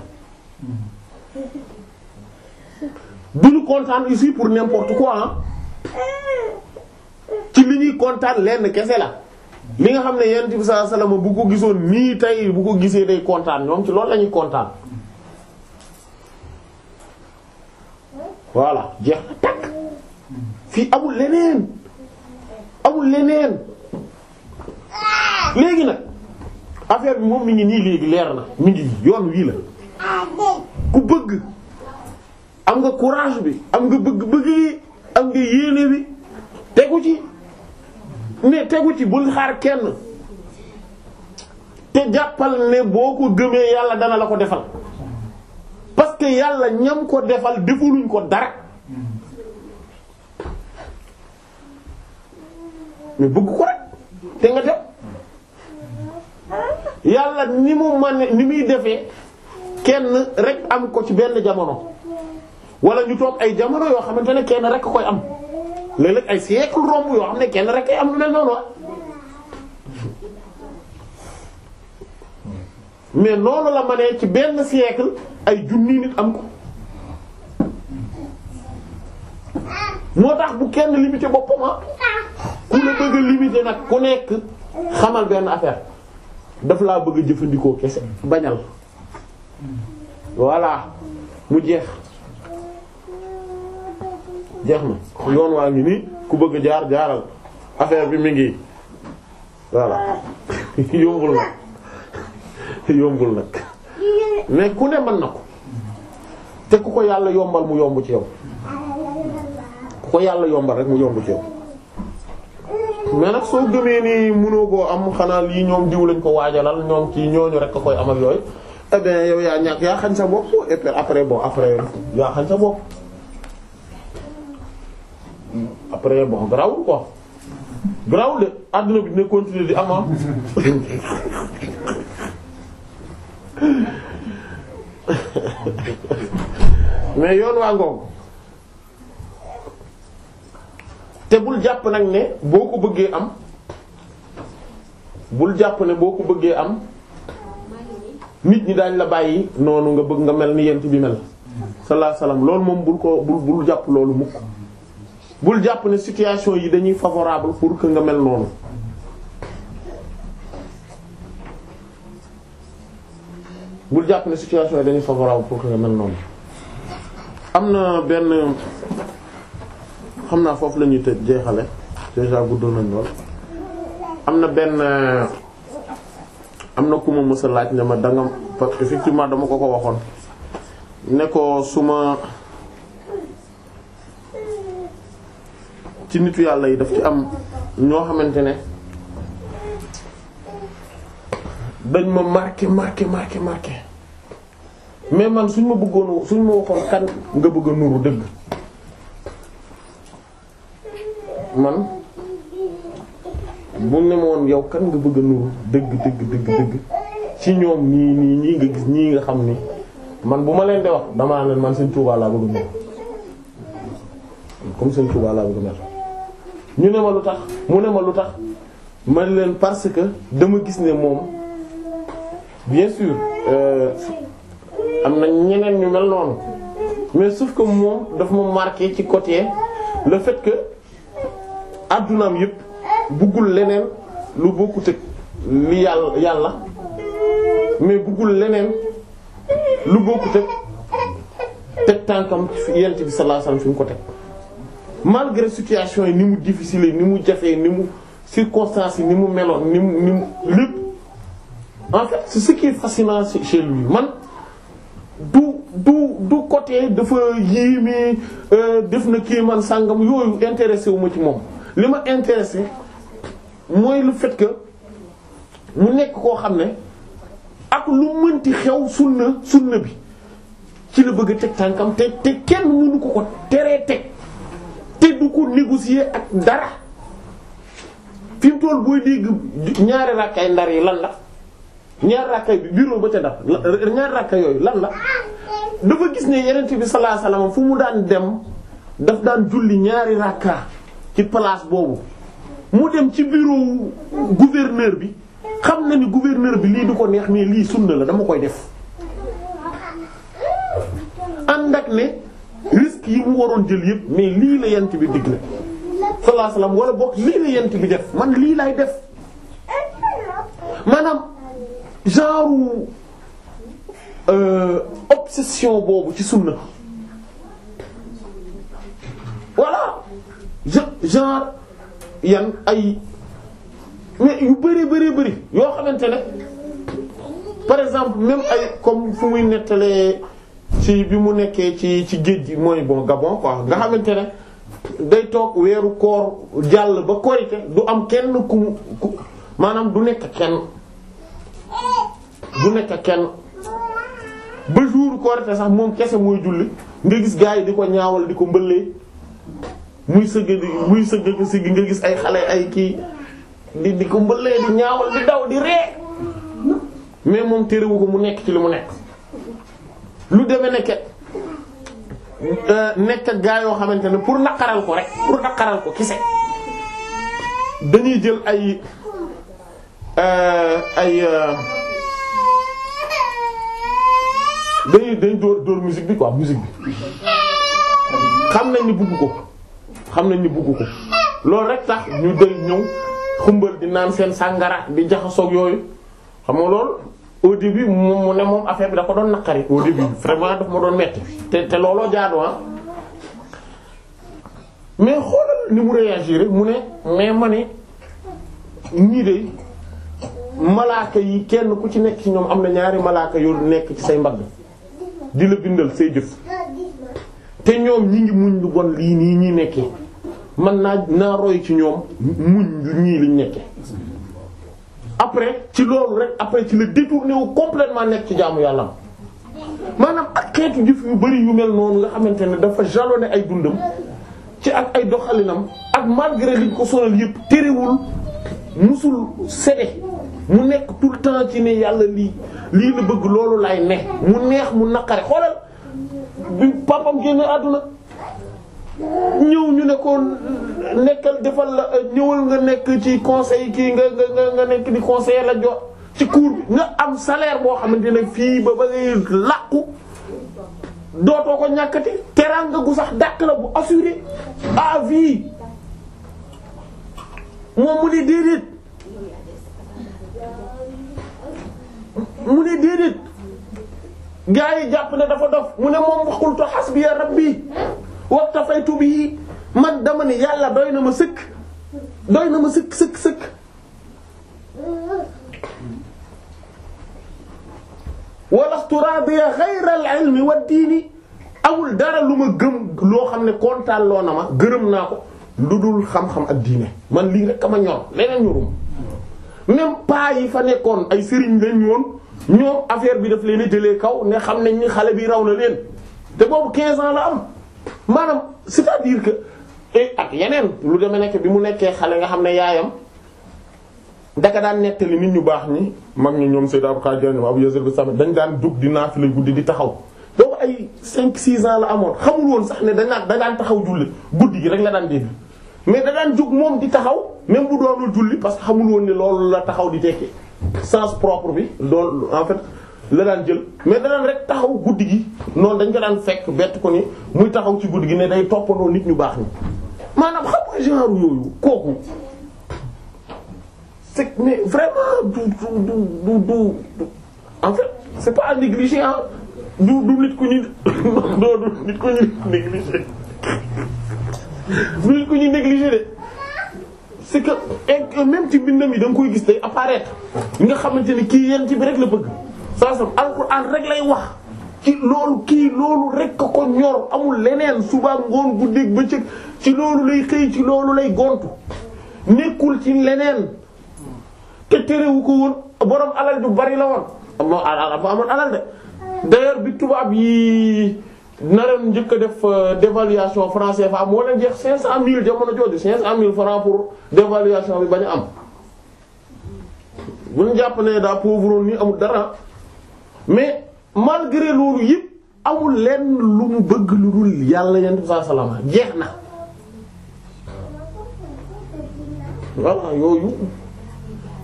duñu kontaan ici pour n'importe quoi ci li ñuy kontaan lenn kese la. li nga xam ne yonent bi sallallahu alayhi wasallam bu ko gisoon nii tey bu ko gisee day kontaan ñoom ci loolu lañuy kontaan voilà jeex takk fii amul leneen amul leneen léegi nag affaire bi moom mi ngi nii léegi leer na mu ngi yoon wii la ku bëgg am nga courage bi am nga bëgg-bëgg yi am nga yéene bi tegu ci mais tegu ci bul xaar kenn te jàppal ne boo ko gëmee yàlla dana la ko defal parce que yàlla ñam ko defal defuluñ ko dara mais bëgg ko rek te nga def yàlla ni mu man ni muy defee kenn rek am ko ci benn jamono wala ñu toog ay jamono yoo xamante ne kenn rek koy am léeg-léeg ay siècle romb yoo xam ne kenn rek ay am lu mel noonu ah. mais noonu la ma ci benn siècle ay junni nit am ko moo tax bu kenn limité boppam ah ku la bëgg a nag ku nekk xamal benn affaire daf laa bëgg jëfandikoo kese bañal voilà mu jeex. jeex na yoon waa ngi nii ku bëgg jaar jaaral affaire bi mi ngi voilà yombul nag yombul nag mais ku ne mën na ko te ku ko yàlla yombal mu yomb ci yow ku yàlla yombal rek mu yomb ci mais nag soo gëmee nii mënoo koo am xanaa lii ñoom diw lañ ko waajalal ñoom ci ñooñu rek a koy am ak yooyu eh yow yaa ñàkk yaa xañ sa bopp et après bon après yaa xañ sa bopp. après bon grawul quoi grawul de àdduna bi dina continuer di am ah. mais yoon waa ngoog te bul jàpp nag ne boo ko bëggee am bul jàpp ne boo ko bëggee am nit ñi daañ la bàyyi noonu nga bëgg nga mel ni yent bi mel sallallahu loolu moom bul ko bul bul jàpp loolu mukk bul jàpp ne situation yi dañuy favorable pour que nga mel noonu bul jàpp ne situation yi dañuy favorable pour que nga mel noonu am na benn xam naa foofu lañuy ñuy tëj jeexale déjà guddoon nañ lool am na benn am na ku ma mës laaj ne ma da nga parce que effectivement dama ko ko waxoon ne ko suma ci nitu yàlla yi daf ci am ñoo xamante ne dañ ma marqué marqué marqué mais man suñ ma bëggoon suñ ma waxoon kan nga bëgg a nuru dëgg man bu ne ma yow kan nga bëgg a nuru dëgg dëgg dëgg ci ñoom ñii nii ñii nga gis ñii nga xam ni man bu ma leen di wax damaa leen man seen Tuubaa laa bëgg a nuru comme seen Tuubaa laa bëgg a mel ñu ne ma lu tax mu ne ma lu tax man leen parce que dama gis ne moom bien sûr euh, am na ñeneen ñu mel noonu mais sauf que moom daf ma marqué ci côté la fait que addunaam yëpp buggul leneen lu bokkut ak li yàlla mais buggul leneen lu bokkut ak teg tànkam yent bi sallallahu alayhi fi mu ko teg malgré situation yi ni mu difficile ni mu jafee ni mu circonstances yi ni mu meloon ni mu ni mu lépp en fait si ce qui est fascinant man du du du côté dafa yéeme euh, def na kii man sàngam yooyu intéressé wu ci moom li ma intéressé mooy lu fait que mu nekk koo xam ne ak lu mënti xew sunna sunna bi ci la bëgg a teg tànkam te te kenn mënu ko ko teree teg te du ko négocier ak dara fi mu toll booy dégg ñaari rakkay ndar yi lan la ñaari rakkay bi bureau ba ca daf ñaari rakkay yooyu lan la dafa gis ne yenent bi sallallahu fu mu daan dem daf daan julli ñaari rakka ci palaas boobu mu dem ci bureau gouverneur bi xam na ni gouverneur bi lii du ko neex mais lii sunna la dama koy def ànd ak ne risques yi mu waroon jël yëpp mais lii la yent bi digle na alayhi wasallam wala boog lii la yent bi def man lii lay def maanaam genre euh, obsession boobu ci sunna voilà genre yan ay mais yu bëree bëri bëri yoo xamante ne par exemple même ay comme fu muy nettalee. ci bi mu nekkee ci ci géej gi mooy bon Gabon waaw mm. nga xamante ne day toog weeru koor jàll ba korite du am kenn ku ku maanaam du nekk kenn du nekk kenn ba jour korite sax moom kese mooy julli nga gis gars yi di ko ñaawal di ko mbëllee muy sëgg di muy sëgg si gi nga gis ay xale ay kii di di ko mbëllee di ñaawal di daw di ree mais moom téréwu ko mu nekk ci li mu nekk lu deme nekke euh, nekk ak gaa yoo xamante ne pour naqaral ko rek pour naqaral ko kese dañuy jël ay euh, ay euh, dañuy dañ dóor dóor musique bi quoi musique bi xam nañ ni bugg ko xam nañ ni bugg ko loolu rek tax ñu day ñëw xumbal di naan seen sàngara di jaxasoog yooyu xam loolu au début moom mu ne moom affaire bi da ko doon naqari au début vraiment daf ma doon metti te te looloo jaadu ah mais xoolal ni mu réagir mu ne mais ma ne ñii de malaaka yi kenn ku ci nekk ci ñoom am na ñaari malaaka yu nekk ci say mbagg di la bindal say jëf te ñoom ñi ngi muñ lu bon lii nii ñi nekkee man naa naa roy ci ñoom muñ lu ñii liñ nekkee après ci loolu rek après ci la détourné wu complètement nekk ci jaamu yàlla maanaam ak xeetu jëf yu bari yu mel noonu nga xamante ne dafa jalonné ay dundam ci ak ay doxalinam ak malgré liñ ko sonal yëpp terewul musul sede mu nekk tout le temps ci ne yàlla lii lii la bëgg loolu lay ne mu neex mu naqare xoolal papam génne àdduna ñëw ñu ne ko nekkal defal la ñëwal nga nekk ci conseil kii nga nga nekk di conseiller la jox ci cour bi nga am salaire boo xam ne fii ba ba ngay làqu dootoo ko ñàkkati teraanga gu sax dàq la bu assuré à moom mu ne déedéet mu ne déedéet gaa yi jàpp ne dafa dof mu ne moom waxul to hasbiya rabbi waktafaytu bihi man dama ne yàlla doy na ma sëkk doy na ma sëkk sëkk sëkk walastu raadiya ghayra al-ilmi wa diini amul dara lu ma gëm loo xam ne kontaan loo na ma gërëm naa ko lu dul xam-xam ak diine man lii rekk ma ñor leneen ñurum même paa yi fa nekkoon ay sëriñ lañ ñoon ñoom affaire bi daf leen a jëlee kaw ne xam nañ ni xale bi raw na leen te boobu 15 ans la am maanaam c'est-à-dire que ak yeneen lu demee nekk bi mu nekkee xale nga xam ne yaayam daka daan nettali nit ñu baax ñi mag ñi ñoom Seydou Aboubacar Diagne Abou Yazid bi Samit dañ daan dugg di naafila guddi di taxaw boobu ay cinq 6 ans la amoon xamul woon sax ne dañ naan da taxaw julli guddi yi rek la daan dégg mais da jug moom di taxaw même bu doonul julli parce que xamul woon ne loolu la taxaw di tekki sens propre bi doon en fait la daan jël mais danaan rek taxaw guddi gi noonu dañ ko daan fekk bett ko ni muy taxaw ci guddi gi ne day toppandoo nit ñu baax ñi maanaam xam nga genre yooyu kooku c'est mais vraiment du du du du en fait c'est pas à négliger ah du du nit ko ñu doo du nit ku ñu négliger du nit ku ñu négliger de c'est que même ci bindam yi da koy gis day apparaître nga xamante ni kii yenn ci bi rek la bëgg. saa sam alxuraan rek lay wax ci loolu kii loolu rek a ko ñor amul leneen suba ngoon guddeeg bëccëg ci loolu lay xëy ci loolu lay gontu nekkul ci leneen te wu ko woon borom alal du bari la woon ama alal amoon alal de d'ailleurs yi naroon njëkk def euh, dévaluation franc CFA moo jeex cinq cent mille jamono jooju cinq pour dévaluation bi bañ a am buñu jàpp na daa pauvre ni amul dara mais malgré loolu yëpp amul lenn lu mu bëgg lu dul yàlla yent bi sallallahu jeex na voilà yooyu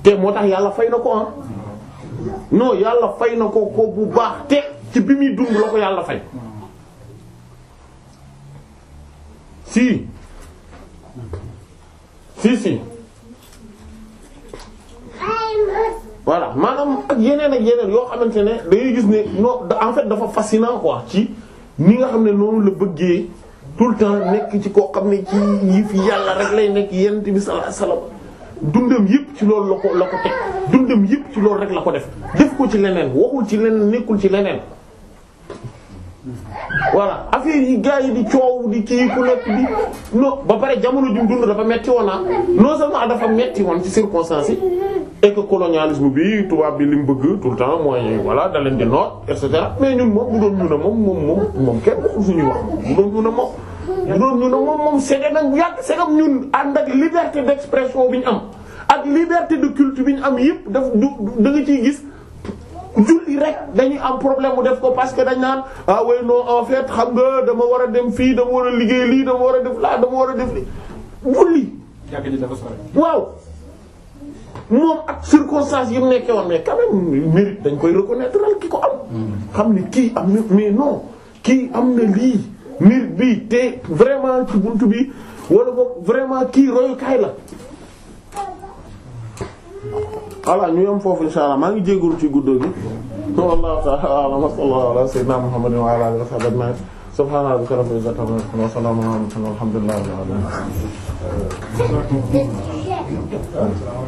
te moo tax yàlla fay na ko ah non yàlla fay na ko ko bu baax te ci bi muy dund la ko yàlla fay si si si voilà maanaam ak yeneen ak yeneen yoo xamante ne dañuy gis ne non en fait dafa fascinant quoi ci ni nga xam ne noonu la bëggee tout le temps nekk ci koo xam ne ci yi yàlla rek lay nekk yent bi sallallahu alayhi wasallam dundam yëpp ci loolu la ko la ko teg dundam yëpp ci loolu rek la ko def def ko ci leneen waxul ci leneen nekkul ci leneen voilà affaire yi gars yi di coow di kii ku nekk di non ba pare jamono jum dund dafa metti woon ah non seulement dafa metti woon ci circonstances yi et que colonialisme bi tubaab bi li mu bëgg tout le temps mooy voilà da leen di noot et cetera mais ñun moom bu doon ñu ne moom moom moom moom kenn waxul suñuy wax bu doon ñu ne moom. bu doon ñu ne moom moom sege nag yàgg segam ñun ànd ak liberté d'expression bi ñu am ak liberté de culte bi ñu am yépp daf du da nga ciy gis. julli rek dañuy am problème mu def ko parce que dañ naan ah way non en fait xam nga dama war a dem fii dama war a liggéey lii dama war a def laa dama war a def li julli. waaw moom ak circonstance yi mu nekkee woon mais quand même dañ koy reconnaître al ki ko am. Hmm. xam ne kii am na mais non kii am na lii mérite bi te vraiment ci bunt bi wala boog vraiment kii royukaay la. voilà ñu yem foofu insha Allah maa ngi jégalu ci guddoo gi wallahu ta'ala a'lam wa sallallahu ala sayyidina Muhammadin wa ala alihi wa sahbihi ajma'in subhana rabbika rabbil izzati amma yasifun wa salamun ala al mursalin walhamdulillahi rabbil alamin